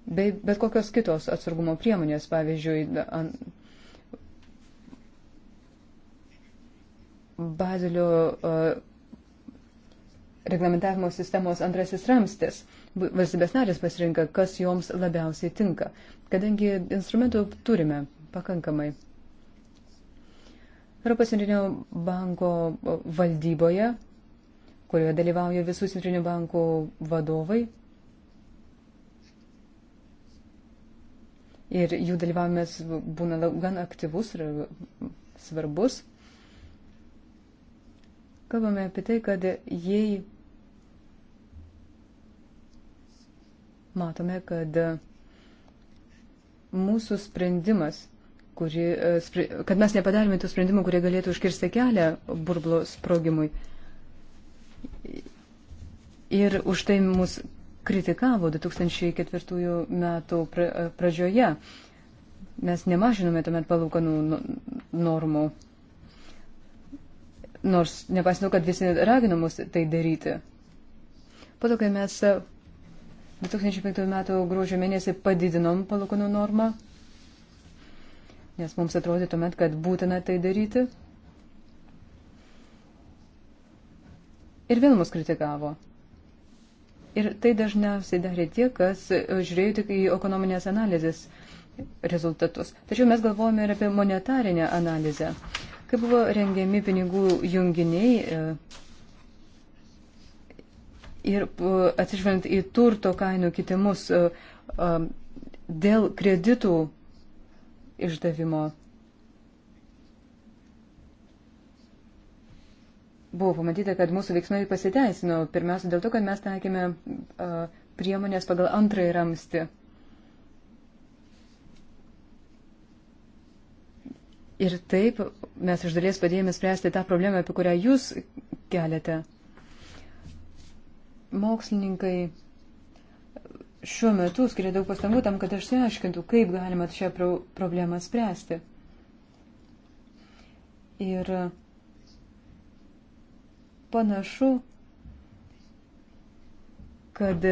bei bet kokios kitos atsargumo priemonės, pavyzdžiui, Bazilio reglamentavimo sistemos antrasis ramstis. Valstybės narės pasirinka, kas joms labiausiai tinka, kadangi instrumentų turime pakankamai. Europos centrinio banko valdyboje, kurioje dalyvauja visų centrinių bankų vadovai, ir jų dalyvavimas būna gan aktyvus ir svarbus. Kalbame apie tai, kad jei matome, kad mūsų sprendimas, kuri, e, kad mes nepadarėme tų sprendimų, kurie galėtų užkirsti kelią burblo sprogimui. Ir už tai mus kritikavo 2004 metų pradžioje. Mes nemažinome tuomet palūkanų normų, nors nepasinau, kad visi ragino mus tai daryti. Po to, kai mes 2005 metų gruodžio mėnesį padidinom palūkanų normą, nes mums atrodė tuomet, kad būtina tai daryti. Ir vėl mus kritikavo. Ir tai dažniausiai darė tie, kas e, žiūrėjo tik į ekonominės analizės rezultatus. Tačiau mes galvojame ir apie monetarinę analizę. Kaip buvo rengiami pinigų junginiai e, ir e, atsižvelgiant į turto kainų kitimus dėl kreditų išdavimo. buvo pamatyta, kad mūsų veiksmai pasiteisino. Pirmiausia, dėl to, kad mes taikėme priemonės pagal antrąjį ramstį. Ir taip mes iš dalies padėjome spręsti tą problemą, apie kurią jūs keliate. Mokslininkai šiuo metu skiria daug pastangų tam, kad išsiaiškintų, kaip galima šią problemą spręsti. Ir uh, panašu, kad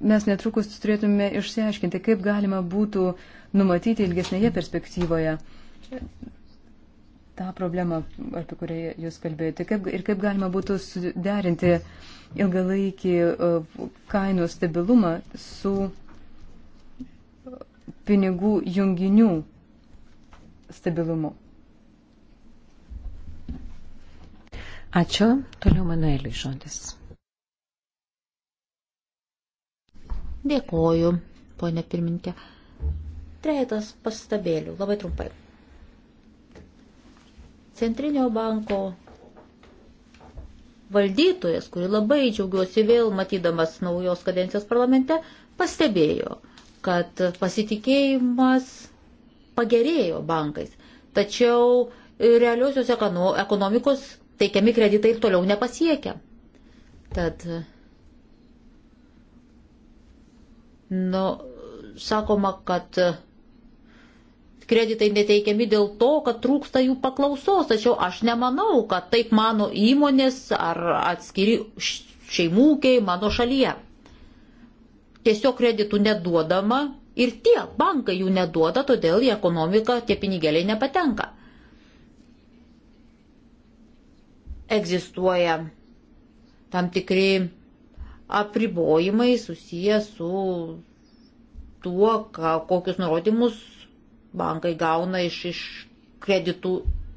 mes netrukus turėtume išsiaiškinti, kaip galima būtų numatyti ilgesnėje perspektyvoje tą problemą, apie kurią jūs kalbėjote, kaip, ir kaip galima būtų suderinti ilgalaikį uh, kainų stabilumą su pinigų junginių stabilumu. Ačiū. Toliau Manueliui žodis. Dėkoju, ponė pirminkė. Trejetas pastabėlių, labai trumpai. Centrinio banko valdytojas, kurį labai džiaugiuosi vėl matydamas naujos kadencijos parlamente, pastebėjo, kad pasitikėjimas pagerėjo bankais. Tačiau realiosios ekonomikos teikiami kreditai ir toliau nepasiekia. Tad, nu, sakoma, kad kreditai neteikiami dėl to, kad trūksta jų paklausos, tačiau aš nemanau, kad taip mano įmonės ar atskiri šeimūkiai mano šalyje. Tiesiog kreditų neduodama ir tie bankai jų neduoda, todėl į ekonomiką tie pinigėliai nepatenka. egzistuoja tam tikri apribojimai susiję su tuo, ką, kokius nurodymus bankai gauna iš, iš kreditų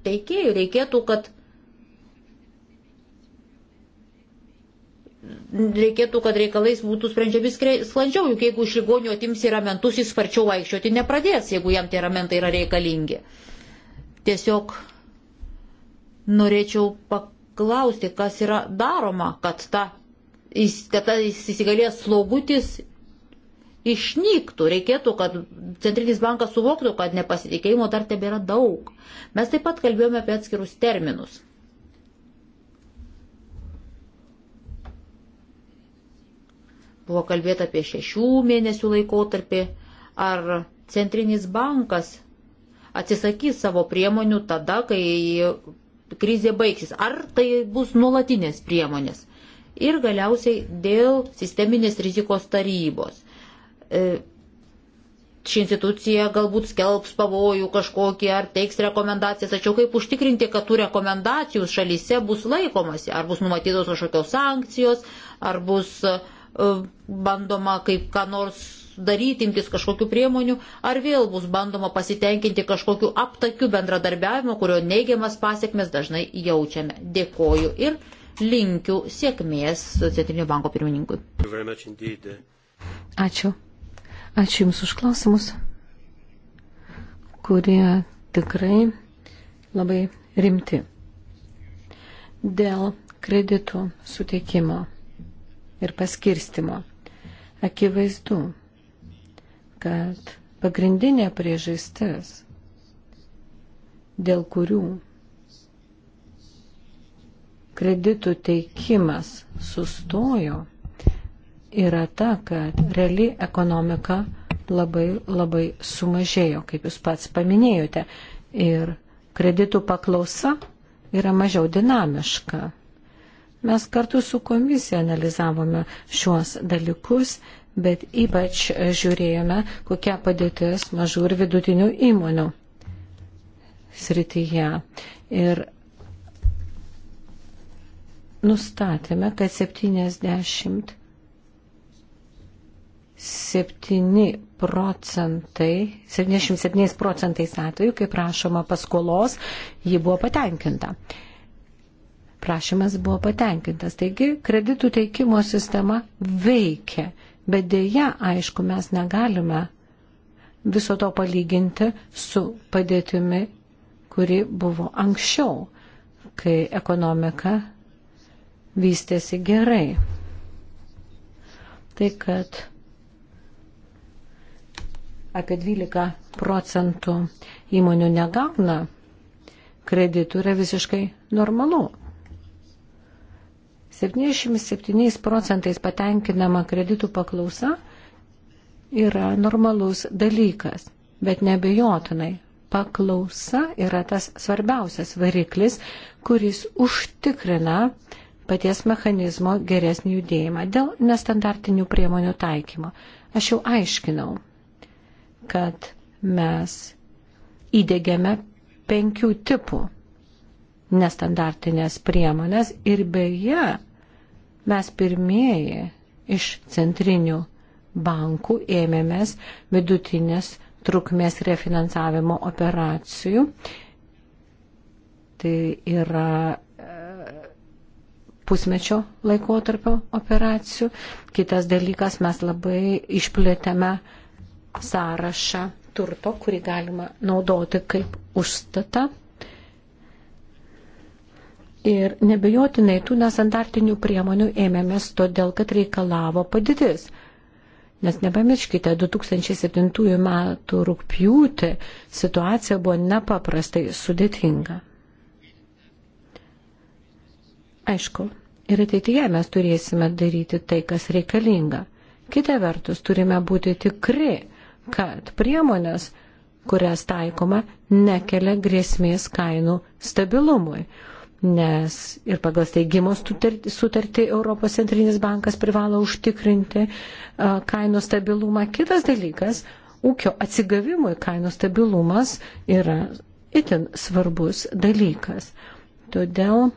teikėjų. Reikėtų, kad reikėtų, kad reikalais būtų sprendžiami sklandžiau, juk jeigu iš ligonio atimsi ramentus, jis sparčiau vaikščioti nepradės, jeigu jam tie ramentai yra reikalingi. Tiesiog norėčiau pakalbėti klausti, kas yra daroma, kad ta, kad ta įsigalės slogutis išnyktų. Reikėtų, kad Centrinis bankas suvoktų, kad nepasitikėjimo dar tebėra daug. Mes taip pat kalbėjome apie atskirus terminus. Buvo kalbėta apie šešių mėnesių laikotarpį, ar Centrinis bankas atsisakys savo priemonių tada, kai krizė baigsis, ar tai bus nuolatinės priemonės. Ir galiausiai dėl sisteminės rizikos tarybos. E, ši institucija galbūt skelbs pavojų kažkokį ar teiks rekomendacijas, tačiau kaip užtikrinti, kad tų rekomendacijų šalyse bus laikomasi, ar bus numatytos kažkokios sankcijos, ar bus e, bandoma kaip ką nors daryti, imtis kažkokių priemonių, ar vėl bus bandoma pasitenkinti kažkokiu aptakiu bendradarbiavimu, kurio neigiamas pasiekmes dažnai jaučiame. Dėkoju ir linkiu sėkmės Centrinio banko pirmininkui. Ačiū. Ačiū Jums už klausimus, kurie tikrai labai rimti. Dėl kreditų suteikimo ir paskirstimo. Akivaizdu, kad pagrindinė priežastis, dėl kurių kreditų teikimas sustojo, yra ta, kad reali ekonomika labai labai sumažėjo, kaip jūs pats paminėjote. Ir kreditų paklausa yra mažiau dinamiška. Mes kartu su komisija analizavome šiuos dalykus bet ypač žiūrėjome, kokia padėtis mažų ir vidutinių įmonių srityje. Ir nustatėme, kad 77 procentai, 77 procentais atveju, kai prašoma paskolos, ji buvo patenkinta prašymas buvo patenkintas. Taigi kreditų teikimo sistema veikia Bet dėja, aišku, mes negalime viso to palyginti su padėtimi, kuri buvo anksčiau, kai ekonomika vystėsi gerai. Tai kad apie 12 procentų įmonių negauna kreditų yra visiškai normalu. 77 procentais patenkinama kreditų paklausa yra normalus dalykas, bet nebejotinai paklausa yra tas svarbiausias variklis, kuris užtikrina paties mechanizmo geresnį judėjimą dėl nestandartinių priemonių taikymo. Aš jau aiškinau, kad mes įdėgiame penkių tipų nestandartinės priemonės ir beje Mes pirmieji iš centrinių bankų ėmėmės vidutinės trukmės refinansavimo operacijų. Tai yra e, pusmečio laikotarpio operacijų. Kitas dalykas, mes labai išplėtėme sąrašą turto, kurį galima naudoti kaip užstatą Ir nebejotinai tų nesandartinių priemonių ėmėmės todėl, kad reikalavo padidis. Nes nepamirškite, 2007 metų rūpjūtį situacija buvo nepaprastai sudėtinga. Aišku, ir ateityje mes turėsime daryti tai, kas reikalinga. Kita vertus, turime būti tikri, kad priemonės, kurias taikoma, nekelia grėsmės kainų stabilumui nes ir pagal steigimo sutartį Europos centrinis bankas privalo užtikrinti kainų stabilumą. Kitas dalykas, ūkio atsigavimui kainų stabilumas yra itin svarbus dalykas. Todėl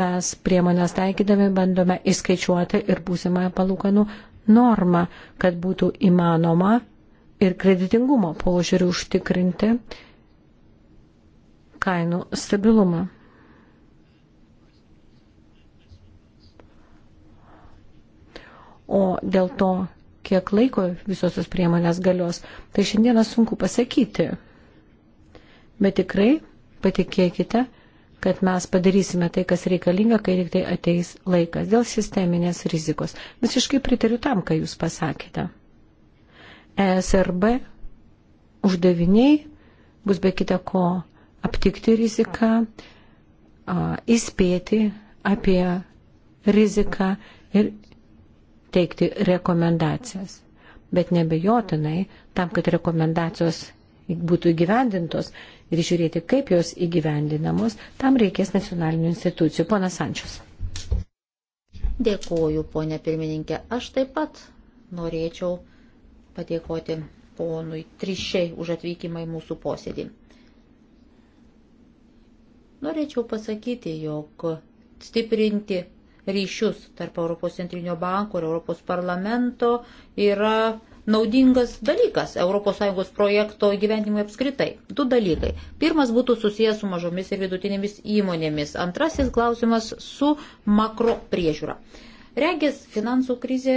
mes priemonės taikydami bandome įskaičiuoti ir būsimąją palūkanų normą, kad būtų įmanoma ir kreditingumo požiūrį užtikrinti kainų stabilumą. O dėl to, kiek laiko visos tos priemonės galios, tai šiandieną sunku pasakyti. Bet tikrai patikėkite, kad mes padarysime tai, kas reikalinga, kai tik tai ateis laikas dėl sisteminės rizikos. Visiškai pritariu tam, ką Jūs pasakėte. ESRB uždaviniai bus be kita ko aptikti riziką, įspėti apie riziką ir teikti rekomendacijas. Bet nebejotinai, tam, kad rekomendacijos būtų įgyvendintos ir žiūrėti, kaip jos įgyvendinamos, tam reikės nacionalinių institucijų. Pana Sančius. Dėkoju, ponė pirmininkė. Aš taip pat norėčiau padėkoti ponui Trišiai už atvykimą į mūsų posėdį. Norėčiau pasakyti, jog stiprinti ryšius tarp Europos centrinio banko ir Europos parlamento yra naudingas dalykas ES projekto gyvenimui apskritai. Du dalykai. Pirmas būtų susijęs su mažomis ir vidutinėmis įmonėmis. Antrasis klausimas su makro priežiūra. Regis finansų krizė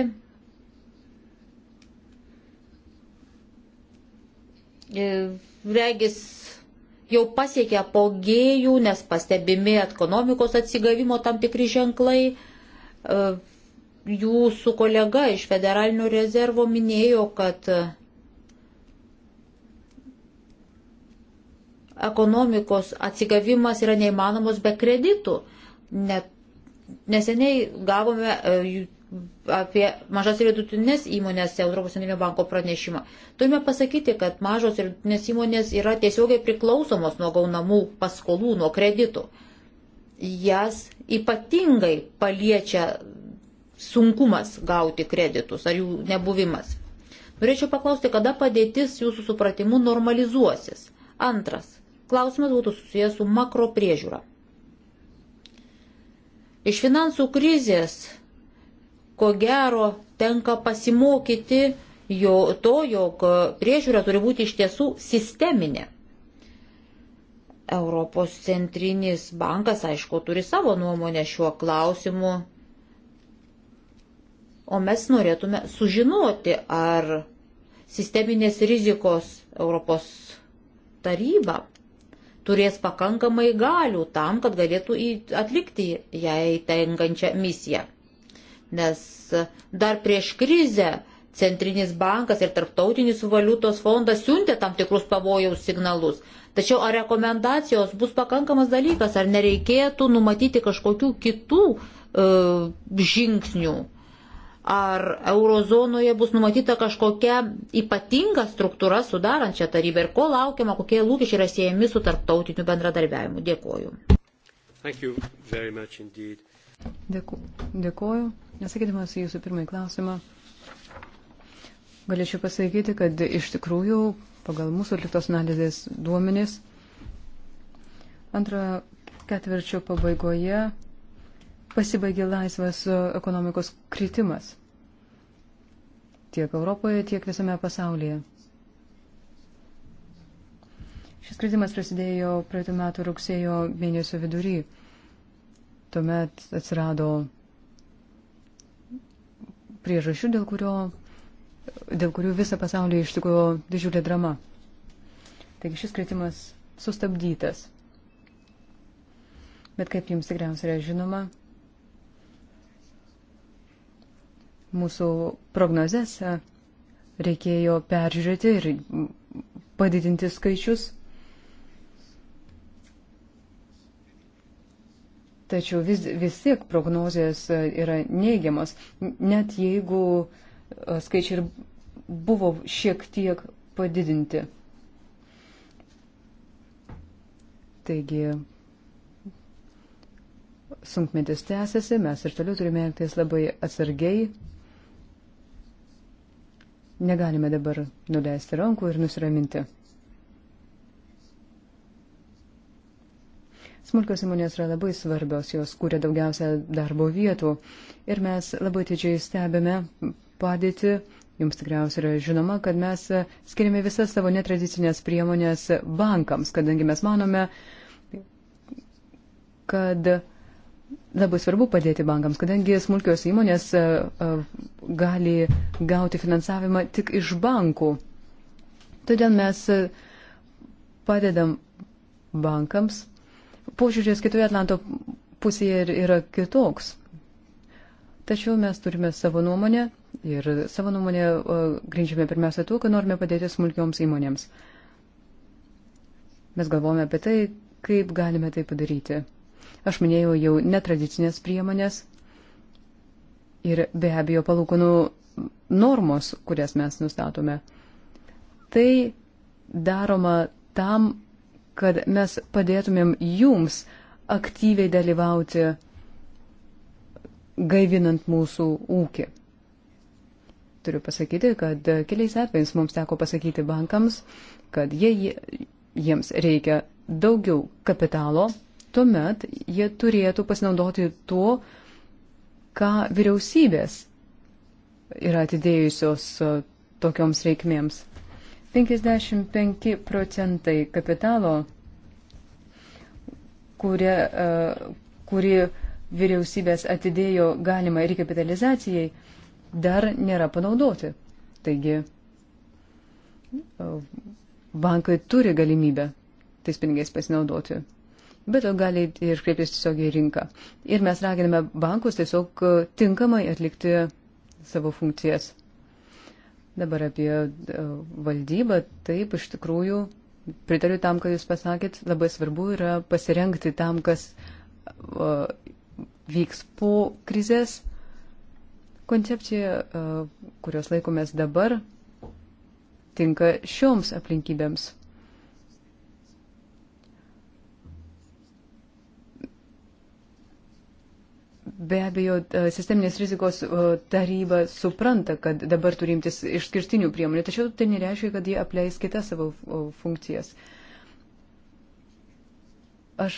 e, regis jau pasiekė apogėjų, nes pastebimi ekonomikos atsigavimo tam tikri ženklai. E, jūsų kolega iš federalinio rezervo minėjo, kad ekonomikos atsigavimas yra neįmanomas be kreditų. Net neseniai gavome e, apie mažas ir vidutinės įmonės Europos Centrinio banko pranešimą. Turime pasakyti, kad mažos ir vidutinės įmonės yra tiesiogiai priklausomos nuo gaunamų paskolų, nuo kreditų. Jas ypatingai paliečia sunkumas gauti kreditus ar jų nebuvimas. Norėčiau paklausti, kada padėtis jūsų supratimu normalizuosis. Antras. Klausimas būtų susijęs su makro priežiūra. Iš finansų krizės ko gero tenka pasimokyti jo, to, jog priežiūra turi būti iš tiesų sisteminė. Europos centrinis bankas, aišku, turi savo nuomonę šiuo klausimu, o mes norėtume sužinoti, ar sisteminės rizikos Europos taryba turės pakankamai galių tam, kad galėtų atlikti jai tenkančią misiją nes dar prieš krizę Centrinis bankas ir Tarptautinis valiutos fondas siuntė tam tikrus pavojaus signalus. Tačiau ar rekomendacijos bus pakankamas dalykas, ar nereikėtų numatyti kažkokių kitų e, žingsnių, ar eurozonoje bus numatyta kažkokia ypatinga struktūra sudarančią tarybą ir ko laukiama, kokie lūkesčiai yra siejami su tarptautiniu bendradarbiavimu. Dėkoju. Dėku, dėkoju. Nesakydamas jūsų pirmąjį klausimą, galėčiau pasakyti, kad iš tikrųjų pagal mūsų atliktos analizės duomenys antrojo ketvirčio pabaigoje pasibaigė laisvas ekonomikos kritimas tiek Europoje, tiek visame pasaulyje. Šis kritimas prasidėjo praeitų metų rugsėjo mėnesio vidury. Tuomet atsirado priežasčių, dėl, kurio, dėl kurių visą pasaulį ištiko didžiulė drama. Taigi šis kritimas sustabdytas. Bet kaip jums tikriausiai yra žinoma, mūsų prognozes reikėjo peržiūrėti ir padidinti skaičius Tačiau vis, vis tiek prognozijas e, yra neigiamas, net jeigu e, skaičiai ir buvo šiek tiek padidinti. Taigi, sunkmetis tęsiasi, mes ir toliau turime elgtis labai atsargiai. Negalime dabar nuleisti rankų ir nusiraminti. Smulkios įmonės yra labai svarbios, jos kūrė daugiausia darbo vietų ir mes labai didžiai stebime padėti. Jums tikriausiai yra žinoma, kad mes skiriame visas savo netradicinės priemonės bankams, kadangi mes manome, kad labai svarbu padėti bankams, kadangi smulkios įmonės gali gauti finansavimą tik iš bankų. Todėl mes padedam bankams požiūrės kitoje Atlanto pusėje yra kitoks. Tačiau mes turime savo nuomonę ir savo nuomonę grindžiame pirmiausia tuo, kad norime padėti smulkioms įmonėms. Mes galvojame apie tai, kaip galime tai padaryti. Aš minėjau jau netradicinės priemonės ir be abejo palūkanų normos, kurias mes nustatome. Tai daroma tam, kad mes padėtumėm jums aktyviai dalyvauti gaivinant mūsų ūkį. Turiu pasakyti, kad keliais atvejais mums teko pasakyti bankams, kad jei jiems reikia daugiau kapitalo, tuomet jie turėtų pasinaudoti tuo, ką vyriausybės yra atidėjusios tokioms reikmėms. 55 procentai kapitalo, kurie, kurį vyriausybės atidėjo galima rekapitalizacijai, dar nėra panaudoti. Taigi e, bankai turi galimybę tais pinigais pasinaudoti bet to gali ir kreiptis tiesiog į rinką. Ir mes raginame bankus tiesiog tinkamai atlikti savo funkcijas. Dabar apie e, valdybą. Taip, iš tikrųjų, pritariu tam, ką Jūs pasakėt. Labai svarbu yra pasirengti tam, kas e, vyks po krizės. Koncepcija, e, kurios laikomės dabar, tinka šioms aplinkybėms. Be abejo, e, sisteminės rizikos e, taryba supranta, kad dabar turimtis išskirtinių priemonių, tačiau tai nereiškia, kad jie apleis kitas savo funkcijas. Aš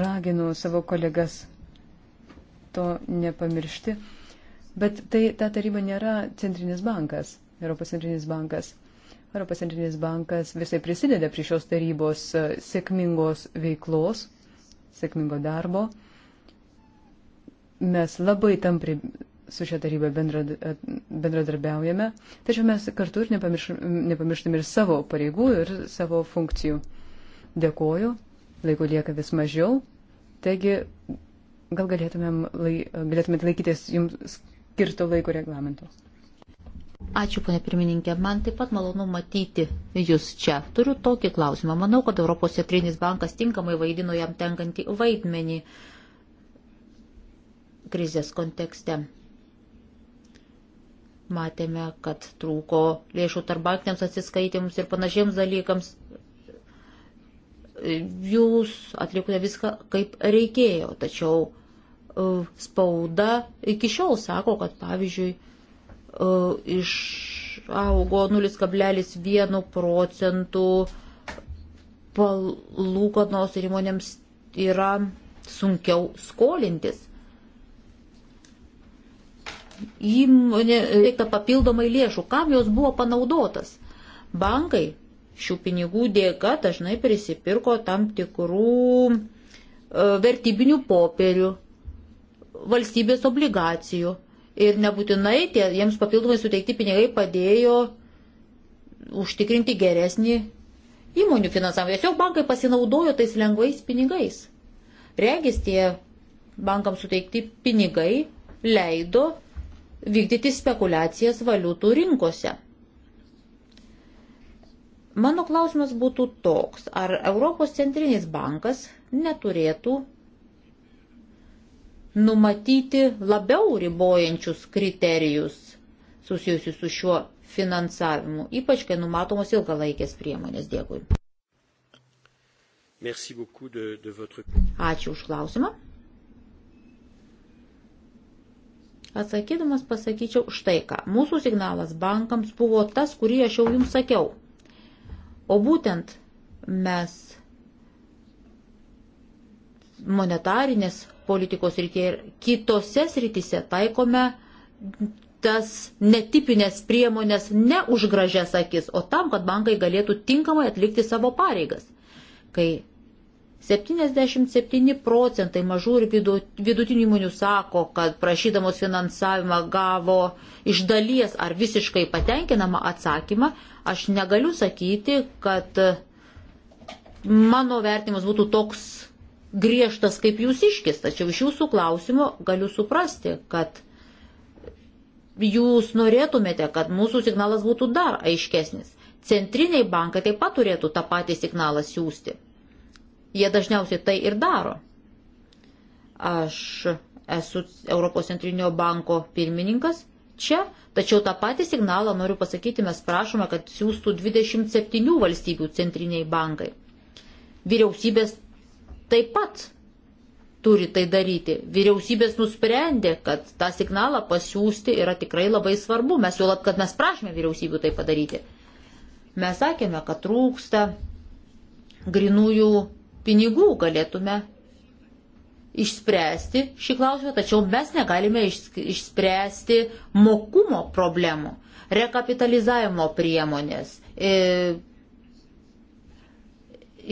raginu savo kolegas to nepamiršti, bet tai ta taryba nėra centrinis bankas, Europos centrinis bankas. Europos centrinis bankas visai prisideda prie šios tarybos e, sėkmingos veiklos, sėkmingo darbo. Mes labai tampri su šia taryba bendradarbiaujame, tačiau mes kartu ir nepamirštame ir savo pareigų, ir savo funkcijų. Dėkoju, laiko lieka vis mažiau, taigi gal galėtumėm, lai, galėtumėt laikytis jums skirto laiko reglamento. Ačiū, ponė pirmininkė. Man taip pat malonu matyti jūs čia. Turiu tokį klausimą. Manau, kad Europos centrinis bankas tinkamai vaidino jam tenkantį vaidmenį. Uh, krizės kontekste. Matėme, kad trūko lėšų tarbaktiniams atsiskaitėms ir panašiems dalykams. Jūs atlikote viską kaip reikėjo, tačiau e, spauda iki šiol sako, kad pavyzdžiui e, išaugo 0,1 procentų palūkanos ir įmonėms yra sunkiau skolintis įmonė reikta papildomai lėšų, kam jos buvo panaudotas. Bankai šių pinigų dėka dažnai prisipirko tam tikrų e, vertybinių popierių, valstybės obligacijų ir nebūtinai tie, jiems papildomai suteikti pinigai padėjo užtikrinti geresnį įmonių finansavimą. Tiesiog bankai pasinaudojo tais lengvais pinigais. Regis tie bankams suteikti pinigai leido vykdyti spekulacijas valiutų rinkose. Mano klausimas būtų toks, ar Europos centrinis bankas neturėtų numatyti labiau ribojančius kriterijus susijusius su šiuo finansavimu, ypač kai numatomos ilgalaikės priemonės. Dėkui. De, de votre... Ačiū už klausimą. Atsakydamas pasakyčiau štai ką. Mūsų signalas bankams buvo tas, kurį aš jau jums sakiau. O būtent mes monetarinės politikos rytėje ir kitose srityse taikome tas netipinės priemonės ne už gražias akis, o tam, kad bankai galėtų tinkamai atlikti savo pareigas. Kai 77 procentai mažų ir vidutinių įmonių sako, kad prašydamos finansavimą gavo iš dalies ar visiškai patenkinamą atsakymą. Aš negaliu sakyti, kad mano vertimas būtų toks griežtas kaip jūs iškis, tačiau iš jūsų klausimo galiu suprasti, kad jūs norėtumėte, kad mūsų signalas būtų dar aiškesnis. Centriniai bankai taip pat turėtų tą patį signalą siūsti. Jie dažniausiai tai ir daro. Aš esu Europos centrinio banko pirmininkas čia, tačiau tą patį signalą noriu pasakyti, mes prašome, kad siūstų 27 valstybių centriniai bankai. Vyriausybės taip pat turi tai daryti. Vyriausybės nusprendė, kad tą signalą pasiūsti yra tikrai labai svarbu. Mes jau lab, kad mes prašome vyriausybių tai padaryti. Mes sakėme, kad trūksta grinųjų pinigų galėtume išspręsti šį klausimą, tačiau mes negalime išspręsti mokumo problemų, rekapitalizavimo priemonės e,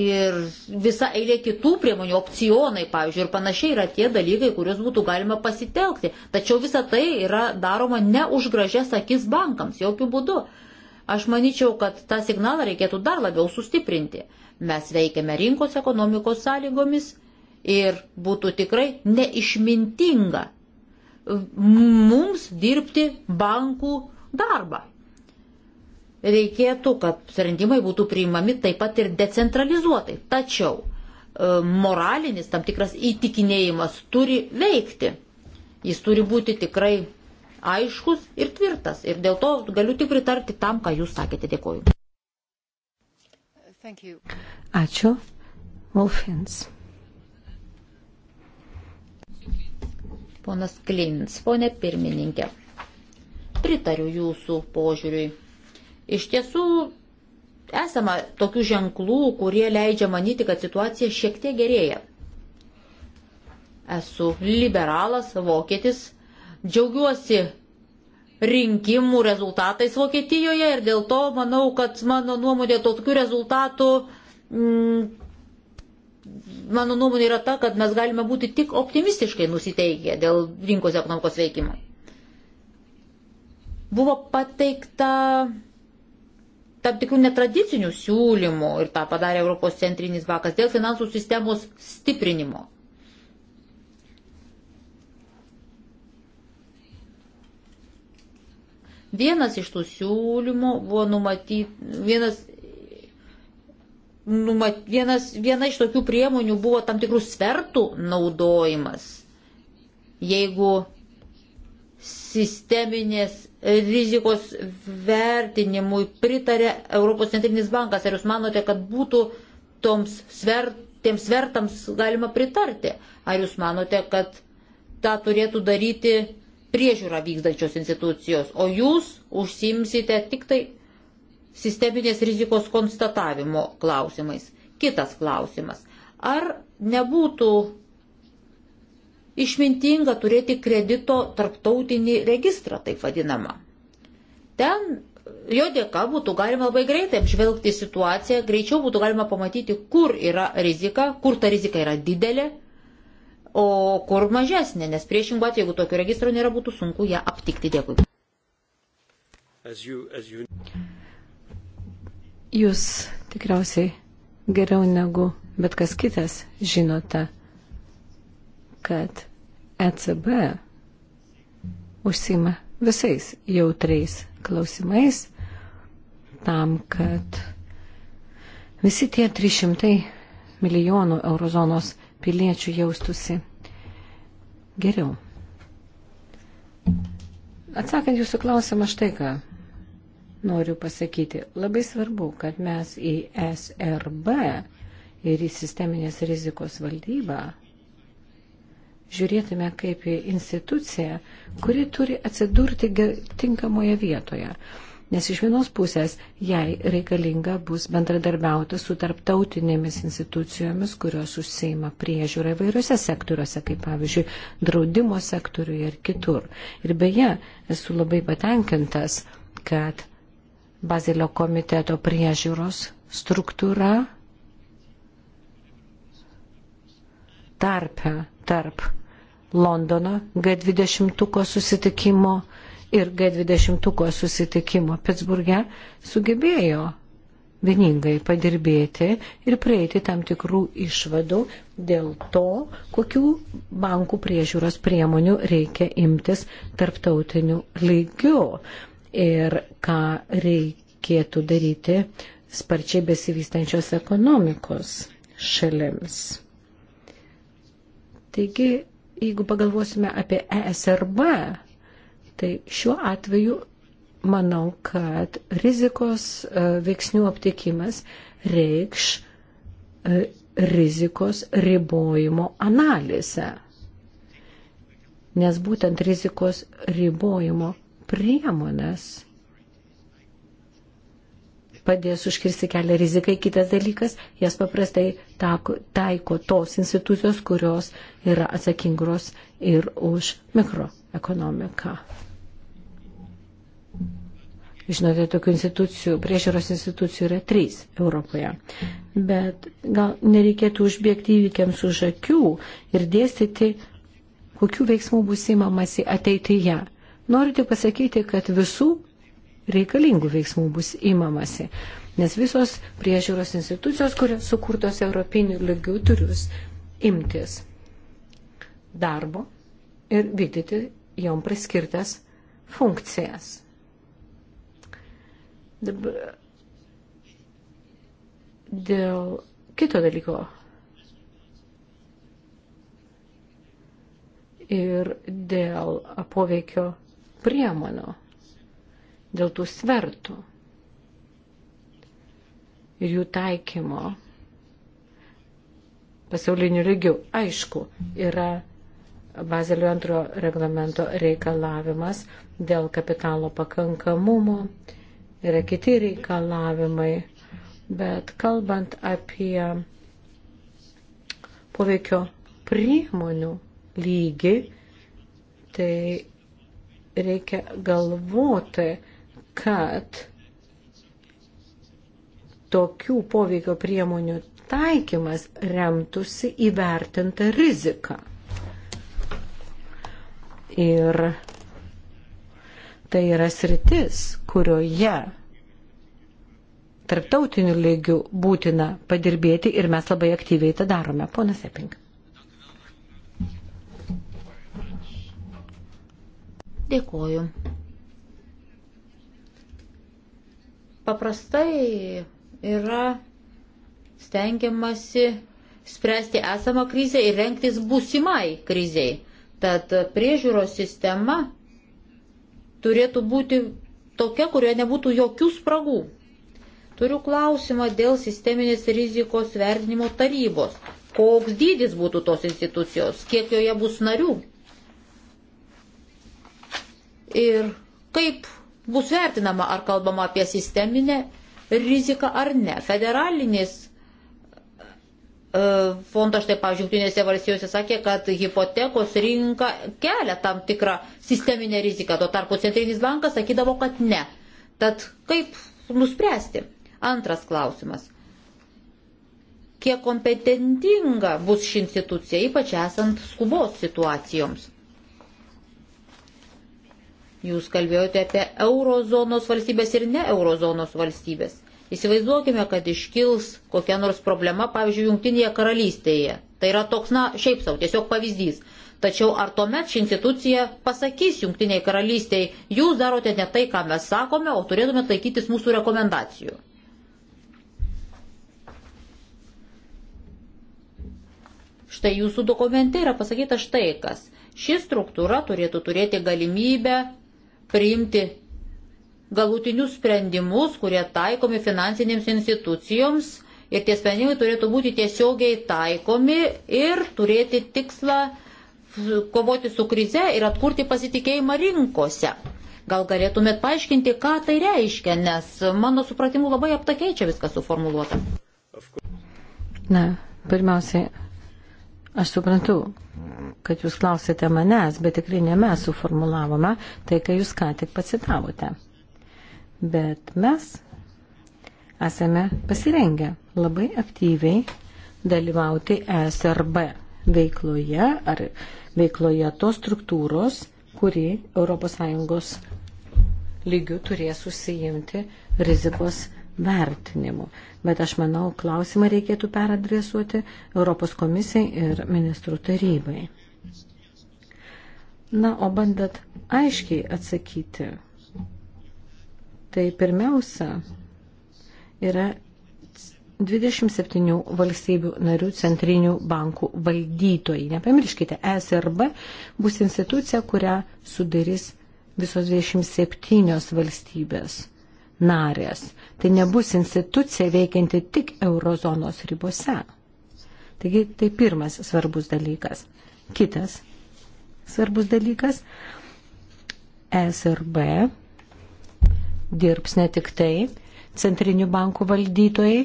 ir visa eilė kitų priemonių, opcionai, pavyzdžiui, ir panašiai yra tie dalykai, kuriuos būtų galima pasitelkti. Tačiau visa tai yra daroma ne už gražias akis bankams, jokių būdų. Aš manyčiau, kad tą signalą reikėtų dar labiau sustiprinti. Mes veikiame rinkos ekonomikos sąlygomis ir būtų tikrai neišmintinga e, mums dirbti bankų darbą. Reikėtų, kad sprendimai būtų priimami taip pat ir decentralizuotai. Tačiau e, moralinis tam tikras įtikinėjimas turi veikti. Jis turi būti tikrai aiškus ir tvirtas. Ir dėl to galiu tik pritarti tam, ką jūs sakėte. Dėkuoju. Ačiū. Wolfins. Ponas Klins, ponė pirmininkė, pritariu jūsų požiūriui. Iš tiesų, esama tokių ženklų, kurie leidžia manyti, kad situacija šiek tiek gerėja. Esu liberalas, vokietis, džiaugiuosi rinkimų rezultatais Vokietijoje ir dėl to manau, kad mano nuomonė tokių rezultatų, mm, mano nuomonė yra ta, kad mes galime būti tik optimistiškai nusiteikę dėl rinkos ekonomikos veikimo. Buvo pateikta tam tikrų netradicinių siūlymų ir tą padarė Europos centrinis bankas dėl finansų sistemos stiprinimo. Vienas iš tų siūlymų buvo numatyti, vienas, numat, vienas, viena iš tokių priemonių buvo tam tikrų svertų naudojimas. Jeigu sisteminės rizikos vertinimui pritarė Europos centrinis bankas, ar jūs manote, kad būtų toms svertų tiems svertams galima pritarti. Ar jūs manote, kad tą turėtų daryti priežiūrą vykdančios institucijos, o jūs užsimsite tik tai sisteminės rizikos konstatavimo klausimais. Kitas klausimas. Ar nebūtų išmintinga turėti kredito tarptautinį registrą, taip vadinamą? Ten jo dėka būtų galima labai greitai apžvelgti situaciją, greičiau būtų galima pamatyti, kur yra rizika, kur ta rizika yra didelė o kur mažesnė, nes priešingų atveju, jeigu tokio registro nėra, būtų sunku ją aptikti. Dėkui. As you, as you... Jūs tikriausiai geriau negu bet kas kitas žinote, kad ECB užsima visais jautriais klausimais tam, kad visi tie 300 milijonų eurozonos piliečių jaustusi geriau. Atsakant jūsų klausimą štai ką noriu pasakyti. Labai svarbu, kad mes į SRB ir į sisteminės rizikos valdybą žiūrėtume kaip į instituciją, kuri turi atsidurti tinkamoje vietoje. Nes iš vienos pusės jai reikalinga bus bendradarbiauti su tarptautinėmis institucijomis, kurios užseima priežiūrą įvairiuose sektoriuose, kaip pavyzdžiui, draudimo sektoriuje ir kitur. Ir beje, esu labai patenkintas, kad Bazilio komiteto priežiūros struktūra tarpe tarp Londono G20 susitikimo ir G20 susitikimo Pittsburghe sugebėjo vieningai padirbėti ir prieiti tam tikrų išvadų dėl to, kokių bankų priežiūros priemonių reikia imtis tarptautiniu lygiu ir ką reikėtų daryti sparčiai besivystančios ekonomikos šalims. Taigi, jeigu pagalvosime apie ESRB Tai šiuo atveju manau, kad rizikos e, veiksnių aptikimas reikš e, rizikos ribojimo analizę. Nes būtent rizikos ribojimo priemonės padės užkirsti kelią rizikai. Kitas dalykas, jas paprastai taiko, taiko tos institucijos, kurios yra atsakingos ir už mikro ekonomiką. Žinote, tokių institucijų, priežiūros institucijų yra trys Europoje. Bet gal nereikėtų užbėgti įvykiams už akių ir dėstyti, kokių veiksmų bus įmamasi ateityje. Norite pasakyti, kad visų reikalingų veiksmų bus įmamasi, nes visos priežiūros institucijos, kurios sukurtos europinių lygių, turius imtis darbo ir vykdyti jom priskirtas funkcijas. Dabar dėl kito dalyko. Ir dėl poveikio priemonių, dėl tų svertų ir jų taikymo pasauliniu lygiu. Aišku, yra Bazelio antro reglamento reikalavimas dėl kapitalo pakankamumo, yra kiti reikalavimai, bet kalbant apie poveikio priemonių lygį, tai reikia galvoti, kad tokių poveikio priemonių taikymas remtųsi įvertinta rizika. Ir tai yra sritis, kurioje tarptautiniu lygiu būtina padirbėti ir mes labai aktyviai tą darome. Ponas Epink. Dėkuoju. Paprastai yra stengiamasi spręsti esamą krizę ir renktis būsimai kriziai. Tad priežiūros sistema turėtų būti tokia, kurioje nebūtų jokių spragų. Turiu klausimą dėl sisteminės rizikos vertinimo tarybos. Koks dydis būtų tos institucijos, kiek joje bus narių ir kaip bus vertinama, ar kalbama apie sisteminę riziką ar ne. Federalinis E, fondo štai, pavyzdžiui, Junktinėse valstijose sakė, kad hipotekos rinka kelia tam tikrą sisteminę riziką, tuo tarpu Centrinis bankas sakydavo, kad ne. Tad kaip nuspręsti? Antras klausimas. Kiek kompetentinga bus ši institucija, ypač esant skubos situacijoms? Jūs kalbėjote apie eurozonos valstybės ir ne eurozonos valstybės. Įsivaizduokime, kad iškils kokia nors problema, pavyzdžiui, Junktinėje karalystėje. Tai yra toks, na, šiaip savo, tiesiog pavyzdys. Tačiau ar tuomet ši institucija pasakys Junktiniai karalystiai, jūs darote ne tai, ką mes sakome, o turėtumėte laikytis mūsų rekomendacijų? Štai jūsų dokumente yra pasakyta štai kas. Ši struktūra turėtų turėti galimybę priimti galutinius sprendimus, kurie taikomi finansinėms institucijoms ir tie sprendimai turėtų būti tiesiogiai taikomi ir turėti tikslą kovoti su krize ir atkurti pasitikėjimą rinkose. Gal galėtumėt paaiškinti, ką tai reiškia, nes mano supratimu labai aptakiai čia viskas suformuoluota. Na, pirmiausiai, aš suprantu, kad jūs klausėte manęs, bet tikrai ne mes suformulavome tai, ką jūs ką tik pacitavote bet mes esame pasirengę labai aktyviai dalyvauti ESRB veikloje ar veikloje tos struktūros, kuri ES lygių turės susijimti rizikos vertinimu. Bet aš manau, klausimą reikėtų peradresuoti Europos komisijai ir ministrų tarybai. Na, o bandat aiškiai atsakyti tai pirmiausia yra 27 valstybių narių centrinių bankų valdytojai. Nepamirškite, ESRB bus institucija, kurią sudarys visos 27 valstybės narės. Tai nebus institucija veikianti tik eurozonos ribose. Taigi tai pirmas svarbus dalykas. Kitas svarbus dalykas. ESRB dirbs ne tik tai centrinių bankų valdytojai,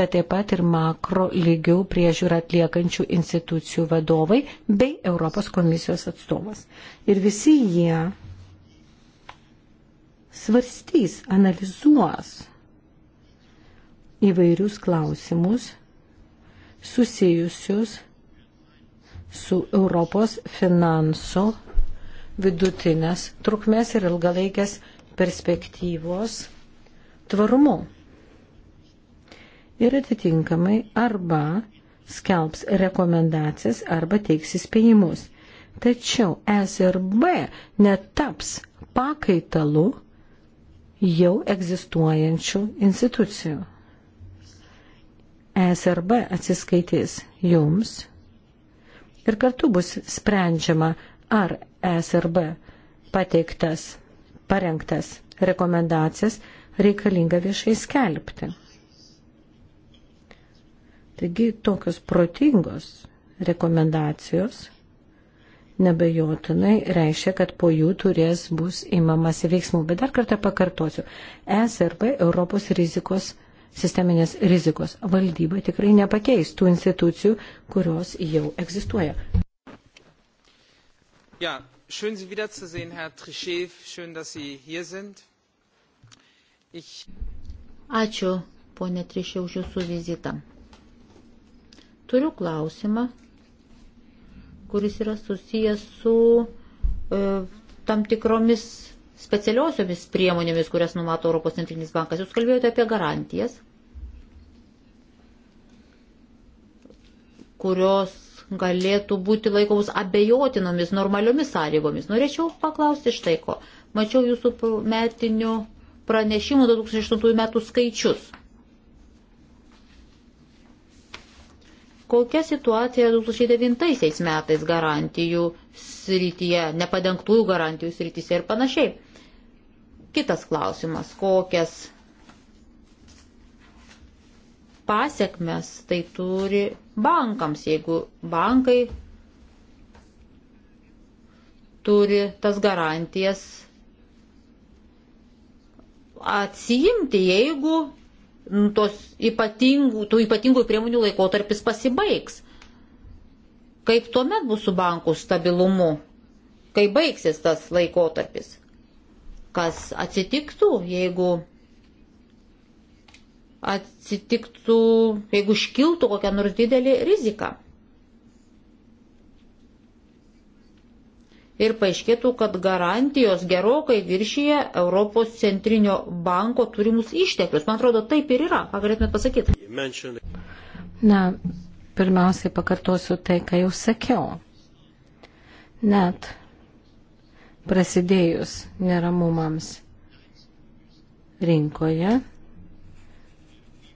bet taip pat ir makro lygių priežiūrą atliekančių institucijų vadovai bei Europos komisijos atstovas. Ir visi jie svarstys, analizuos įvairius klausimus susijusius su Europos finansų vidutinės trukmės ir ilgalaikės perspektyvos tvarumu. Ir atitinkamai arba skelbs rekomendacijas arba teiks įspėjimus. Tačiau SRB netaps pakaitalu jau egzistuojančių institucijų. ESRB atsiskaitys jums ir kartu bus sprendžiama, ar ESRB pateiktas parengtas rekomendacijas reikalinga viešai skelbti. Taigi tokios protingos rekomendacijos nebejotinai reiškia, kad po jų turės bus įmamasi veiksmų. Bet dar kartą pakartosiu, ESRB Europos rizikos, sisteminės rizikos valdyba tikrai nepakeis tų institucijų, kurios jau egzistuoja. Ja, schön sie wiederzusehen herr trichet schön dass sie hier sind ich ačiū pone trišė už jūsų vizitą turiu klausimą kuris yra susijęs su e, tam tikromis specialiosiomis priemonėmis, kurias numato Europos centrinis bankas. Jūs kalbėjote apie garantijas, kurios galėtų būti laikomus abejotinomis normaliomis sąlygomis. Norėčiau paklausti štai ko. Mačiau jūsų metinių pranešimų 2008 metų skaičius. Kokia situacija 2009 metais garantijų srityje, nepadengtųjų garantijų srityse ir panašiai. Kitas klausimas, kokias pasiekmes tai turi bankams, jeigu bankai turi tas garantijas atsiimti, jeigu tos ypatingų, tų ypatingų priemonių laikotarpis pasibaigs. Kaip tuomet bus su bankų stabilumu, kai baigsis tas laikotarpis? Kas atsitiktų, jeigu atsitiktų, jeigu iškiltų kokią nors didelį riziką. Ir paaiškėtų, kad garantijos gerokai viršyje Europos centrinio banko turimus išteklius. Man atrodo, taip ir yra. Ką galėtumėt pasakyti? Na, pirmiausiai pakartosiu tai, ką jau sakiau. Net prasidėjus neramumams rinkoje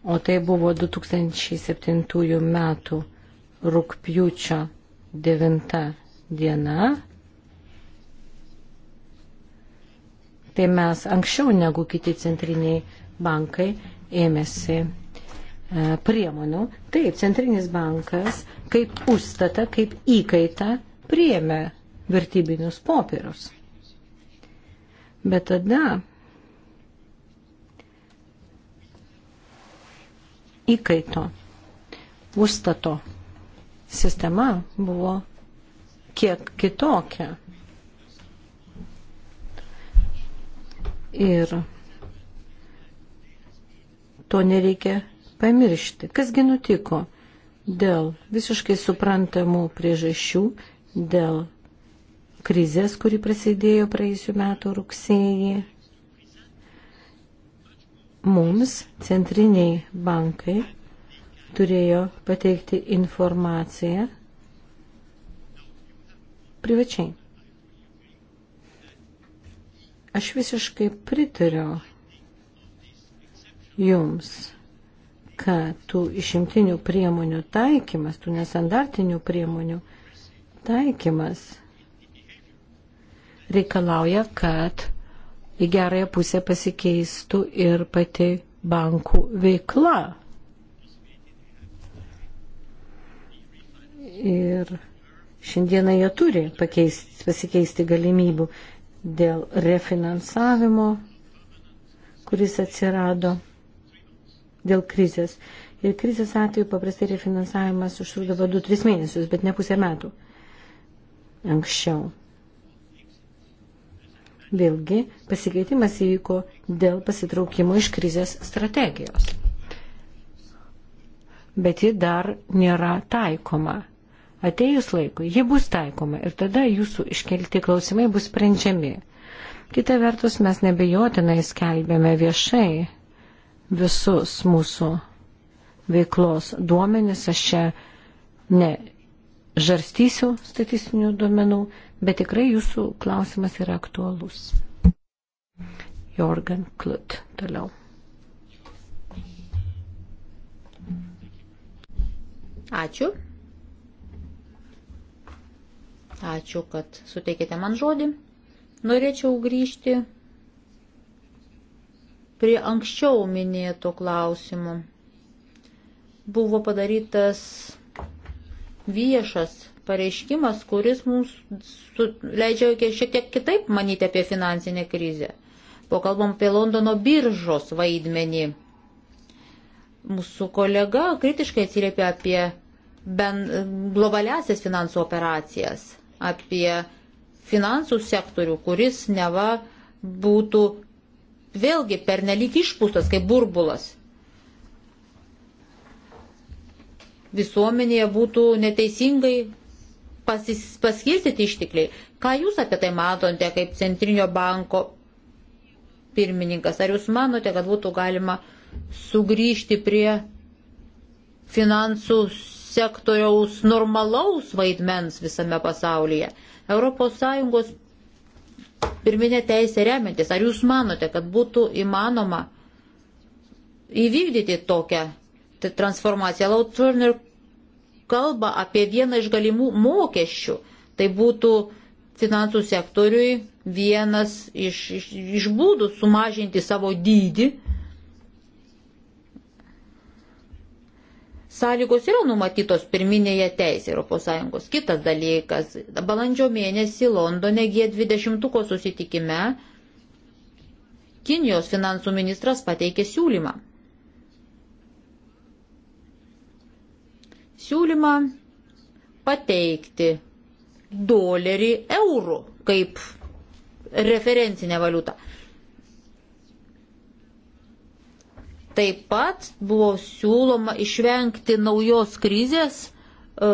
o tai buvo 2007 metų rūpjūčio 9 diena. Tai mes anksčiau negu kiti centriniai bankai ėmėsi e, priemonių. Taip, centrinis bankas kaip užstatą, kaip įkaitą priėmė vertybinius popierus. Bet tada įkaito užstato sistema buvo kiek kitokia. Ir to nereikia pamiršti. Kasgi nutiko? Dėl visiškai suprantamų priežasčių, dėl krizės, kuri prasidėjo praėjusiu metu rugsėjį, mums centriniai bankai turėjo pateikti informaciją privačiai. Aš visiškai pritariu jums, kad tų išimtinių priemonių taikymas, tų nesandartinių priemonių taikymas reikalauja, kad į gerąją pusę pasikeistų ir pati bankų veikla. Ir šiandieną jie turi pakeisti, pasikeisti galimybių dėl refinansavimo, kuris atsirado dėl krizės. Ir krizės atveju paprastai refinansavimas užtrukdavo 2-3 mėnesius, bet ne pusę metų anksčiau. Vėlgi pasikeitimas įvyko dėl pasitraukimo iš krizės strategijos. Bet ji dar nėra taikoma. Atėjus laikui, ji bus taikoma ir tada jūsų iškelti klausimai bus sprendžiami. Kita vertus, mes nebejotinai skelbėme viešai visus mūsų veiklos duomenis. Aš čia ne žarstysiu statistinių duomenų, bet tikrai jūsų klausimas yra aktualus. Jorgen Klut toliau. Ačiū. Ačiū, kad suteikėte man žodį. Norėčiau grįžti prie anksčiau minėto klausimo. Buvo padarytas viešas pareiškimas, kuris mums leidžia šiek tiek kitaip manyti apie finansinę krizę. Po kalbam apie Londono biržos vaidmenį. Mūsų kolega kritiškai atsiliepia apie ben, globaliasias finansų operacijas, apie finansų sektorių, kuris neva būtų vėlgi pernelyg išpūstas kaip burbulas. Visuomenėje būtų neteisingai pasis, paskirstyti ištikliai. Ką Jūs apie tai matote kaip Centrinio banko pirmininkas? Ar Jūs manote, kad būtų galima sugrįžti prie finansų sektoriaus normalaus vaidmens visame pasaulyje? ES pirminė teisė remiantis. Ar Jūs manote, kad būtų įmanoma įvykdyti tokią transformaciją? Lautsurner kalba apie vieną iš galimų mokesčių. Tai būtų finansų sektoriui vienas iš, iš, iš būdų sumažinti savo dydį. Sąlygos yra numatytos pirminėje teisė ES. Kitas dalykas, balandžio mėnesį Londone G20 susitikime Kinijos finansų ministras pateikė siūlymą siūlymą pateikti dolerį eurų kaip referencinę valiutą. Taip pat buvo siūloma išvengti naujos krizės e,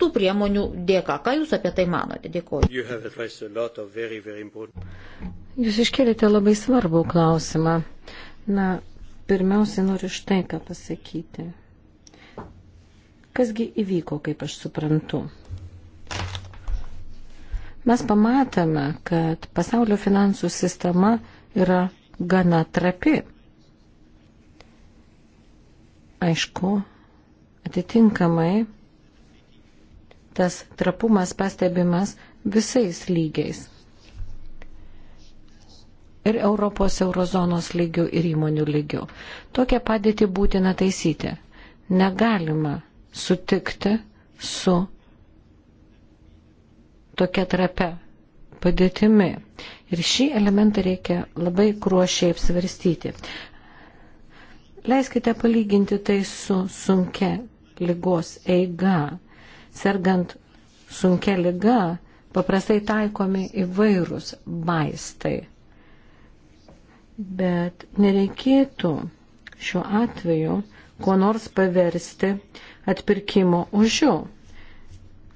tų priemonių dėka. Ką Jūs apie tai manote? Dėkuoju. Very, very jūs iškėlėte labai svarbų klausimą. Na, pirmiausia, noriu štai ką pasakyti. Kasgi įvyko, kaip aš suprantu? Mes pamatome, kad pasaulio finansų sistema yra gana trapi. Aišku, atitinkamai tas trapumas pastebimas visais lygiais. Ir Europos eurozonos lygių, ir įmonių lygių. Tokią padėtį būtina taisyti. Negalima sutikti su tokia trape padėtimi. Ir šį elementą reikia labai kruošiai apsvarstyti. Leiskite palyginti tai su sunkia lygos eiga. Sergant sunkia lyga paprastai taikomi įvairūs vaistai. Bet nereikėtų šiuo atveju kuo nors paversti atpirkimo ožių.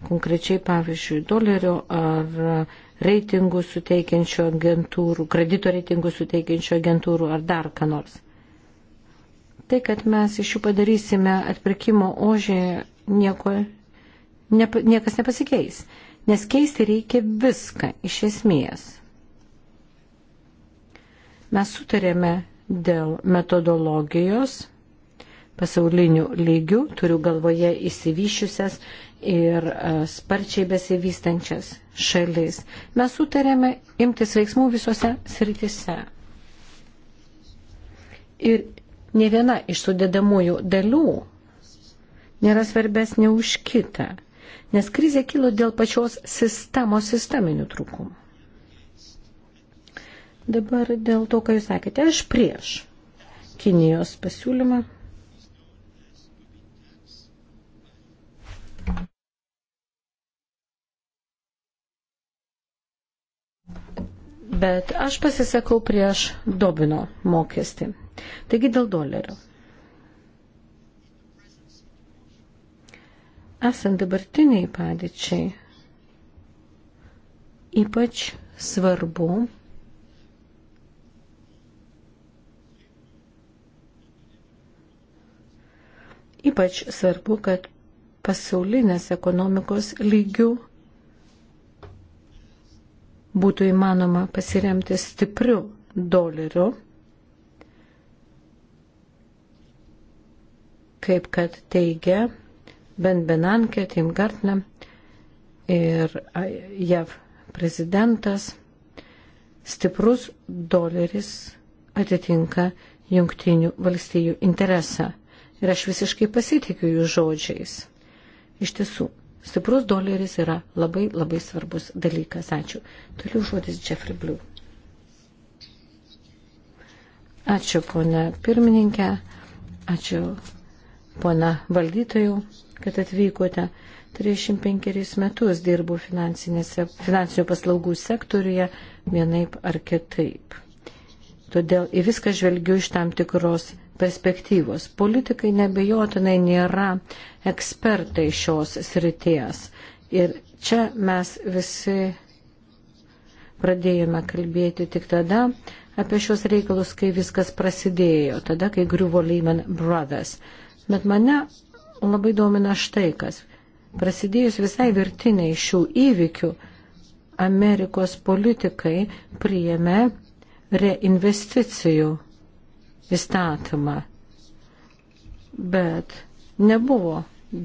Konkrečiai, pavyzdžiui, dolerio ar reitingų suteikiančių agentūrų, kredito reitingų suteikiančių agentūrų ar dar ką nors. Tai, kad mes iš jų padarysime atpirkimo ožį, nieko, ne, niekas nepasikeis. Nes keisti reikia viską iš esmės. Mes sutarėme dėl metodologijos pasauliniu lygiu, turiu galvoje įsivyšiusias ir e, sparčiai besivystančias šalis. Mes sutarėme imtis veiksmų visose sritise. Ir ne viena iš sudėdamųjų dalių nėra svarbesnė už kitą, nes krizė kilo dėl pačios sistemos sisteminių trūkumų. Dabar dėl to, ką jūs sakėte, aš prieš Kinijos pasiūlymą Bet aš pasisakau prieš Dobino mokestį. Taigi dėl dolerio. Esant dabartiniai padėčiai, ypač svarbu Ypač svarbu, kad pasaulinės ekonomikos lygių būtų įmanoma pasiremti stipriu doleriu, kaip kad teigia Ben Benankė, Tim Gartner ir JAV prezidentas, stiprus doleris atitinka jungtinių valstijų interesą. Ir aš visiškai pasitikiu jų žodžiais. Iš tiesų, Stiprus doleris yra labai labai svarbus dalykas. Ačiū. Toliau žodis Jeffrey Blue. Ačiū, ponia pirmininkė. Ačiū, ponia valdytojų, kad atvykote. 35 metus dirbu finansinių paslaugų sektoriuje vienaip ar kitaip. Todėl į viską žvelgiu iš tam tikros perspektyvos. Politikai nebejotinai nėra ekspertai šios srities. Ir čia mes visi pradėjome kalbėti tik tada apie šios reikalus, kai viskas prasidėjo, tada, kai griuvo Lehman Brothers. Bet mane labai domina štai kas. Prasidėjus visai virtiniai šių įvykių, Amerikos politikai priėmė reinvesticijų įstatymą, bet nebuvo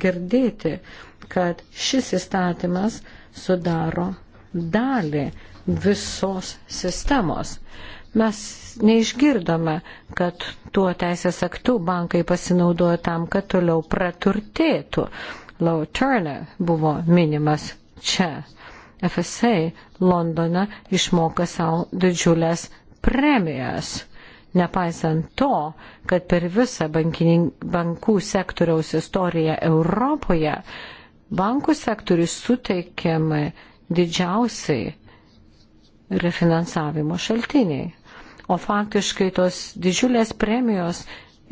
girdėti, kad šis įstatymas sudaro dalį visos sistemos. Mes neišgirdome, kad tuo teisės aktu bankai pasinaudojo tam, kad toliau praturtėtų. Low Turner buvo minimas čia. FSA Londone išmoka savo didžiulės premijas nepaisant to, kad per visą bankų sektoriaus istoriją Europoje bankų sektorius suteikiami didžiausiai refinansavimo šaltiniai. O faktiškai tos didžiulės premijos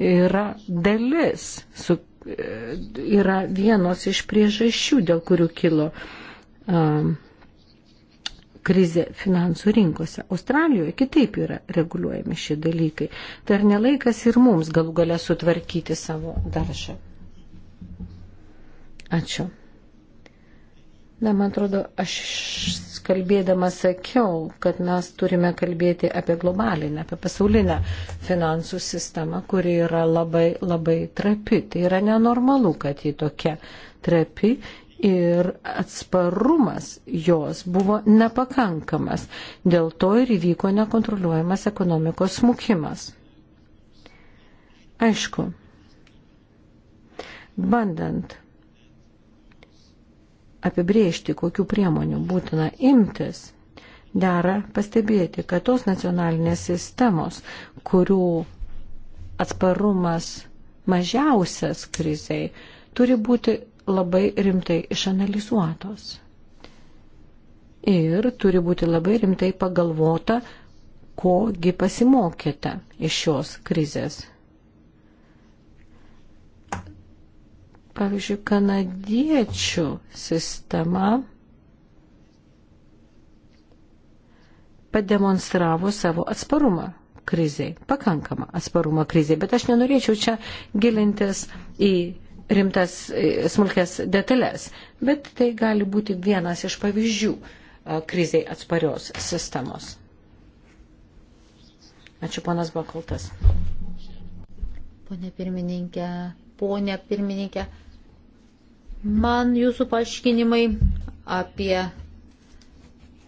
yra dalis, su, e, yra vienos iš priežasčių, dėl kurių kilo um, krizė finansų rinkose. Australijoje kitaip yra reguliuojami šie dalykai. Tai ar nelaikas ir mums galų gale sutvarkyti savo daržą? Ačiū. Na, man atrodo, aš kalbėdama sakiau, kad mes turime kalbėti apie globalinę, apie pasaulinę finansų sistemą, kuri yra labai, labai trapi. Tai yra nenormalu, kad ji tokia trapi ir atsparumas jos buvo nepakankamas. Dėl to ir įvyko nekontroliuojamas ekonomikos smukimas. Aišku, bandant apibriežti, kokiu priemoniu būtina imtis, dera pastebėti, kad tos nacionalinės sistemos, kurių atsparumas mažiausias kriziai, turi būti labai rimtai išanalizuotos. Ir turi būti labai rimtai pagalvota, kogi pasimokėte iš šios krizės. Pavyzdžiui, kanadiečių sistema pademonstravo savo atsparumą kriziai, pakankamą atsparumą kriziai, bet aš nenorėčiau čia gilintis į rimtas e, smulkės detalės, bet tai gali būti vienas iš pavyzdžių e, kriziai atsparios sistemos. Ačiū, ponas Bakaltas. Pone pirmininkė, ponė pirmininkė, man jūsų paaiškinimai apie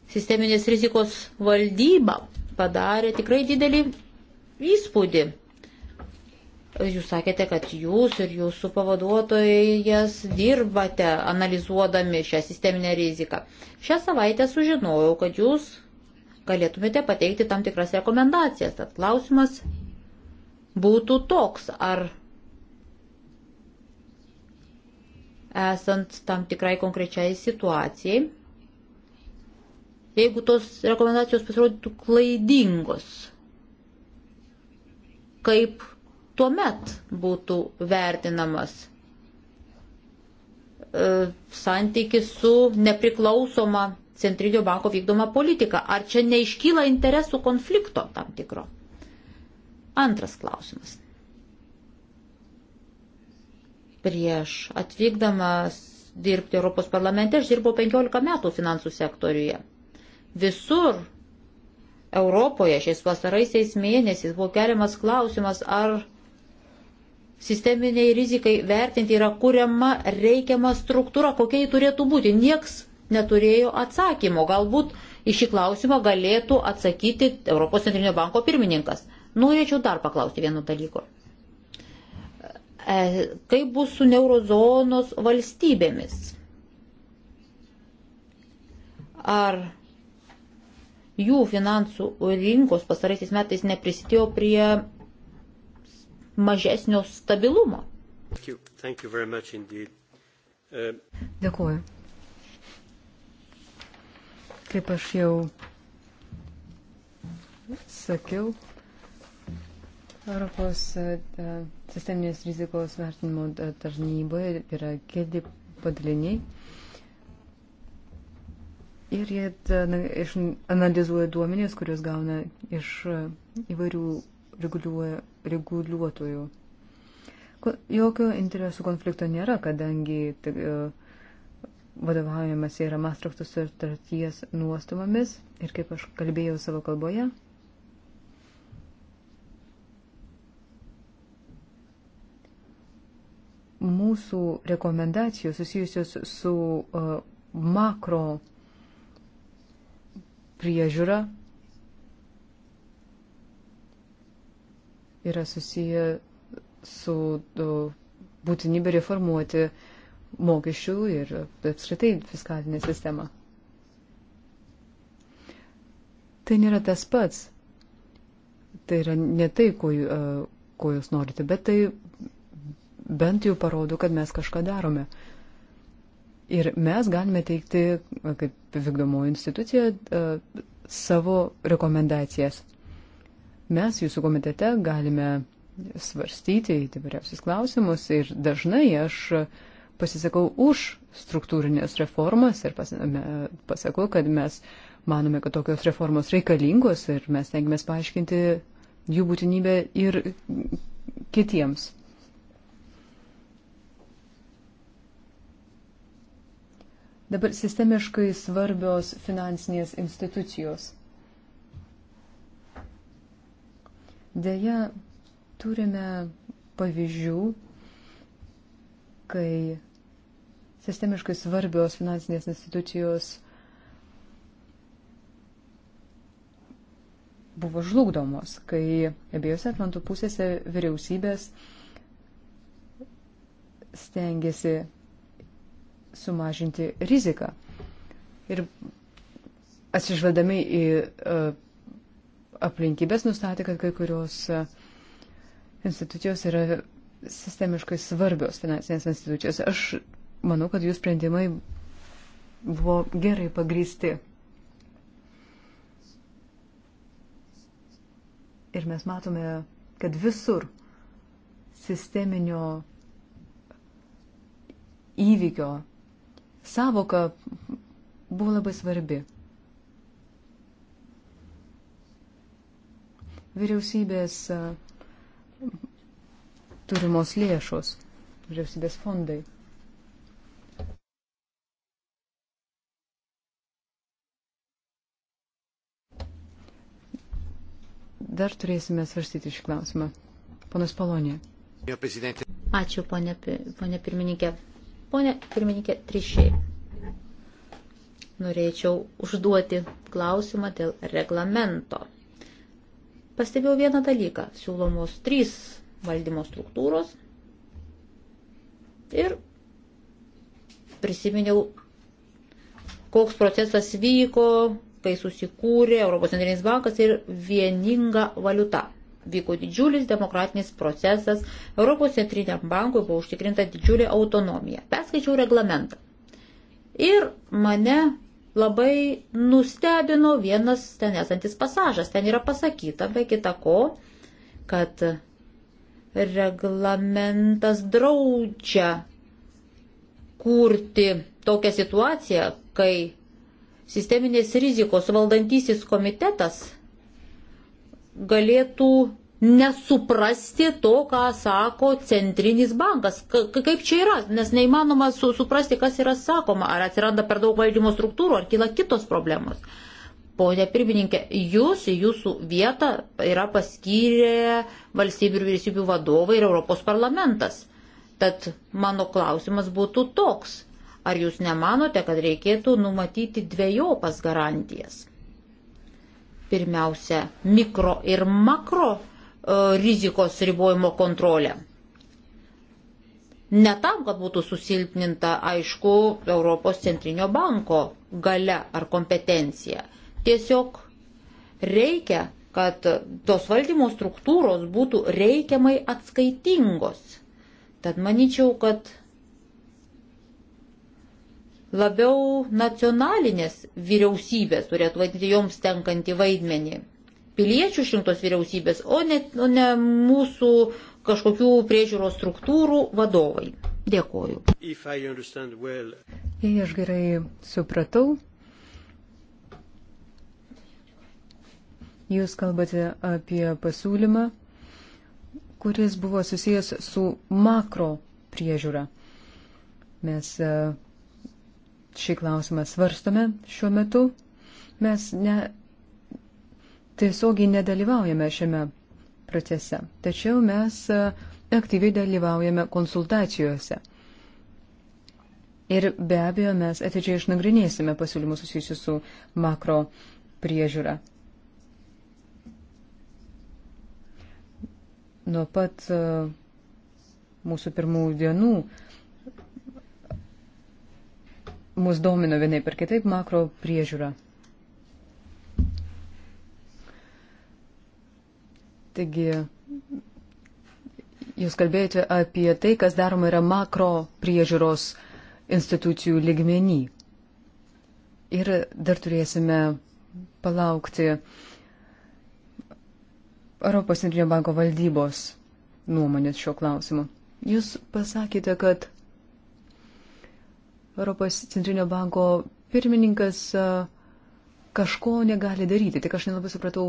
sisteminės rizikos valdybą padarė tikrai didelį įspūdį. Jūs sakėte, kad jūs ir jūsų pavaduotojas dirbate analizuodami šią sisteminę riziką. Šią savaitę sužinojau, kad jūs galėtumėte pateikti tam tikras rekomendacijas. Tad klausimas būtų toks, ar esant tam tikrai konkrečiai situacijai, jeigu tos rekomendacijos pasirodytų klaidingos, kaip tuomet būtų vertinamas e, santykis su nepriklausoma Centrinio banko vykdoma politika. Ar čia neiškyla interesų konflikto tam tikro? Antras klausimas. Prieš atvykdamas dirbti Europos parlamente aš dirbau 15 metų finansų sektoriuje. Visur Europoje šiais vasaraisiais mėnesiais buvo keliamas klausimas, ar Sisteminiai rizikai vertinti yra kuriama reikiama struktūra, kokia ji turėtų būti. Niekas neturėjo atsakymo. Galbūt į šį klausimą galėtų atsakyti Europos centrinio banko pirmininkas. Norėčiau dar paklausti vieno dalyko. E, kaip bus su neurozonos valstybėmis? Ar jų finansų rinkos pastaraisiais metais neprisidėjo prie mažesnio stabilumo. Thank you. Thank you uh... Dėkuoju. Kaip aš jau sakiau, Europos e, sisteminės rizikos vertinimo tarnyboje yra keli padaliniai. Ir jie analizuoja duomenys, kuriuos gauna iš e, įvairių reguliuoja, reguliuotojų. Jokio interesų konflikto nėra, kadangi e, vadovaujamas yra Mastrachto sutarties nuostumomis ir kaip aš kalbėjau savo kalboje. Mūsų rekomendacijos susijusios su uh, makro priežiūra yra susiję su būtinybė reformuoti mokesčių ir apskritai fiskalinę sistemą. Tai nėra tas pats. Tai yra ne tai, ko, ko jūs norite, bet tai bent jau parodo, kad mes kažką darome. Ir mes galime teikti, kaip vykdomoji institucija, savo rekomendacijas. Mes jūsų komitete galime svarstyti įvairiausius klausimus ir dažnai aš pasisakau už struktūrinės reformas ir pasakau, kad mes manome, kad tokios reformos reikalingos ir mes tengiamės paaiškinti jų būtinybę ir kitiems. Dabar sistemiškai svarbios finansinės institucijos. Deja, turime pavyzdžių, kai sistemiškai svarbios finansinės institucijos buvo žlugdomos, kai abiejose Atlanto pusėse vyriausybės stengiasi sumažinti riziką. Ir atsižvedami į uh, aplinkybės nustatė, kad kai kurios e, institucijos yra sistemiškai svarbios finansinės institucijos. Aš manau, kad jų sprendimai buvo gerai pagristi. Ir mes matome, kad visur sisteminio įvykio savoka buvo labai svarbi. vyriausybės turimos lėšos, vyriausybės fondai. Dar turėsime svarstyti šį klausimą. Ponas Palonė. Ačiū, ponė, ponė pirmininkė. Ponė pirmininkė Trišiai. Norėčiau užduoti klausimą dėl reglamento. Pastebėjau vieną dalyką. Siūlomos trys valdymo struktūros ir prisiminiau, koks procesas vyko, kai susikūrė Europos centrinis bankas ir vieninga valiuta. Vyko didžiulis demokratinis procesas, Europos centriniam bankui buvo užtikrinta didžiulė autonomija. Perskaičiau reglamentą. Ir mane labai nustebino vienas ten esantis pasažas. Ten yra pasakyta, be kita ko, kad reglamentas draudžia kurti tokią situaciją, kai sisteminės rizikos valdantysis komitetas galėtų nesuprasti to, ką sako centrinis bankas. Ka kaip čia yra, nes neįmanoma su suprasti, kas yra sakoma, ar atsiranda per daug valdymo struktūrų, ar kyla kitos problemos. Pone pirmininkė, jūs į jūsų vietą yra paskyrę valstybių ir vyriausybių vadovai ir Europos parlamentas. Tad mano klausimas būtų toks. Ar jūs nemanote, kad reikėtų numatyti dviejopas garantijas? Pirmiausia, mikro ir makro E, rizikos ribojimo kontrolę. Ne tam, kad būtų susilpninta, aišku, Europos centrinio banko gale ar kompetencija. Tiesiog reikia, kad tos valdymo struktūros būtų reikiamai atskaitingos. Tad manyčiau, kad labiau nacionalinės vyriausybės turėtų vaidinti joms tenkantį vaidmenį piliečių išrinktos vyriausybės, o ne, o ne mūsų kažkokių priežiūros struktūrų vadovai. Dėkoju. Well... Jei aš gerai supratau, jūs kalbate apie pasiūlymą, kuris buvo susijęs su makro priežiūra. Mes e, šį klausimą svarstome šiuo metu. Mes ne, tiesiogiai nedalyvaujame šiame procese, tačiau mes e, aktyviai dalyvaujame konsultacijose. Ir be abejo, mes atidžiai išnagrinėsime pasiūlymus susijusius su makro priežiūra. Nuo pat e, mūsų pirmųjų dienų mus domino vienai per kitaip makro priežiūra. Taigi, jūs kalbėjote apie tai, kas daroma yra makro priežiūros institucijų ligmenį. Ir dar turėsime palaukti Europos Centrinio banko valdybos nuomonės šiuo klausimu. Jūs pasakėte, kad Europos Centrinio banko pirmininkas kažko negali daryti, tik aš nelabai supratau,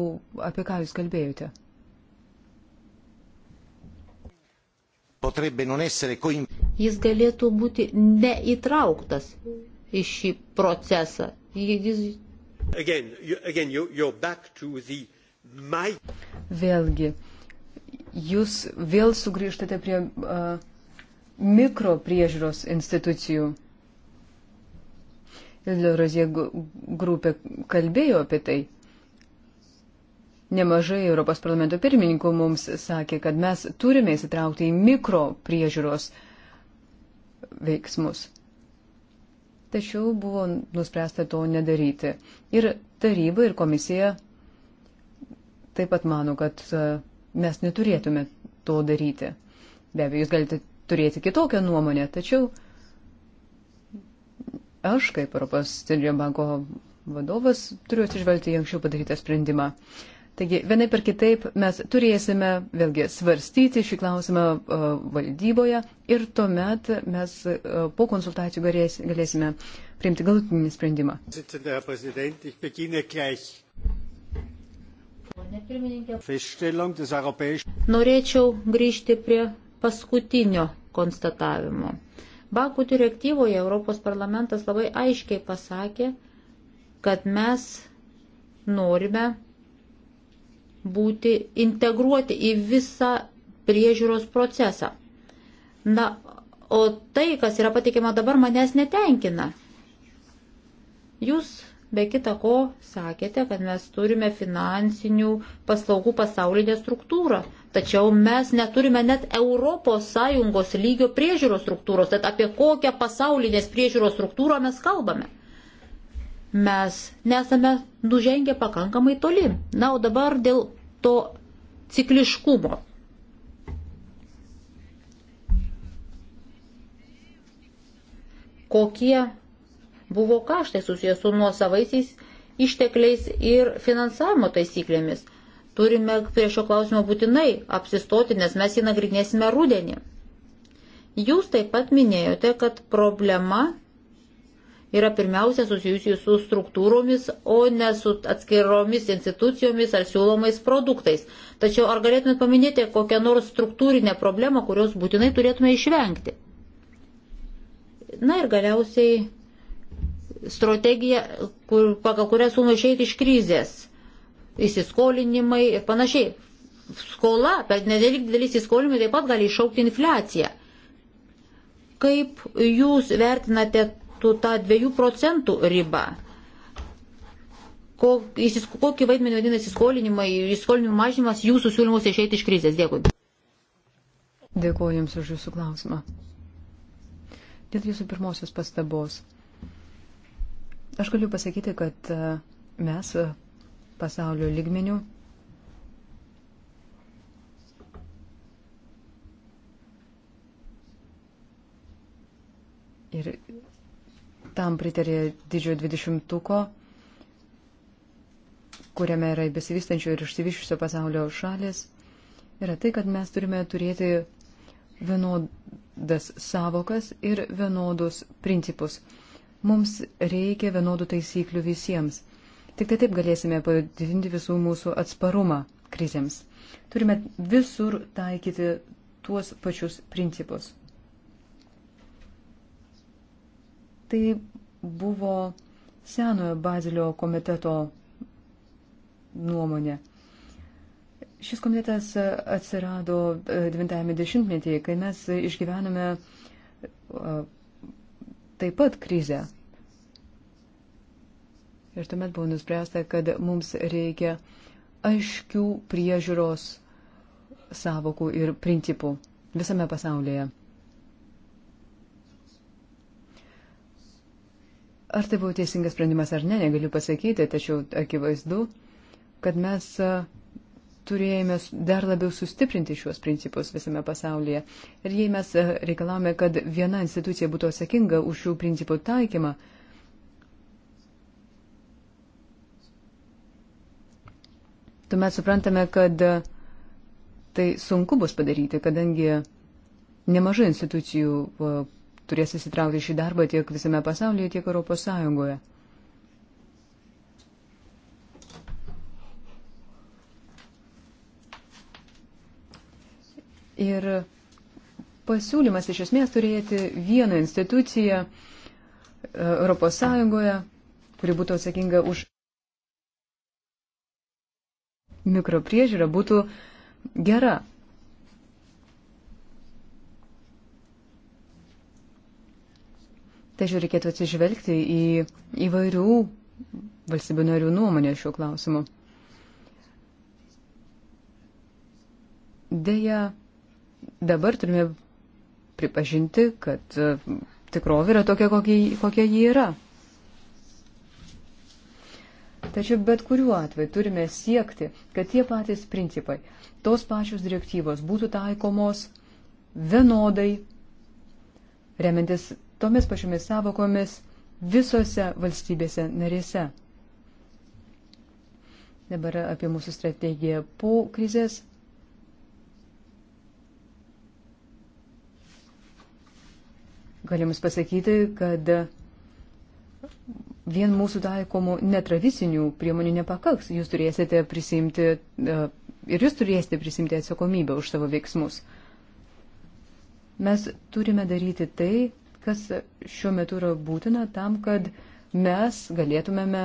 apie ką jūs kalbėjote. potrebbe non essere coinvolto. Jis galėtų būti neįtrauktas į šį procesą. Jis... Again, you, again, you, you're back to the my... Vėlgi, jūs vėl sugrįžtate prie uh, mikro priežiūros institucijų. Ilio Rozie grupė kalbėjo apie tai. Nemažai Europos parlamento pirmininkų mums sakė, kad mes turime įsitraukti į mikro priežiūros veiksmus. Tačiau buvo nuspręsta to nedaryti. Ir taryba ir komisija taip pat mano, kad e, mes neturėtume to daryti. Be abejo, jūs galite turėti kitokią nuomonę, tačiau aš, kaip Europos Centrinio banko vadovas, turiu atsižvelgti į anksčiau padarytą sprendimą. Taigi, vienai per kitaip mes turėsime vėlgi svarstyti šį klausimą e, valdyboje ir tuomet mes e, po konsultacijų galėsime priimti galutinį sprendimą. Norėčiau grįžti prie paskutinio konstatavimo. Bakų direktyvoje Europos parlamentas labai aiškiai pasakė, kad mes norime būti integruoti į visą priežiūros procesą. Na, o tai, kas yra patikima dabar, manęs netenkina. Jūs be kita ko sakėte, kad mes turime finansinių paslaugų pasaulinę struktūrą, tačiau mes neturime net ES lygio priežiūros struktūros, tad apie kokią pasaulinės priežiūros struktūrą mes kalbame mes nesame nužengę pakankamai toli. Na, o dabar dėl to cikliškumo. Kokie buvo kaštai susijęs su nuosavaisiais ištekliais ir finansavimo taisyklėmis. Turime prie šio klausimo būtinai apsistoti, nes mes jį nagrinėsime rudenį. Jūs taip pat minėjote, kad problema yra pirmiausia susijusi su struktūromis, o ne su atskiromis institucijomis ar siūlomais produktais. Tačiau ar galėtumėt paminėti kokią nors struktūrinę problemą, kurios būtinai turėtume išvengti? Na ir galiausiai strategija, kur, pagal kurią sūnų išeiti iš krizės, įsiskolinimai ir panašiai. Skola, per nedelik didelis įskolinimai taip pat gali išaukti infliaciją. Kaip jūs vertinate numato tą 2 procentų ribą. Kokį vaidmenį vadina įsiskolinimai, įsiskolinimų mažinimas jūsų siūlymus išeiti iš krizės? Dėkui. Dėkuoju Jums už Jūsų klausimą. Dėl Jūsų pirmosios pastabos. Aš galiu pasakyti, kad e, mes e, pasaulio lygmenių ir tam pritarė didžiojo dvidešimtuko, kuriame yra besivystančio ir išsivyščiusio pasaulio šalis, yra tai, kad mes turime turėti vienodas savokas ir vienodus principus. Mums reikia vienodų taisyklių visiems. Tik tai taip galėsime padidinti visų mūsų atsparumą krizėms. Turime visur taikyti tuos pačius principus. Tai buvo senojo Bazilio komiteto nuomonė. Šis komitetas atsirado 90-ame e, dešimtmetyje, kai mes išgyvenome e, taip pat krizę. Ir tuomet buvo nuspręsta, kad mums reikia aiškių priežiūros savokų ir principų visame pasaulyje. Ar tai buvo teisingas sprendimas ar ne, negaliu pasakyti, tačiau akivaizdu, kad mes turėjome dar labiau sustiprinti šiuos principus visame pasaulyje. Ir jei mes reikalavome, kad viena institucija būtų atsakinga už šių principų taikymą, tuomet suprantame, kad tai sunku bus padaryti, kadangi nemažai institucijų turės įsitraukti šį darbą tiek visame pasaulyje, tiek Europos Sąjungoje. Ir pasiūlymas iš esmės turėti vieną instituciją e, Europos Sąjungoje, kuri būtų atsakinga už mikropriežiūrą, būtų gera. Tačiau reikėtų atsižvelgti į įvairių valstybių narių nuomonę šiuo klausimu. Deja, dabar turime pripažinti, kad e, tikrovė yra tokia, kokia ji yra. Tačiau bet kuriuo atveju turime siekti, kad tie patys principai, tos pačios direktyvos būtų taikomos vienodai, remiantis tomis pačiomis savokomis visose valstybėse narėse. Dabar apie mūsų strategiją po krizės. Galim pasakyti, kad vien mūsų taikomų netradicinių priemonių nepakaks. Jūs turėsite prisimti e, ir jūs turėsite prisimti atsakomybę už savo veiksmus. Mes turime daryti tai, kas šiuo metu yra būtina tam, kad mes galėtumėme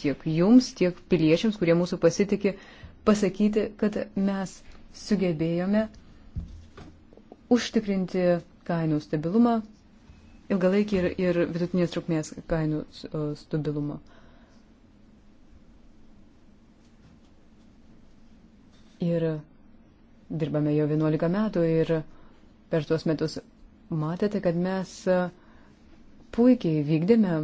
tiek jums, tiek piliečiams, kurie mūsų pasitikė, pasakyti, kad mes sugebėjome užtikrinti kainų stabilumą, ilgalaikį ir, ir vidutinės trukmės kainų stabilumą. Ir dirbame jau 11 metų ir per tuos metus matėte, kad mes e, puikiai vykdėme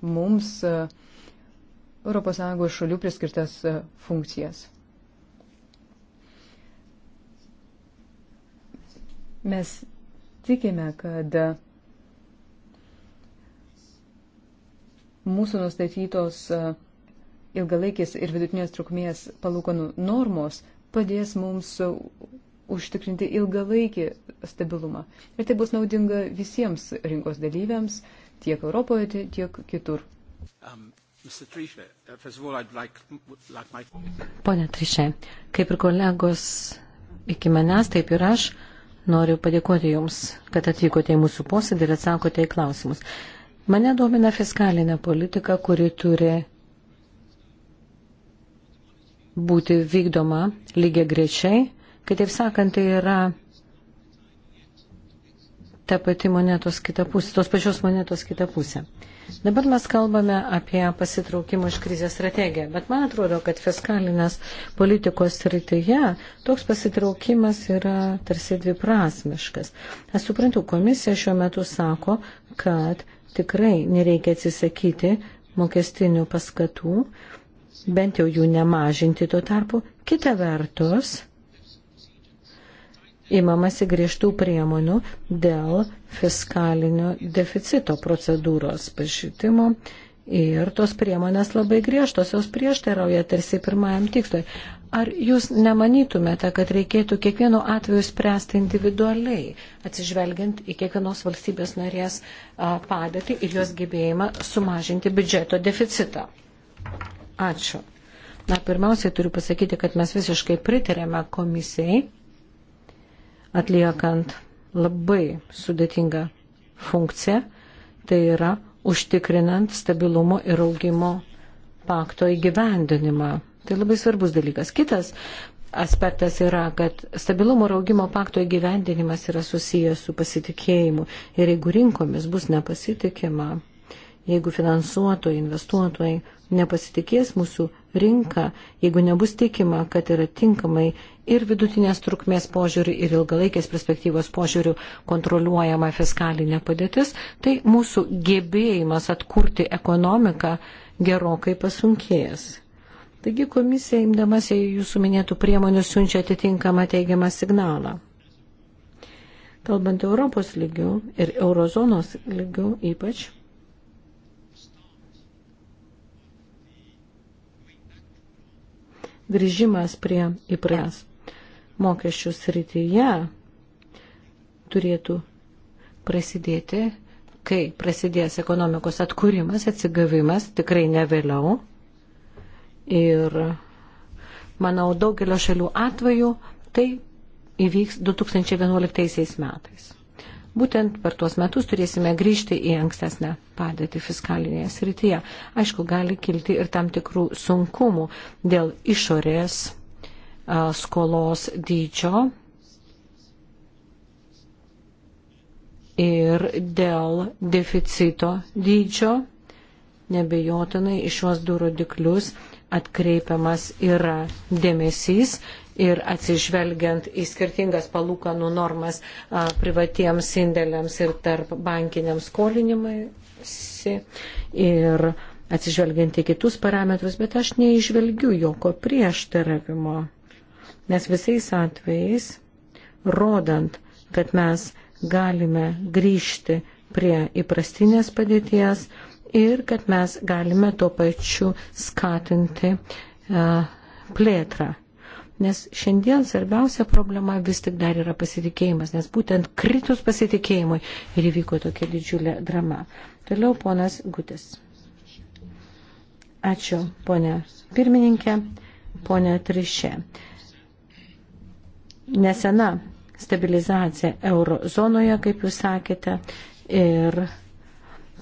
mums ES šalių priskirtas e, funkcijas. Mes tikime, kad e, mūsų nustatytos ilgalaikės ir vidutinės trukmės palūkanų normos padės mums užtikrinti ilgalaikį stabilumą. Ir tai bus naudinga visiems rinkos dalyviams tiek Europoje, tiek kitur. Um. Uh, Pone Trišė, kaip ir kolegos iki manęs, taip ir aš noriu padėkoti Jums, kad atvykote į mūsų posėdį ir atsakote į klausimus. Mane domina fiskalinė politika, kuri turi būti vykdoma lygiai grečiai Kitaip sakant, tai yra ta pati monetos kita pusė, tos pačios monetos kita pusė. Dabar mes kalbame apie pasitraukimo iš krizės strategiją, bet man atrodo, kad fiskalinės politikos rytyje toks pasitraukimas yra tarsi dviprasmiškas. Aš suprantu, komisija šiuo metu sako, kad tikrai nereikia atsisakyti mokestinių paskatų, bent jau jų nemažinti tuo tarpu. Kita vertus, imamasi griežtų priemonių dėl fiskalinio deficito procedūros pažytimo. Ir tos priemonės labai griežtos, jos prieštarauja tarsi pirmajam tikslui. Ar jūs nemanytumėte, kad reikėtų kiekvienu atveju spręsti individualiai, atsižvelgiant į kiekvienos valstybės narės padėtį ir jos gebėjimą sumažinti biudžeto deficitą? Ačiū. Na, pirmiausiai turiu pasakyti, kad mes visiškai pritarėme komisijai atliekant labai sudėtingą funkciją, tai yra užtikrinant stabilumo ir augimo pakto įgyvendinimą. Tai labai svarbus dalykas. Kitas aspektas yra, kad stabilumo ir augimo pakto įgyvendinimas yra susijęs su pasitikėjimu. Ir jeigu rinkomis bus nepasitikima, jeigu finansuotojai, investuotojai nepasitikės mūsų rinką, jeigu nebus tikima, kad yra tinkamai ir vidutinės trukmės požiūrių, ir ilgalaikės perspektyvos požiūrių kontroliuojama fiskalinė padėtis, tai mūsų gebėjimas atkurti ekonomiką gerokai pasunkėjęs. Taigi komisija, imdamas į jūsų minėtų priemonių, siunčia atitinkamą teigiamą signalą. Kalbant Europos lygių ir eurozonos lygių ypač, grįžimas prie įpras mokesčių srityje turėtų prasidėti, kai prasidės ekonomikos atkūrimas, atsigavimas, tikrai ne vėliau. Ir manau, daugelio šalių atveju tai įvyks 2011 metais. Būtent per tuos metus turėsime grįžti į ankstesnę padėtį fiskalinėje srityje. Aišku, gali kilti ir tam tikrų sunkumų dėl išorės skolos dydžio ir dėl deficito dydžio. Nebejotinai iš šios du rodiklius atkreipiamas yra dėmesys ir atsižvelgiant į skirtingas palūkanų normas a, privatiems indėliams ir tarp bankiniam skolinimai ir atsižvelgiant į kitus parametrus, bet aš neižvelgiu jokio prieštaravimo Nes visais atvejais, rodant, kad mes galime grįžti prie įprastinės padėties ir kad mes galime tuo pačiu skatinti uh, plėtrą. Nes šiandien svarbiausia problema vis tik dar yra pasitikėjimas, nes būtent kritus pasitikėjimui ir įvyko tokia didžiulė drama. Toliau ponas Gutis. Ačiū, ponė pirmininkė, ponė Trišė nesena stabilizacija eurozonoje, kaip jūs sakėte, ir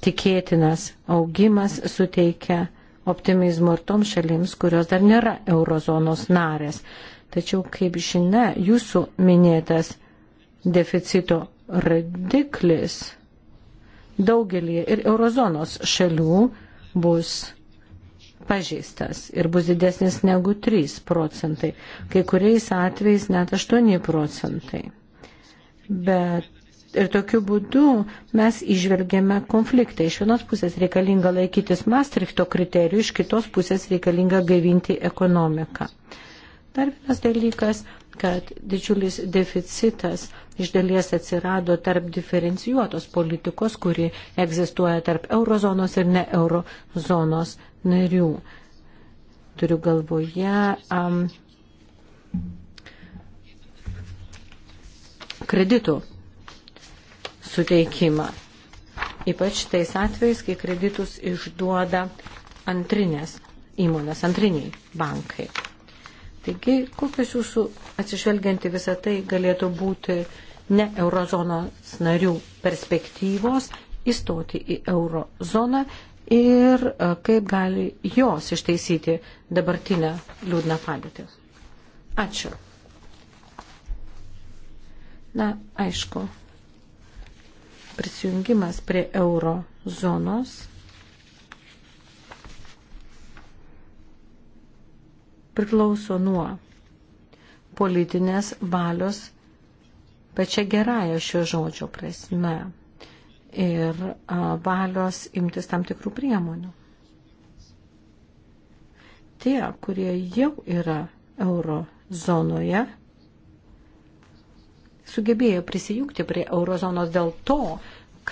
tikėtinas augimas suteikia optimizmo ir toms šalims, kurios dar nėra eurozonos narės. Tačiau, kaip žinia, jūsų minėtas deficito radiklis daugelį ir eurozonos šalių bus pažeistas ir bus didesnis negu 3 procentai, kai kuriais atvejais net 8 procentai. Bet ir tokiu būdu mes išvelgiame konfliktą. Iš vienos pusės reikalinga laikytis Maastrichto kriterijų, iš kitos pusės reikalinga gaivinti ekonomiką. Dar vienas dalykas, kad didžiulis deficitas iš dalies atsirado tarp diferencijuotos politikos, kuri egzistuoja tarp eurozonos ir ne eurozonos narių. Turiu galvoje um, kreditų suteikimą. Ypač tais atvejais, kai kreditus išduoda antrinės įmonės, antriniai bankai. Taigi, kokios jūsų atsižvelgianti visą tai galėtų būti ne eurozonos narių perspektyvos įstoti į eurozoną ir e, kaip gali jos ištaisyti dabartinę liūdną padėtį. Ačiū. Na, aišku, prisijungimas prie euro zonos priklauso nuo politinės valios pačia gerąją šio žodžio prasme ir valios imtis tam tikrų priemonių. Tie, kurie jau yra euro zonoje, sugebėjo prisijungti prie eurozonos dėl to,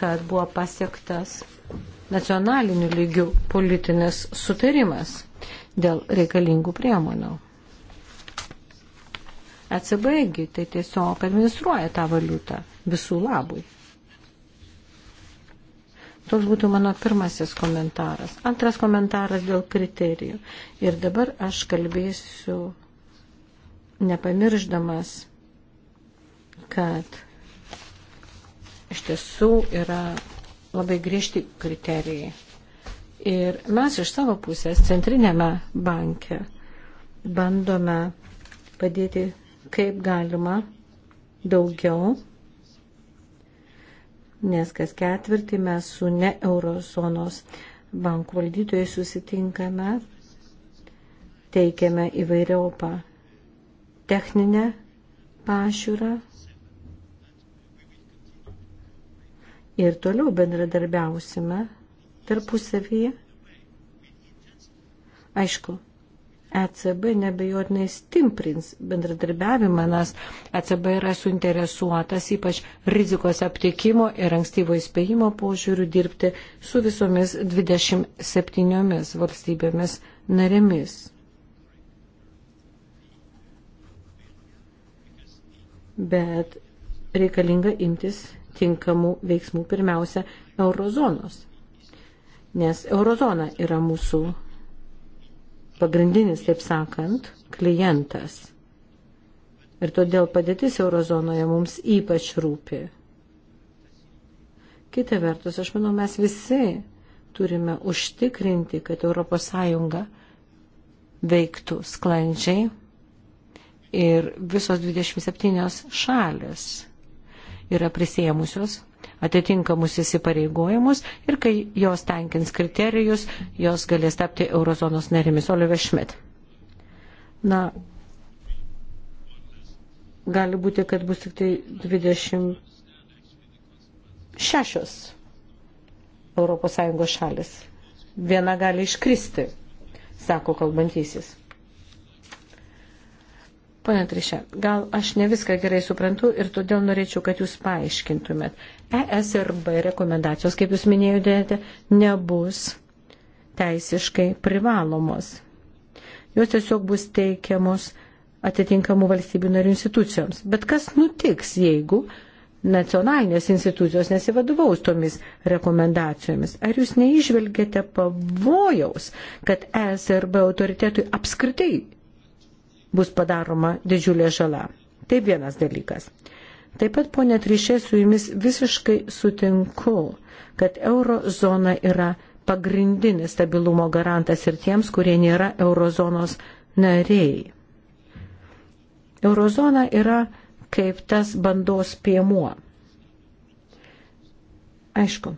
kad buvo pasiektas nacionaliniu lygiu politinis sutarimas dėl reikalingų priemonių. ECB tai tiesiog administruoja tą valiutą visų labui. Toks būtų mano pirmasis komentaras. Antras komentaras dėl kriterijų. Ir dabar aš kalbėsiu nepamirždamas, kad iš tiesų yra labai griežti kriterijai. Ir mes iš savo pusės centrinėme banke bandome padėti kaip galima daugiau nes kas ketvirtį mes su ne eurozonos bankų valdytojais susitinkame, teikiame įvairiopą techninę pašiūrą ir toliau bendradarbiausime tarpusavyje. Aišku, ECB nebejotinai stimprins bendradarbiavimą, nes ECB yra suinteresuotas ypač rizikos aptikimo ir ankstyvo įspėjimo požiūrių dirbti su visomis 27 valstybėmis narėmis. Bet reikalinga imtis tinkamų veiksmų pirmiausia eurozonos, nes eurozona yra mūsų pagrindinis, taip sakant, klientas. Ir todėl padėtis eurozonoje mums ypač rūpi. Kita vertus, aš manau, mes visi turime užtikrinti, kad ES veiktų sklandžiai ir visos 27 šalis yra prisėmusios atitinkamus įsipareigojimus ir kai jos tenkins kriterijus, jos galės tapti eurozonos narėmis. Oliver Schmidt. Na, gali būti, kad bus tik tai 26 ES šalis. Viena gali iškristi, sako kalbantysis. Pane Trišė, gal aš ne viską gerai suprantu ir todėl norėčiau, kad jūs paaiškintumėt. ESRB rekomendacijos, kaip jūs minėjote, nebus teisiškai privalomos. Jos tiesiog bus teikiamos atitinkamų valstybių narių institucijoms. Bet kas nutiks, jeigu nacionalinės institucijos nesivadovaus tomis rekomendacijomis? Ar jūs neižvelgėte pavojaus, kad ESRB autoritetui apskritai bus padaroma didžiulė žala? Tai vienas dalykas. Taip pat, ponė Trišė, su jumis visiškai sutinku, kad eurozona yra pagrindinis stabilumo garantas ir tiems, kurie nėra eurozonos nariai. Eurozona yra kaip tas bandos piemuo. Aišku.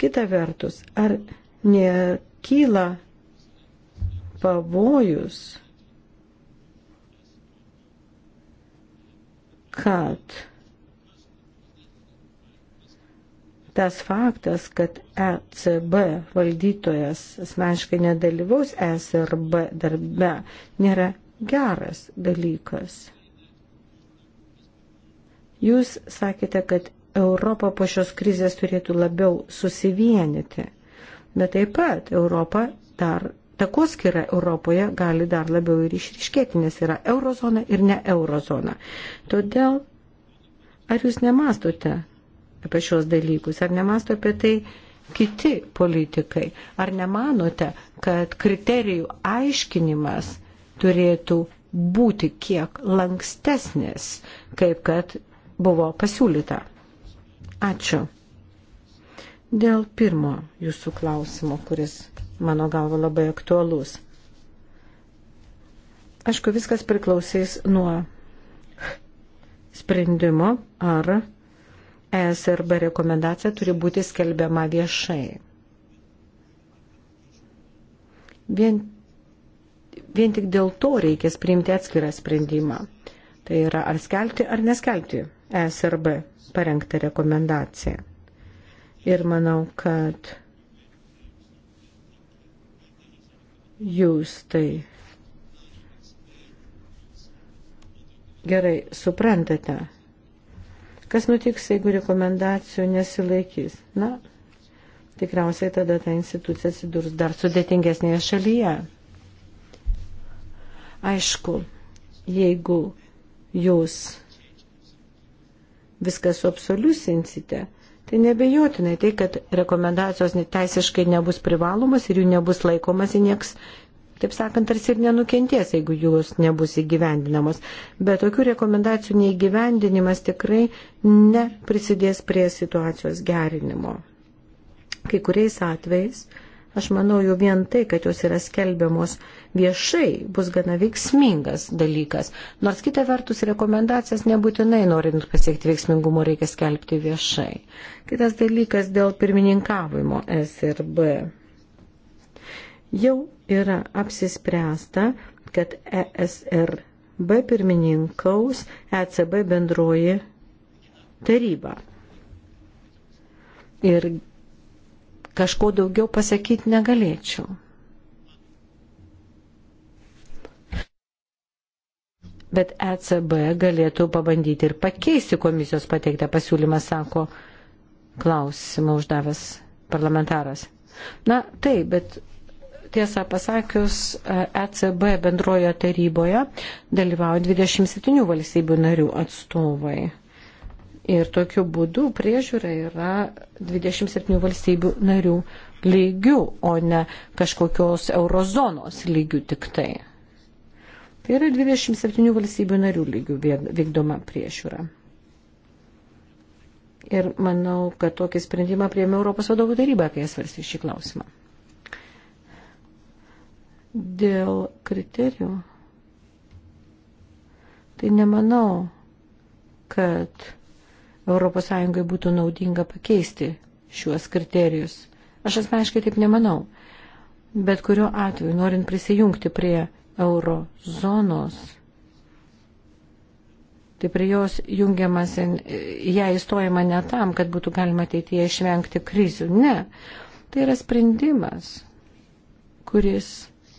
Kita vertus, ar nekyla pavojus? kad tas faktas, kad ECB valdytojas asmeniškai nedalyvaus e SRB darbe, nėra geras dalykas. Jūs sakėte, kad Europa po šios krizės turėtų labiau susivienyti, bet taip pat Europa dar takoskira Europoje gali dar labiau ir išriškėti, nes yra eurozona ir ne eurozona. Todėl, ar jūs nemastote apie šios dalykus, ar nemasto apie tai kiti politikai, ar nemanote, kad kriterijų aiškinimas turėtų būti kiek lankstesnis, kaip kad buvo pasiūlyta. Ačiū. Dėl pirmo jūsų klausimo, kuris mano galva, labai aktualus. Aišku, viskas priklausys nuo sprendimo, ar ESRB rekomendacija turi būti skelbiama viešai. Vien, vien tik dėl to reikės priimti atskirą sprendimą. Tai yra ar skelbti ar neskelbti ESRB parengtą rekomendaciją. Ir manau, kad jūs tai gerai suprantate, kas nutiks, jeigu rekomendacijų nesilaikys. Na, tikriausiai tada ta institucija atsidurs dar sudėtingesnėje šalyje. Aišku, jeigu jūs viską suabsoliusinsite, Tai nebejotinai tai, kad rekomendacijos teisiškai nebus privalomas ir jų nebus laikomas, nieks, taip sakant, tarsi ir nenukentės, jeigu jūs nebus įgyvendinamos. Bet tokių rekomendacijų neįgyvendinimas tikrai neprisidės prie situacijos gerinimo. Kai kuriais atvejais Aš manau, jau vien tai, kad jos yra skelbiamos viešai, bus gana veiksmingas dalykas. Nors kita vertus, rekomendacijas nebūtinai norint pasiekti veiksmingumo reikia skelbti viešai. Kitas dalykas dėl pirmininkavimo SRB. Jau yra apsispręsta, kad ESRB pirmininkaus ECB bendroji taryba. Ir kažko daugiau pasakyti negalėčiau. Bet ECB galėtų pabandyti ir pakeisti komisijos pateiktą pasiūlymą, sako klausimą uždavęs parlamentaras. Na taip, bet tiesą pasakius, ECB bendrojo taryboje dalyvauja 27 valstybių narių atstovai. Ir tokiu būdu priežiūra yra 27 valstybių narių lygių, o ne kažkokios eurozonos lygių tik tai. Tai yra 27 valstybių narių lygių vykdoma priežiūra. Ir manau, kad tokį sprendimą prieėmė Europos vadovų taryba, kai jie svarstė šį klausimą. Dėl kriterijų. Tai nemanau, kad ES būtų naudinga pakeisti šiuos kriterijus. Aš asmeniškai taip nemanau. Bet kuriuo atveju, norint prisijungti prie euro zonos, tai prie jos jungiamas, ją įstojama ne tam, kad būtų galima ateityje išvengti krizių. Ne, tai yra sprendimas, kuris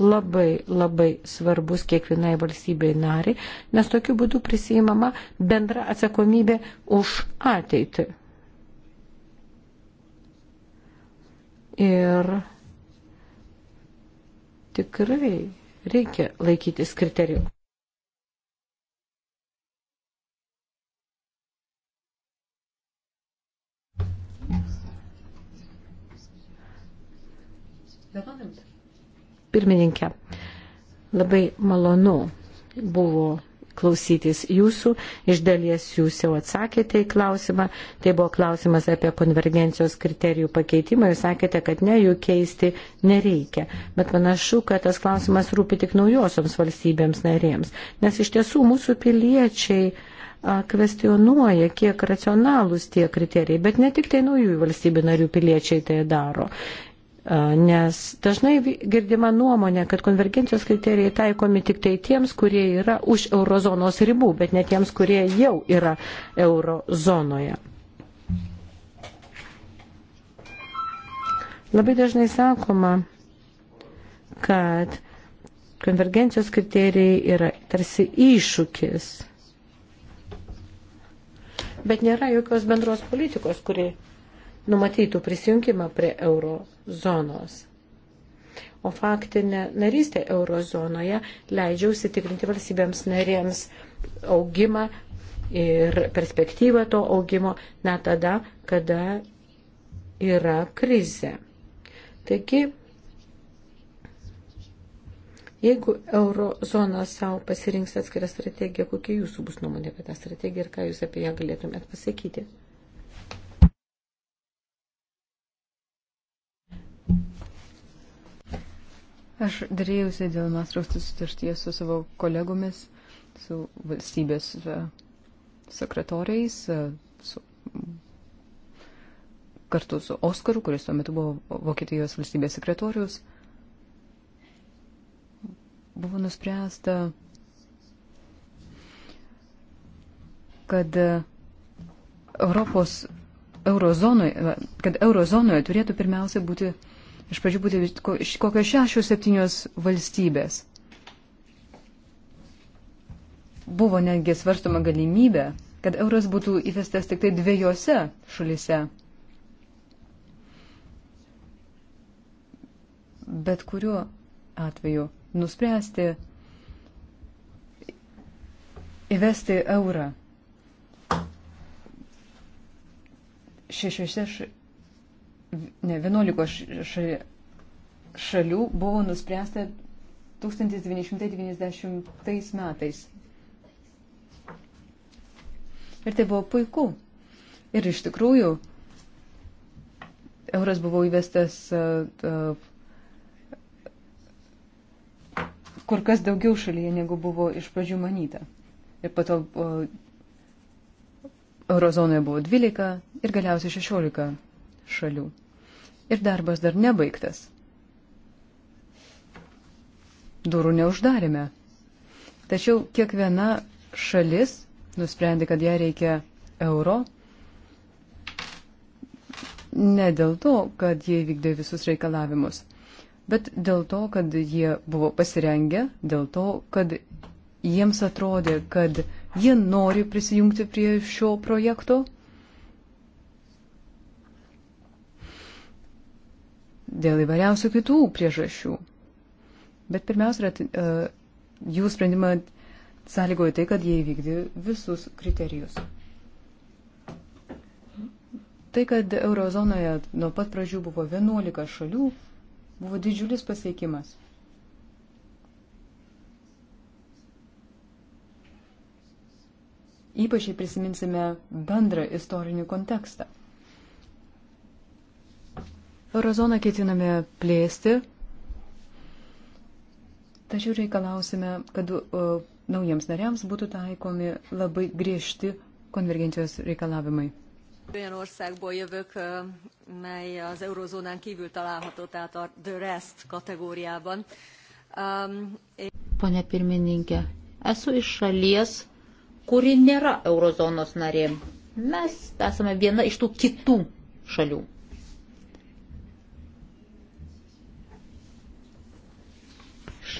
labai labai svarbus kiekvienai valstybei nariai, nes tokiu būdu prisijimama bendra atsakomybė už ateitį. Ir tikrai reikia laikytis kriterijų. pirmininkė. Labai malonu buvo klausytis jūsų, iš dalies jūs jau atsakėte į klausimą, tai buvo klausimas apie konvergencijos kriterijų pakeitimą, jūs sakėte, kad ne, jų keisti nereikia, bet panašu, kad tas klausimas rūpi tik naujosioms valstybėms narėms, nes iš tiesų mūsų piliečiai kvestionuoja, kiek racionalūs tie kriterijai, bet ne tik tai naujųjų valstybių narių piliečiai tai daro. Nes dažnai girdima nuomonė, kad konvergencijos kriterijai taikomi tik tai tiems, kurie yra už eurozonos ribų, bet ne tiems, kurie jau yra eurozonoje. Labai dažnai sakoma, kad konvergencijos kriterijai yra tarsi iššūkis, bet nėra jokios bendros politikos, kuri numatytų prisijungimą prie euro zonos. O faktinė narystė euro zonoje leidžia užsitikrinti valstybėms narėms augimą ir perspektyvą to augimo net tada, kada yra krizė. Taigi, jeigu eurozona savo pasirinks atskirą strategiją, kokia jūsų bus nuomonė apie tą strategiją ir ką jūs apie ją galėtumėt pasakyti? Aš dėrėjausi dėl Mastrostų sutarties su savo kolegomis, su valstybės e, sekretoriais, e, su, kartu su Oskaru, kuris tuo metu buvo Vokietijos valstybės sekretorius. Buvo nuspręsta, kad e, Europos eurozonoje, kad eurozonoje turėtų pirmiausia būti Iš pradžių būtų kokios šešios, septynios valstybės. Buvo netgi svarstoma galimybė, kad euras būtų įvestas tik tai dviejose šalise. Bet kuriuo atveju nuspręsti įvesti eurą šešiose šalise ne, 11 šalių buvo nuspręsta 1990 metais. Ir tai buvo puiku. Ir iš tikrųjų, euras buvo įvestas e, e, kur kas daugiau šalyje, negu buvo iš pradžių manyta. Ir po to e, eurozonoje buvo 12 ir galiausiai 16 šalių ir darbas dar nebaigtas. Durų neuždarėme. Tačiau kiekviena šalis nusprendė, kad ją reikia euro. Ne dėl to, kad jie vykdė visus reikalavimus, bet dėl to, kad jie buvo pasirengę, dėl to, kad jiems atrodė, kad jie nori prisijungti prie šio projekto dėl įvairiausių kitų priežasčių. Bet pirmiausia, e, jų sprendimą sąlygoja tai, kad jie įvykdė visus kriterijus. Tai, kad eurozonoje nuo pat pradžių buvo 11 šalių, buvo didžiulis pasiekimas. Ypač jei prisiminsime bendrą istorinį kontekstą. Eurozoną ketiname plėsti, tačiau reikalausime, kad o, naujiems nariams būtų taikomi labai griežti konvergencijos reikalavimai. Olyan országból jövök, mely az eurozónán kívül található, tehát a The Rest kategóriában. Um, e... Pone pirmininkė, esu iš šalies, kuri nėra eurozonos narė. Mes esame viena iš tų kitų šalių.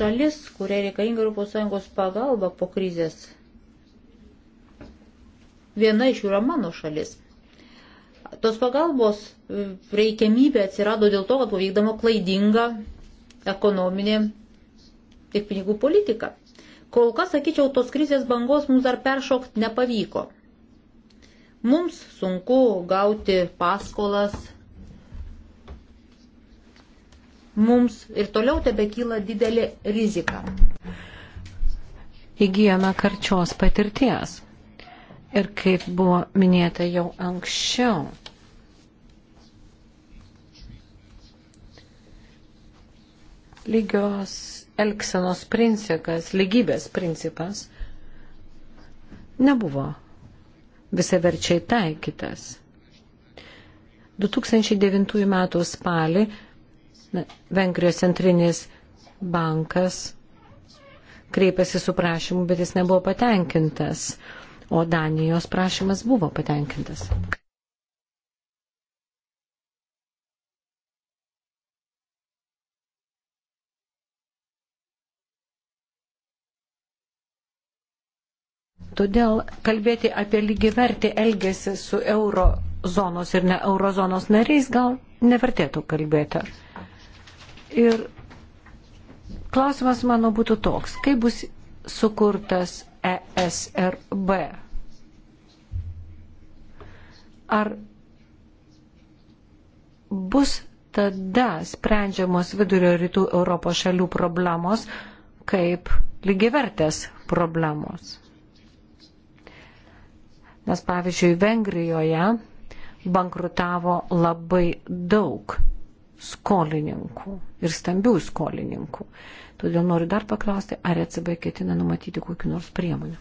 šalis, kuria reikalinga ES pagalba po krizės. Viena iš jų yra mano šalis. Tos pagalbos e, reikiamybė atsirado dėl to, kad buvo vykdama klaidinga ekonominė ir pinigų politika. Kol kas, sakyčiau, tos krizės bangos mums dar peršokti nepavyko. Mums sunku gauti paskolas mums ir toliau tebekyla didelė rizika. Įgyjame karčios patirties. Ir kaip buvo minėta jau anksčiau, lygios elksenos principas, lygybės principas nebuvo visaverčiai taikytas. 2009 m. spalį Vengrijos centrinis bankas kreipėsi su prašymu, bet jis nebuvo patenkintas, o Danijos prašymas buvo patenkintas. Todėl kalbėti apie lygivertį elgesį su euro zonos ir ne euro zonos nariais gal nevertėtų kalbėti. Ir klausimas mano būtų toks, kaip bus sukurtas ESRB? Ar bus tada sprendžiamos vidurio rytų Europos šalių problemos kaip lygivertės problemos? Nes pavyzdžiui, Vengrijoje bankrutavo labai daug skolininkų ir stambių skolininkų. Todėl noriu dar paklausti, ar ECB ketina numatyti kokiu nors priemonių.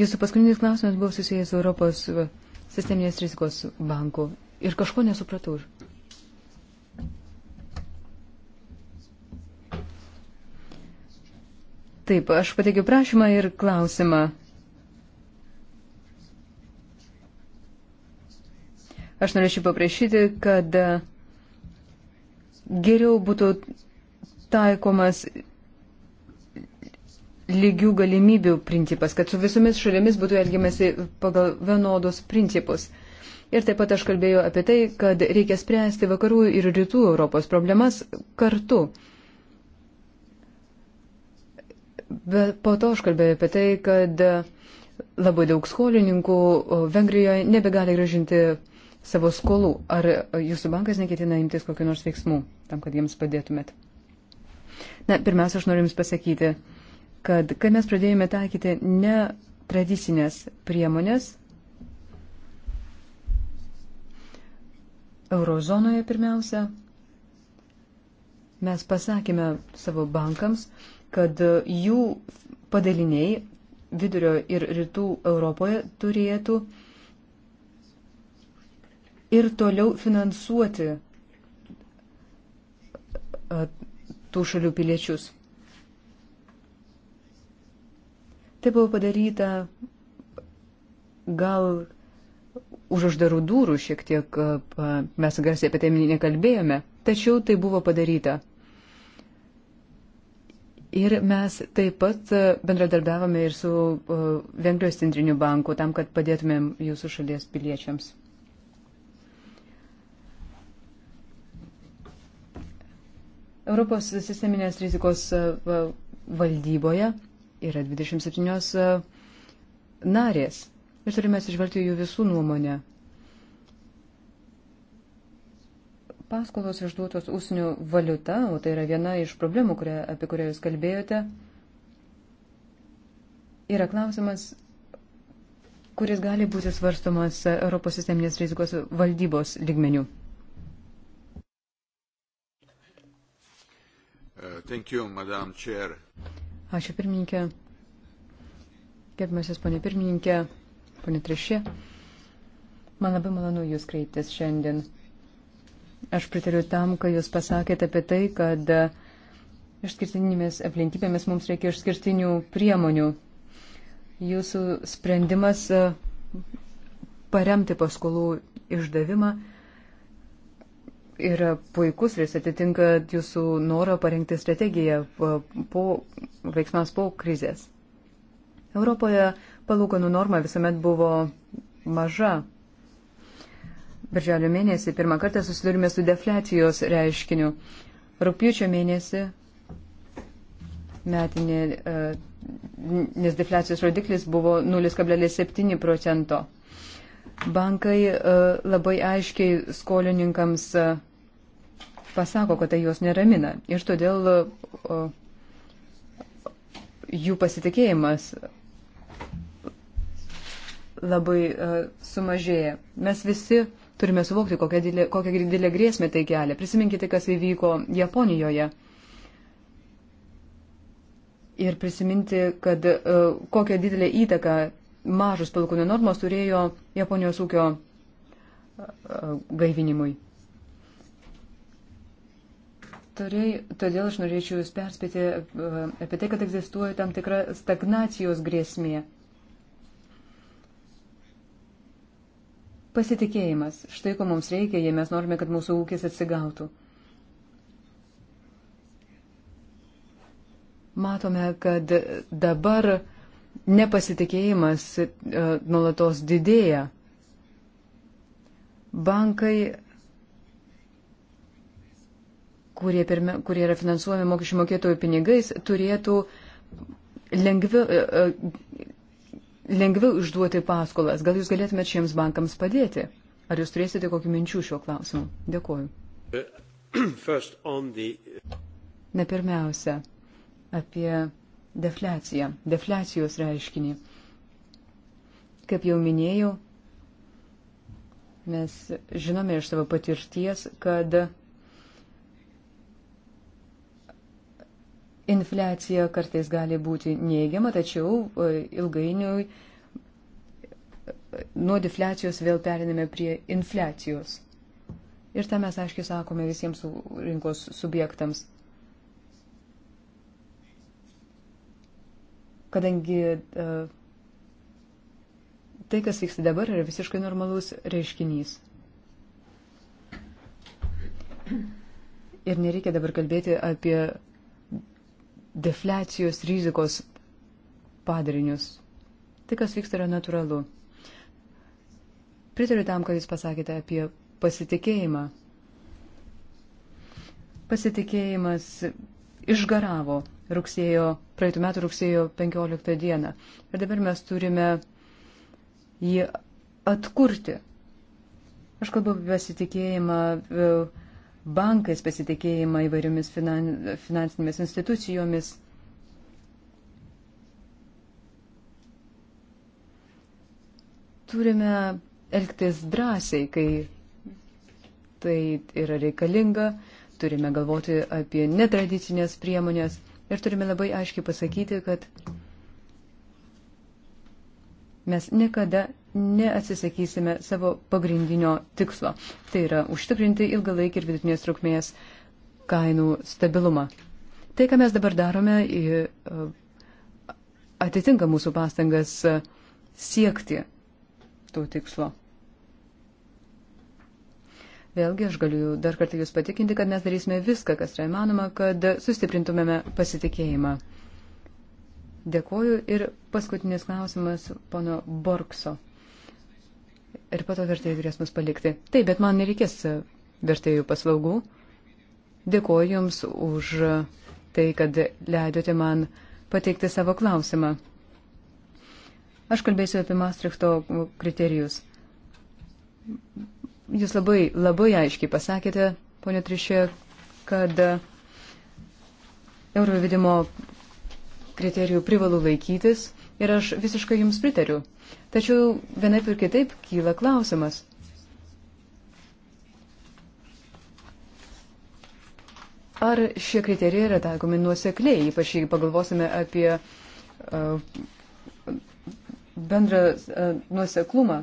Jūsų paskutinis klausimas buvo susijęs su Europos sisteminės rizikos banku ir kažko nesupratau. Taip, aš pateikiu prašymą ir klausimą. Aš norėčiau paprašyti, kad geriau būtų taikomas lygių galimybių principas, kad su visomis šalimis būtų elgiamasi pagal vienodus principus. Ir taip pat aš kalbėjau apie tai, kad reikia spręsti vakarų ir rytų Europos problemas kartu. Bet po to aš kalbėjau apie tai, kad labai daug skolininkų Vengrijoje nebegali gražinti savo skolų. Ar jūsų bankas neketina imtis kokiu nors veiksmu tam, kad jiems padėtumėt? Na, pirmiausia, aš noriu Jums pasakyti, kad kai mes pradėjome taikyti ne tradicinės priemonės, eurozonoje pirmiausia, mes pasakėme savo bankams, kad e, jų padaliniai vidurio ir rytų Europoje turėtų ir toliau finansuoti e, tų šalių piliečius. Tai buvo padaryta gal už uždarų durų šiek tiek, e, mes garsiai apie tai nekalbėjome, tačiau tai buvo padaryta. Ir mes taip pat e, bendradarbiavome ir su e, Vengrijos centriniu banku tam, kad padėtumėm jūsų šalies piliečiams. Europos sisteminės rizikos e, valdyboje yra 27 narės ir turime atsižvelgti jų visų nuomonę, Paskolos išduotos užsienio valiuta, o tai yra viena iš problemų, kurie, apie kurią jūs kalbėjote, yra klausimas, kuris gali būti svarstomas Europos sisteminės rizikos valdybos ligmenių. Uh, you, Ačiū pirmininkė. Gerbimasis ponė pirmininkė, ponė Trišė. Man labai malonu jūs kreiptis šiandien. Aš pritariu tam, ką Jūs pasakėte apie tai, kad išskirtinėmis aplinkybėmis mums reikia išskirtinių priemonių. Jūsų sprendimas e, paremti paskolų išdavimą yra puikus ir jis atitinka jūsų norą parengti strategiją po veiksmams po krizės. Europoje palūkanų norma visuomet buvo maža, Birželio mėnesį pirmą kartą susidurime su deflecijos reiškiniu. Rūpiučio mėnesį metinė, e, nes deflecijos rodiklis buvo 0,7 procento. Bankai e, labai aiškiai skolininkams e, pasako, kad tai juos neramina. Ir todėl jų pasitikėjimas labai sumažėja. Mes visi Turime suvokti, kokią didelę, kokią didelę grėsmę tai kelia. Prisiminkite, kas įvyko Japonijoje. Ir prisiminti, kad e, kokią didelę įtaką mažus palūkanų normos turėjo Japonijos ūkio e, gaivinimui. Todėl aš norėčiau jūs perspėti e, apie tai, kad egzistuoja tam tikra stagnacijos grėsmė Pasitikėjimas. Štai ko mums reikia, jei mes norime, kad mūsų ūkis atsigautų. Matome, kad dabar nepasitikėjimas e, nuolatos didėja. Bankai, kurie, pirme, kurie yra finansuojami mokesčių mokėtojų pinigais, turėtų lengviau e, e, lengviau išduoti paskolas. Gal jūs galėtumėt šiems bankams padėti? Ar jūs turėsite kokių minčių šiuo klausimu? Dėkuoju. Uh, [CLEARS THROAT] the... Na pirmiausia, apie defliaciją, defliacijos reiškinį. Kaip jau minėjau, mes žinome iš savo patirties, kad Infliacija kartais gali būti neigiama, tačiau e, ilgainiui e, nuo defliacijos vėl periname prie infliacijos. Ir tą mes aiškiai sakome visiems rinkos subjektams. Kadangi e, tai, kas vyksta dabar, yra visiškai normalus reiškinys. Ir nereikia dabar kalbėti apie defliacijos rizikos padarinius. Tai, kas vyksta, yra natūralu. Pritariu tam, kad jūs pasakėte apie pasitikėjimą. Pasitikėjimas išgaravo rugsėjo, praeitų metų rugsėjo 15 dieną. Ir dabar mes turime jį atkurti. Aš kalbu apie pasitikėjimą. Uh, bankais pasitikėjimą įvairiomis finan, finansinėmis institucijomis. Turime elgtis drąsiai, kai tai yra reikalinga, turime galvoti apie netradicinės priemonės ir turime labai aiškiai pasakyti, kad mes niekada neatsisakysime savo pagrindinio tikslo. Tai yra užtikrinti ilgalaikį ir vidutinės trukmės kainų stabilumą. Tai, ką mes dabar darome, atitinka mūsų pastangas siekti to tikslo. Vėlgi aš galiu dar kartą Jūs patikinti, kad mes darysime viską, kas yra įmanoma, kad sustiprintumėme pasitikėjimą. Dėkuoju ir paskutinis klausimas pono Borkso ir pato vertėjai turės mus palikti. Taip, bet man nereikės vertėjų paslaugų. Dėkoju Jums už tai, kad leidote man pateikti savo klausimą. Aš kalbėsiu apie Maastrichto kriterijus. Jūs labai, labai aiškiai pasakėte, ponė Trišė, kad euro įvedimo kriterijų privalu laikytis ir aš visiškai jums pritariu. Tačiau vienaip ir kitaip kyla klausimas. Ar šie kriterijai yra taikomi nuosekliai, ypač jei pagalvosime apie uh, bendrą uh, nuoseklumą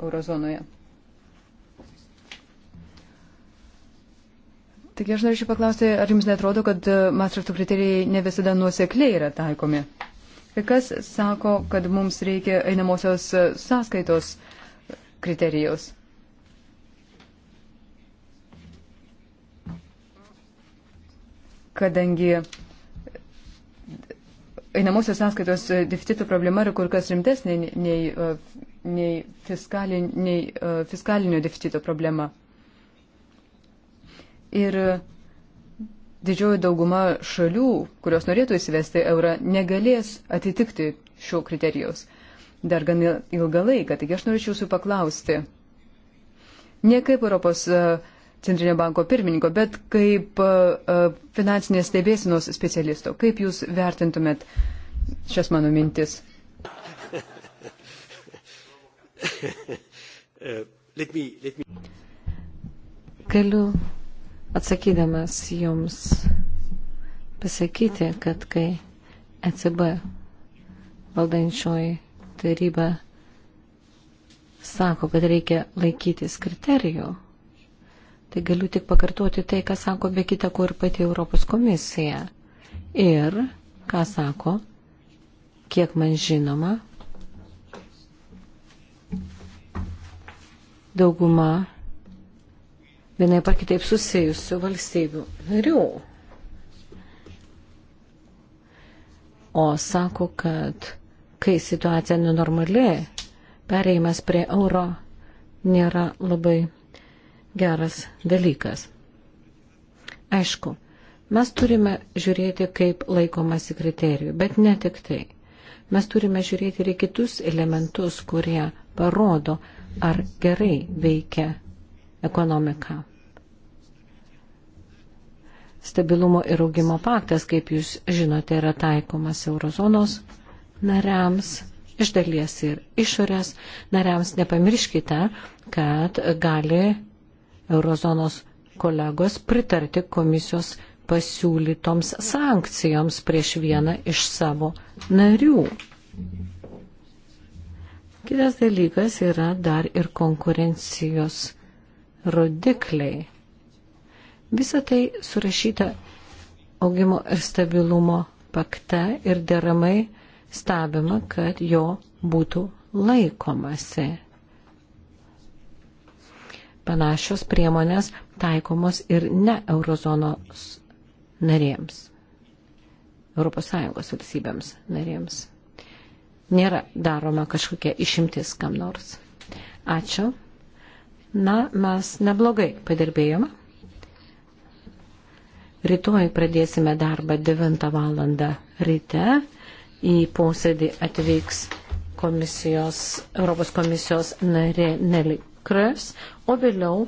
eurozonoje? Taigi aš norėčiau paklausti, ar jums netrodo, kad uh, Maastrichto kriterijai ne visada nuosekliai yra taikomi? Uh, Kai kas sako, kad mums reikia einamosios e, sąskaitos kriterijos. Kadangi einamosios sąskaitos e, deficito problema yra kur kas rimtesnė nei, nei, fiskalin, e, nei fiskalinio deficito problema. Ir didžioji dauguma šalių, kurios norėtų įsivesti eurą, negalės atitikti šio kriterijaus. Dar gan ilgą laiką, taigi aš norėčiau jūsų paklausti. Ne kaip Europos e, Centrinio banko pirmininko, bet kaip e, finansinės stebėsinos specialisto. Kaip jūs vertintumėt šias mano mintis? [LAUGHS] Uh, Galiu atsakydamas jums pasakyti, kad kai ECB valdančioji taryba sako, kad reikia laikytis kriterijų, tai galiu tik pakartoti tai, ką sako be kita ko ir pati Europos komisija. Ir ką sako, kiek man žinoma, dauguma vienai par kitaip susijusių valstybių narių. O sako, kad kai situacija nenormali, pereimas prie euro nėra labai geras dalykas. Aišku, mes turime žiūrėti, kaip laikomasi kriterijų, bet ne tik tai. Mes turime žiūrėti ir kitus elementus, kurie parodo, ar gerai veikia ekonomiką. Stabilumo ir augimo paktas, kaip jūs žinote, yra taikomas eurozonos nariams, iš dalies ir išorės nariams. Nepamirškite, kad gali eurozonos kolegos pritarti komisijos pasiūlytoms sankcijoms prieš vieną iš savo narių. Kitas dalykas yra dar ir konkurencijos rodikliai. Visą tai surašyta augimo ir stabilumo pakte ir deramai stebima, kad jo būtų laikomasi. Panašios priemonės taikomos ir ne eurozonos narėms, ES valstybėms narėms. Nėra daroma kažkokia išimtis kam nors. Ačiū. Na, mes neblogai padirbėjome. Rytoj pradėsime darbą 9 val. ryte. Į posėdį atvyks komisijos, Europos komisijos narė Nelly Kres, o vėliau